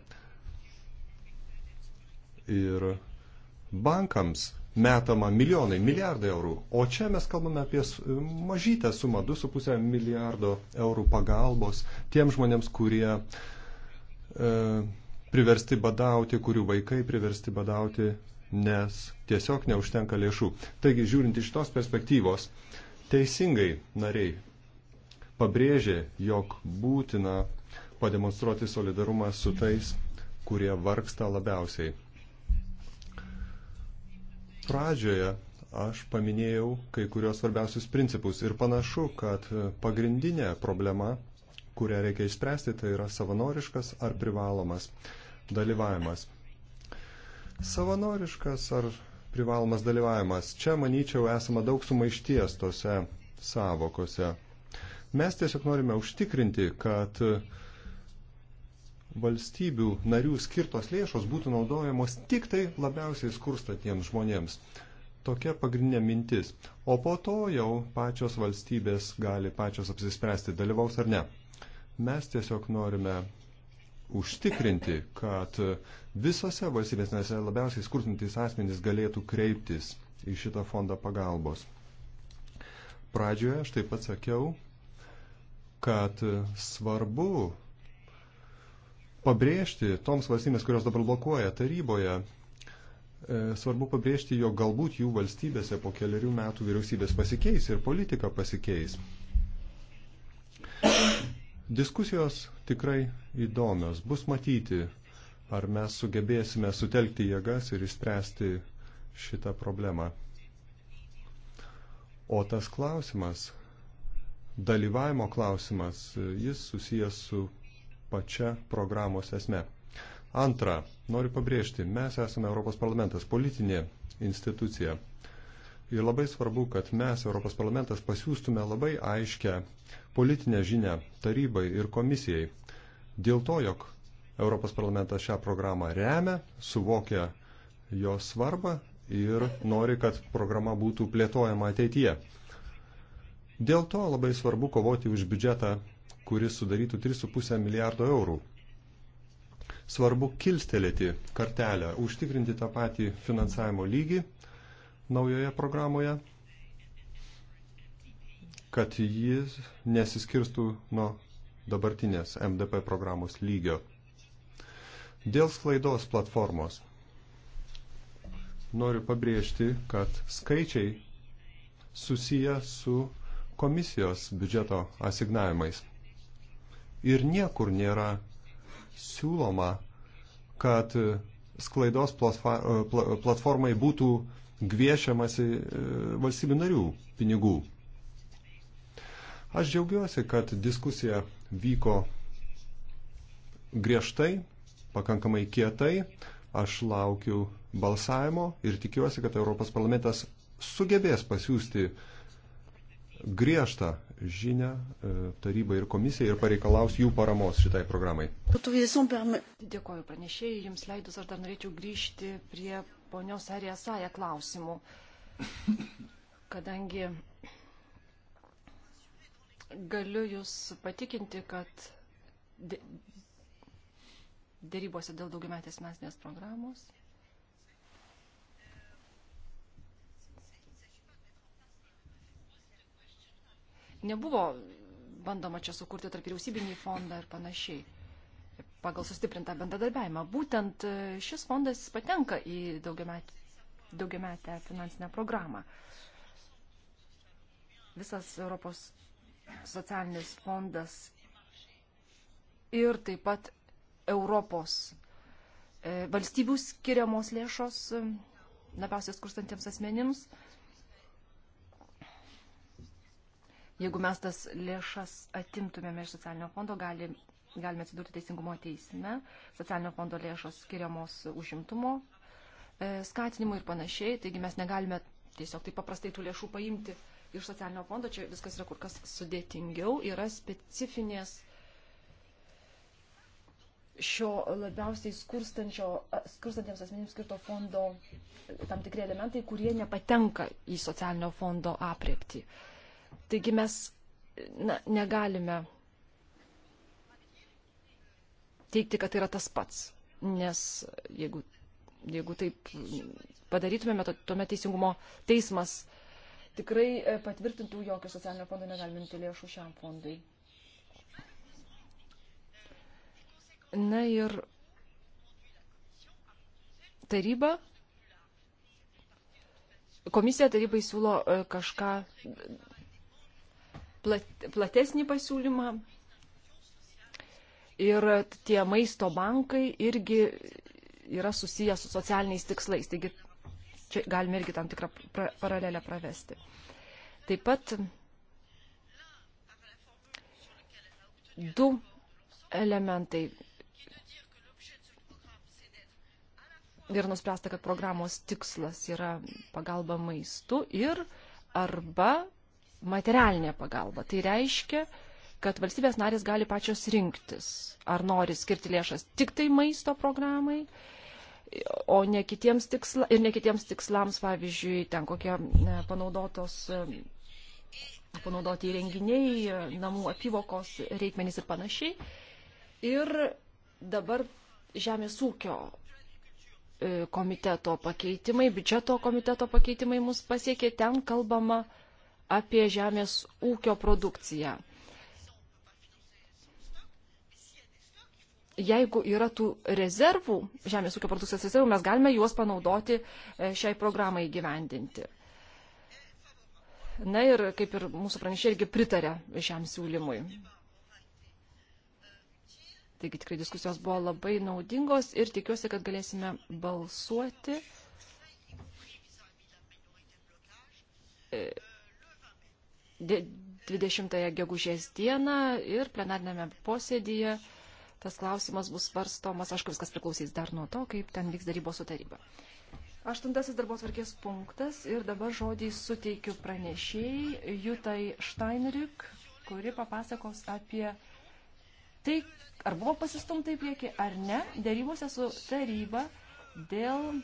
Ir bankams metama milijonai, milijardai eurų. O čia mes kalbame apie e, mažytę sumą 2,5 milijardo eurų pagalbos tiem žmonėms, kurie e, priversti badauti, kurių vaikai priversti badauti, nes tiesiog neužtenka lėšų. Taigi, žiūrint iš tos perspektyvos, teisingai nariai pabrėžė, jog būtina pademonstruoti solidarumą su tais, kurie vargsta labiausiai pradžioje aš paminėjau kai kurios svarbiausius principus ir panašu, kad pagrindinė problema, kurią reikia išspręsti, tai yra savanoriškas ar privalomas dalyvavimas. Savanoriškas ar privalomas dalyvavimas. Čia, manyčiau, esama daug sumaišties tose savokose. Mes tiesiog norime užtikrinti, kad uh, valstybių narių skirtos lėšos būtų naudojamos tik tai labiausiai skurstatiems žmonėms. Tokia pagrindinė mintis. O po to jau pačios valstybės gali pačios apsispręsti, dalyvaus ar ne. Mes tiesiog norime užtikrinti, kad visose valstybės nesė labiausiai skurtintys asmenys galėtų kreiptis į šitą fondą pagalbos. Pradžioje aš taip pat sakiau, kad svarbu pabrėžti toms valstybėms, kurios dabar blokuoja taryboje, e, svarbu pabrėžti, jog galbūt jų valstybėse po keliarių metų vyriausybės pasikeis ir politika pasikeis. Diskusijos tikrai įdomios. Bus matyti, ar mes sugebėsime sutelkti jėgas ir išspręsti šitą problemą. O tas klausimas, dalyvavimo klausimas, jis susijęs su pačia programos esme. Antra, noriu pabrėžti, mes esame Europos parlamentas, politinė institucija. Ir labai svarbu, kad mes, Europos parlamentas, pasiūstume labai aiškę politinę žinę tarybai ir komisijai. Dėl to, jog Europos parlamentas šią programą remia, suvokia jos svarbą ir nori, kad programa būtų plėtojama ateityje. Dėl to labai svarbu kovoti už biudžetą kuris sudarytų 3,5 milijardo eurų. Svarbu kilstelėti kartelę, užtikrinti tą patį finansavimo lygį naujoje programoje, kad jis nesiskirstų nuo dabartinės MDP programos lygio. Dėl sklaidos platformos noriu pabrėžti, kad skaičiai susiję su komisijos biudžeto asignavimais ir niekur nėra siūloma, kad sklaidos platformai būtų gviešiamasi e, valstybių narių pinigų. Aš džiaugiuosi, kad diskusija vyko griežtai, pakankamai kietai. Aš laukiu balsavimo ir tikiuosi, kad Europos parlamentas sugebės pasiūsti uh, griežtą žinę e, tarybai ir komisijai ir pareikalaus jų paramos šitai programai. Dėkoju pranešėjai, jums leidus aš dar norėčiau grįžti prie ponios Ariasaja klausimų, kadangi galiu jūs patikinti, kad dėrybose dėl daugiametės mesnės programos nebuvo bandoma čia sukurti tarp vyriausybinį fondą ir panašiai pagal sustiprintą bendradarbiavimą. Būtent e, šis fondas patenka į daugiametę, daugiametę finansinę programą. Visas Europos socialinis fondas ir taip pat Europos e, valstybių skiriamos lėšos e, labiausiai skurstantiems asmenims – Jeigu mes tas lėšas atimtumėme iš socialinio fondo, gali, galime atsidurti teisingumo teisme. Socialinio fondo lėšos skiriamos užimtumo e, skatinimui ir panašiai. Taigi mes negalime tiesiog taip paprastai tų lėšų paimti iš socialinio fondo. Čia viskas yra kur kas sudėtingiau. Yra specifinės šio labiausiai skurstantiems asmenims skirto fondo tam tikri elementai, kurie nepatenka į socialinio fondo apriepti. Taigi mes na, negalime teikti, kad tai yra tas pats, nes jeigu, jeigu taip padarytumėme, tuomet teisingumo teismas tikrai e, patvirtintų, jokio socialinio fondo negalime imti lėšų šiam fondui. Na ir taryba komisija tarybai siūlo e, kažką platesnį pasiūlymą. Ir tie maisto bankai irgi yra susiję su socialiniais tikslais. Taigi čia galime irgi tam tikrą paralelę pravesti. Taip pat du elementai. Ir nuspręsta, kad programos tikslas yra pagalba maistu ir arba materialinė pagalba. Tai reiškia, kad valstybės narės gali pačios rinktis, ar nori skirti lėšas tik tai maisto programai, o ne kitiems, tiksla, ne kitiems tikslams, pavyzdžiui, ten kokie e, panaudotos, e, panaudoti įrenginiai, e, namų apyvokos reikmenys ir panašiai. Ir dabar žemės ūkio komiteto pakeitimai, biudžeto komiteto pakeitimai mus pasiekė, ten kalbama apie žemės ūkio produkciją. Jeigu yra tų rezervų, žemės ūkio produkcijos rezervų, mes galime juos panaudoti e, šiai programai gyvendinti. Na ir kaip ir mūsų pranešė irgi pritarė šiam siūlymui. Taigi tikrai diskusijos buvo labai naudingos ir tikiuosi, kad galėsime balsuoti. E, 20 gegužės dieną ir plenarnėme posėdėje tas klausimas bus svarstomas. Aišku, viskas priklausys dar nuo to, kaip ten vyks darybos su taryba. Aštuntasis darbo tvarkės punktas ir dabar žodį suteikiu pranešėjai Jutai Steinrik, kuri papasakos apie tai, ar buvo pasistumta į priekį ar ne, dėrybose su taryba dėl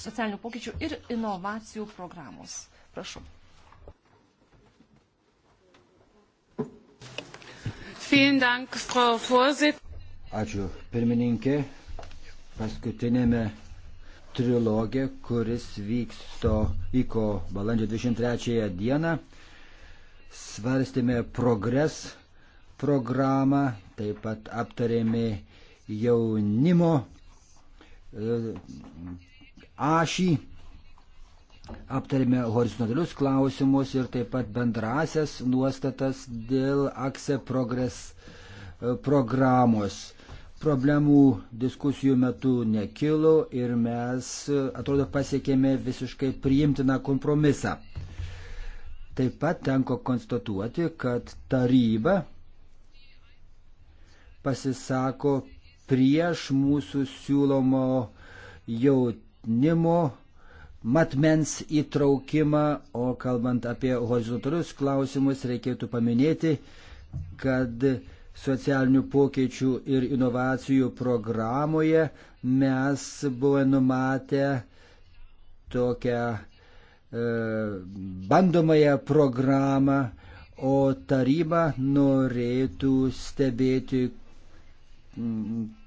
socialinių pokyčių ir inovacijų programos. Prašau. Ačiū pirmininkė. Paskutinėme trilogė, kuris vyksto įko balandžio 23 dieną, svarstėme progres programą, taip pat aptarėme jaunimo e, ašį aptarėme horizontalius klausimus ir taip pat bendrasias nuostatas dėl akse progres e, programos. Problemų diskusijų metu nekilo ir mes, e, atrodo, pasiekėme visiškai priimtiną kompromisą. Taip pat tenko konstatuoti, kad taryba pasisako prieš mūsų siūlomo jautimo matmens įtraukimą, o kalbant apie horizontalius klausimus, reikėtų paminėti, kad socialinių pokyčių ir inovacijų programoje mes buvome numatę tokią e, bandomąją programą, o taryba norėtų stebėti,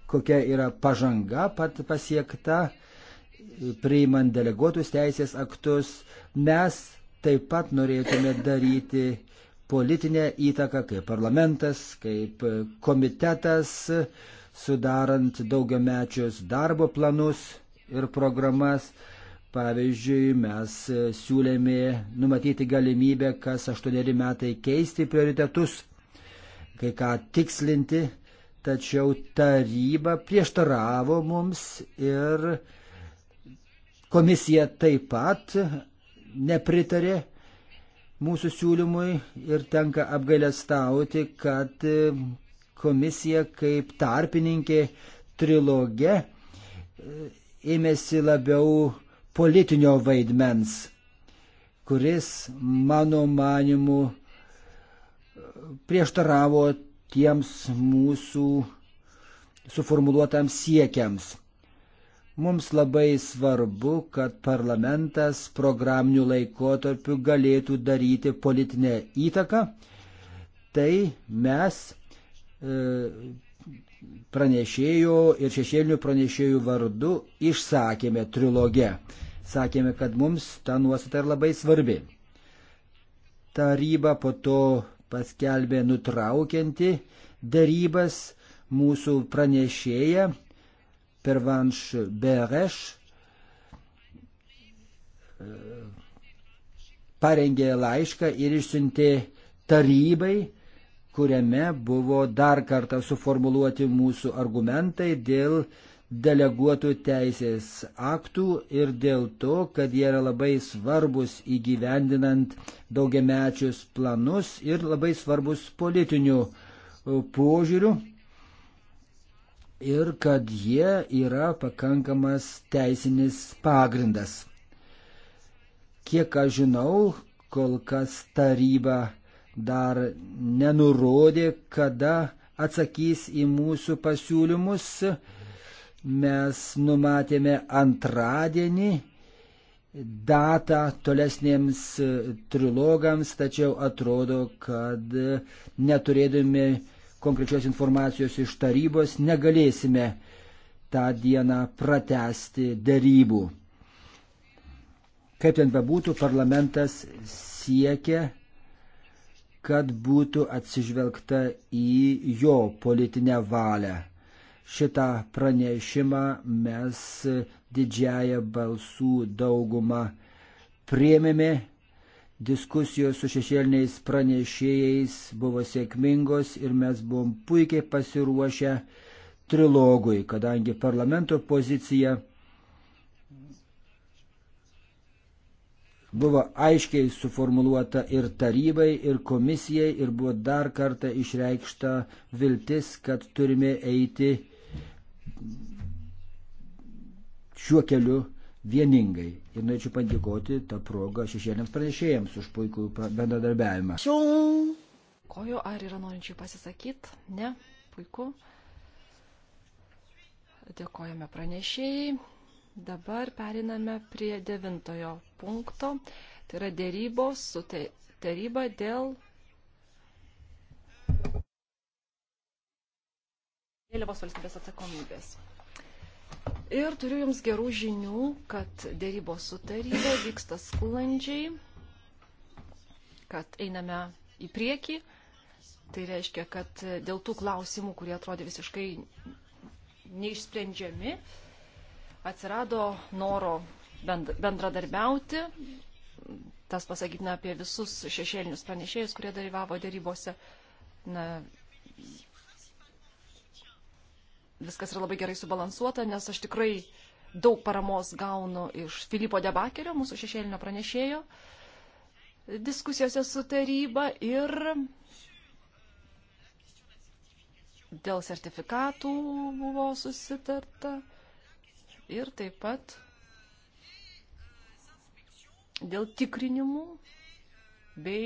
kokia yra pažanga pat pasiekta priimant deleguotus teisės aktus, mes taip pat norėtume daryti politinę įtaką kaip parlamentas, kaip komitetas, sudarant daugiamečius darbo planus ir programas. Pavyzdžiui, mes siūlėme numatyti galimybę kas aštuoneri metai keisti prioritetus, kai ką tikslinti, tačiau taryba prieštaravo mums ir Komisija taip pat nepritarė mūsų siūlymui ir tenka apgailestauti, kad komisija kaip tarpininkė trilogė e, ėmėsi labiau politinio vaidmens, kuris, mano manimu, prieštaravo tiems mūsų suformuluotams siekiams. Mums labai svarbu, kad parlamentas programinių laikotarpių galėtų daryti politinę įtaką. Tai mes e, pranešėjų ir šešėlinių pranešėjų vardu išsakėme trilogę. Sakėme, kad mums ta nuostata yra labai svarbi. Taryba po to paskelbė nutraukianti darybas mūsų pranešėją Pervanš Bereš parengė laišką ir išsiuntė tarybai, kuriame buvo dar kartą suformuluoti mūsų argumentai dėl deleguotų teisės aktų ir dėl to, kad jie yra labai svarbus įgyvendinant daugiamečius planus ir labai svarbus politiniu požiūriu ir kad jie yra pakankamas teisinis pagrindas. Kiek aš žinau, kol kas taryba dar nenurodė, kada atsakys į mūsų pasiūlymus. Mes numatėme antradienį datą tolesniems trilogams, tačiau atrodo, kad neturėdami konkrečios informacijos iš tarybos, negalėsime tą dieną pratesti dėrybų. Kaip ten bebūtų, parlamentas siekia, kad būtų atsižvelgta į jo politinę valią. Šitą pranešimą mes didžiąją balsų daugumą priemėme diskusijos su šešėliniais pranešėjais buvo sėkmingos ir mes buvom puikiai pasiruošę trilogui, kadangi parlamento pozicija buvo aiškiai suformuluota ir tarybai, ir komisijai, ir buvo dar kartą išreikšta viltis, kad turime eiti šiuo keliu vieningai ir norėčiau padėkoti tą progą šešėliams pranešėjams už puikų bendradarbiavimą. Koju, ar yra norinčių pasisakyti? Ne, puiku. Dėkojame pranešėjai. Dabar periname prie devintojo punkto. Tai yra dėrybos su taryba dėl vėliavos valstybės atsakomybės. Ir turiu Jums gerų žinių, kad dėrybos su taryba vyksta sklandžiai, kad einame į priekį. Tai reiškia, kad dėl tų klausimų, kurie atrodė visiškai neišsprendžiami, atsirado noro bendradarbiauti. Tas pasakytina apie visus šešėlinius pranešėjus, kurie dalyvavo dėrybose. Na, viskas yra labai gerai subalansuota, nes aš tikrai daug paramos gaunu iš Filipo Debakerio, mūsų šešėlinio pranešėjo, diskusijose su taryba ir dėl sertifikatų buvo susitarta ir taip pat dėl tikrinimų bei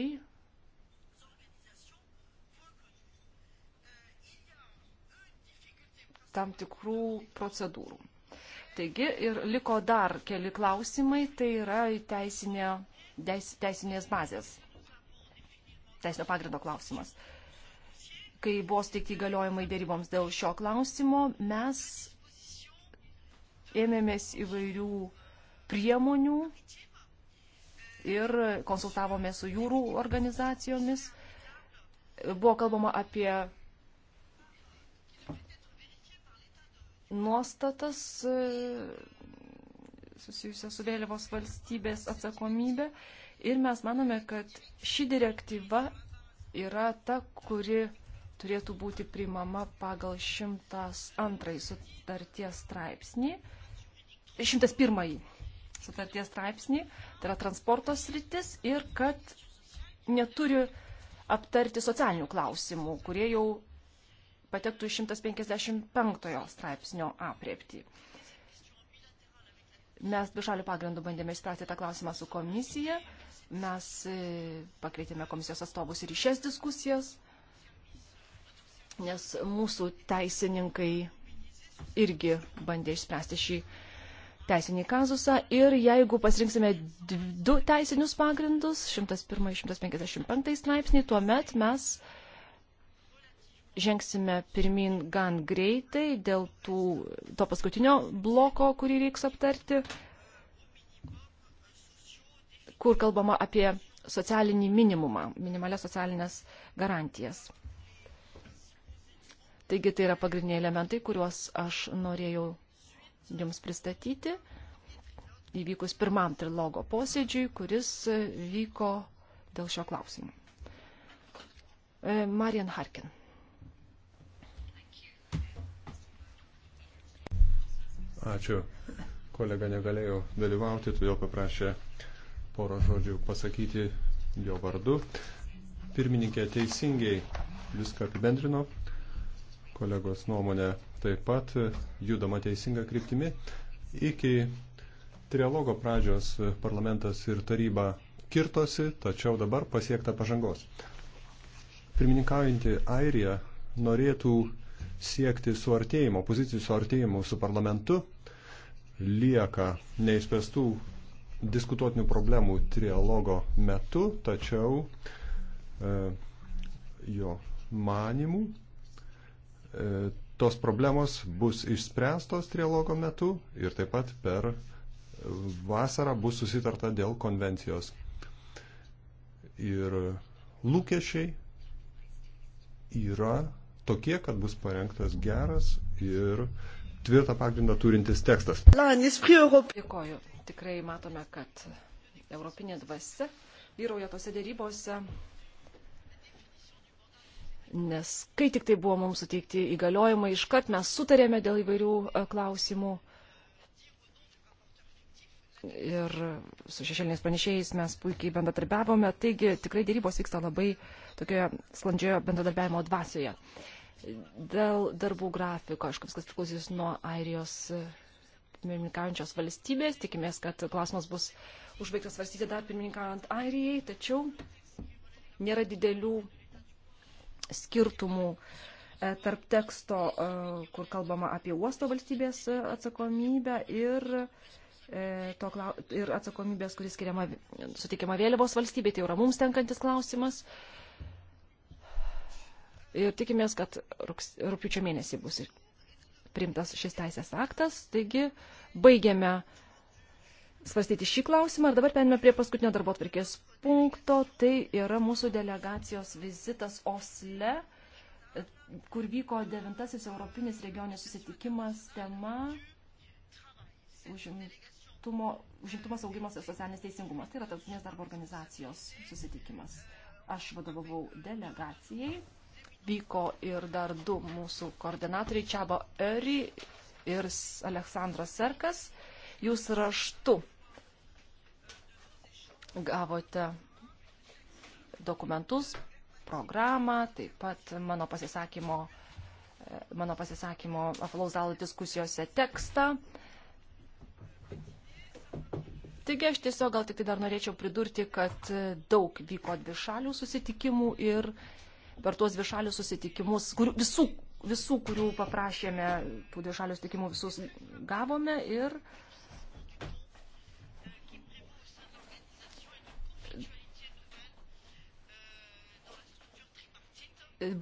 tam tikrų procedūrų. Taigi ir liko dar keli klausimai, tai yra teisinė, teis, teisinės bazės, teisinio pagrindo klausimas. Kai buvo steigti įgaliojimai dėryboms dėl šio klausimo, mes ėmėmės įvairių priemonių ir konsultavome su jūrų organizacijomis. Buvo kalbama apie nuostatas e, susijusią su vėliavos valstybės atsakomybė. Ir mes manome, kad ši direktyva yra ta, kuri turėtų būti priimama pagal 102 sutarties straipsnį. 101 sutarties straipsnį, tai yra transporto sritis ir kad neturi aptarti socialinių klausimų, kurie jau patektų į 155 straipsnio apriepti. Mes dušalių pagrindų bandėme išspręsti tą klausimą su komisija. Mes e, pakvietėme komisijos atstovus ir į šias diskusijas, nes mūsų teisininkai irgi bandė išspręsti šį teisinį kazusą. Ir jeigu pasirinksime du teisinius pagrindus, 101 ir 155 straipsnį, tuomet mes uh, Žengsime pirmin gan greitai dėl tų, to paskutinio bloko, kurį reiks aptarti, kur kalbama apie socialinį minimumą, minimalės socialinės garantijas. Taigi tai yra pagrindiniai elementai, kuriuos aš norėjau jums pristatyti įvykus pirmam trilogo posėdžiui, kuris vyko dėl šio klausimo. E, Marian Harkin. Ačiū. Kolega negalėjo dalyvauti, todėl paprašė porą žodžių pasakyti jo vardu. Pirmininkė teisingai viską apibendrino, kolegos nuomonė taip pat judama teisinga kryptimi. Iki trialogo pradžios parlamentas ir taryba kirtosi, tačiau dabar pasiekta pažangos. Pirmininkaujanti Airija norėtų siekti suartėjimo, pozicijų suartėjimo su parlamentu lieka neišspręstų diskutuotinių problemų trialogo metu, tačiau e, jo manimų e, tos problemos bus išspręstos trialogo metu ir taip pat per vasarą bus susitarta dėl konvencijos. Ir lūkesčiai yra tokie, kad bus parengtas geras ir e, tvirtą pagrindą turintis tekstas. Dėkoju. Tikrai matome, kad europinė dvasia vyrauja tose dėrybose. Nes kai tik tai buvo mums suteikti įgaliojimai, iškart mes sutarėme dėl įvairių e, klausimų. Ir su šešėliniais pranešėjais mes puikiai bendradarbiavome, taigi tikrai dėrybos vyksta labai tokioje sklandžioje bendradarbiavimo dvasioje. Uh, Dėl darbų grafiko, aišku, viskas priklausys nuo Airijos e, pirmininkaujančios valstybės. Tikimės, kad klausimas bus užbaigtas svarstyti dar pirmininkaujant Airijai, tačiau nėra didelių skirtumų e, tarp teksto, e, kur kalbama apie uosto valstybės atsakomybę ir, to, ir atsakomybės, kuris skiriama, suteikiama vėliavos valstybė, tai yra mums tenkantis klausimas ir tikimės, kad rūpiučio mėnesį bus priimtas šis teisės aktas. Taigi baigiame svarstyti šį klausimą ir dabar perėmėme prie paskutinio darbo atvarkės punkto. Tai yra mūsų delegacijos vizitas Osle, kur vyko devintasis Europinis regionės susitikimas tema užimtumo, užimtumas augimas ir socialinis teisingumas. Tai yra tarptautinės darbo organizacijos susitikimas. Aš vadovavau delegacijai vyko ir dar du mūsų koordinatoriai, Čiaba Eri ir Aleksandras Serkas. Jūs raštu gavote dokumentus, programą, taip pat mano pasisakymo, e, mano pasisakymo aplauzalų diskusijose tekstą. Taigi aš tiesiog gal tik tai dar norėčiau pridurti, kad daug vyko dvišalių susitikimų ir per tuos dvišalius susitikimus, kur, visų, visų, kurių paprašėme, tų dvišalių susitikimų visus gavome ir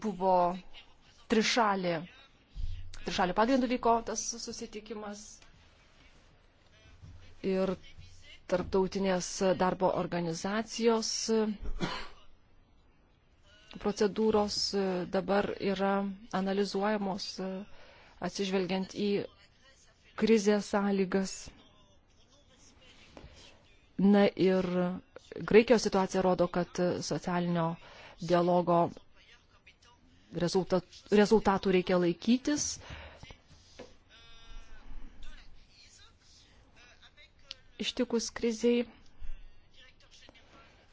buvo trišalė, trišalė pagrindų vyko tas susitikimas ir tarptautinės darbo organizacijos procedūros e, dabar yra analizuojamos e, atsižvelgiant į krizės sąlygas. Na ir Graikijos situacija rodo, kad socialinio dialogo rezultat, rezultatų reikia laikytis. Ištikus kriziai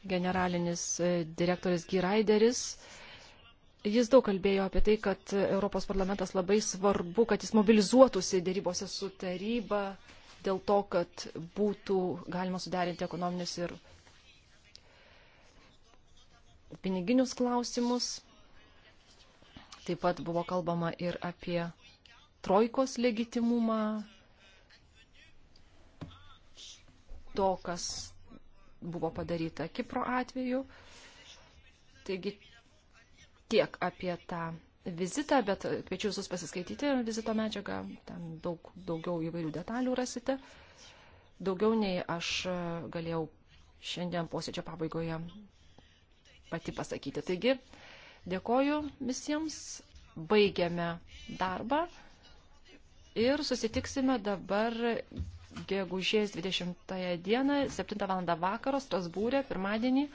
generalinis e, direktorius Giraideris. Jis daug kalbėjo apie tai, kad Europos parlamentas labai svarbu, kad jis mobilizuotųsi dėrybose su taryba dėl to, kad būtų galima suderinti ekonominius ir piniginius klausimus. Taip pat buvo kalbama ir apie trojkos legitimumą, to, kas buvo padaryta Kipro atveju. Taigi tiek apie tą vizitą, bet kviečiu visus pasiskaityti vizito medžiagą, ten daug, daugiau įvairių detalių rasite. Daugiau nei aš galėjau šiandien posėdžio pabaigoje pati pasakyti. Taigi, dėkoju visiems, baigiame darbą ir susitiksime dabar gegužės 20 dieną, 7 val. vakaro, Strasbūrė, pirmadienį.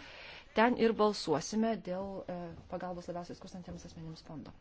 Ten ir balsuosime dėl e, pagalbos labiausiai skurstantiems asmenims fondo.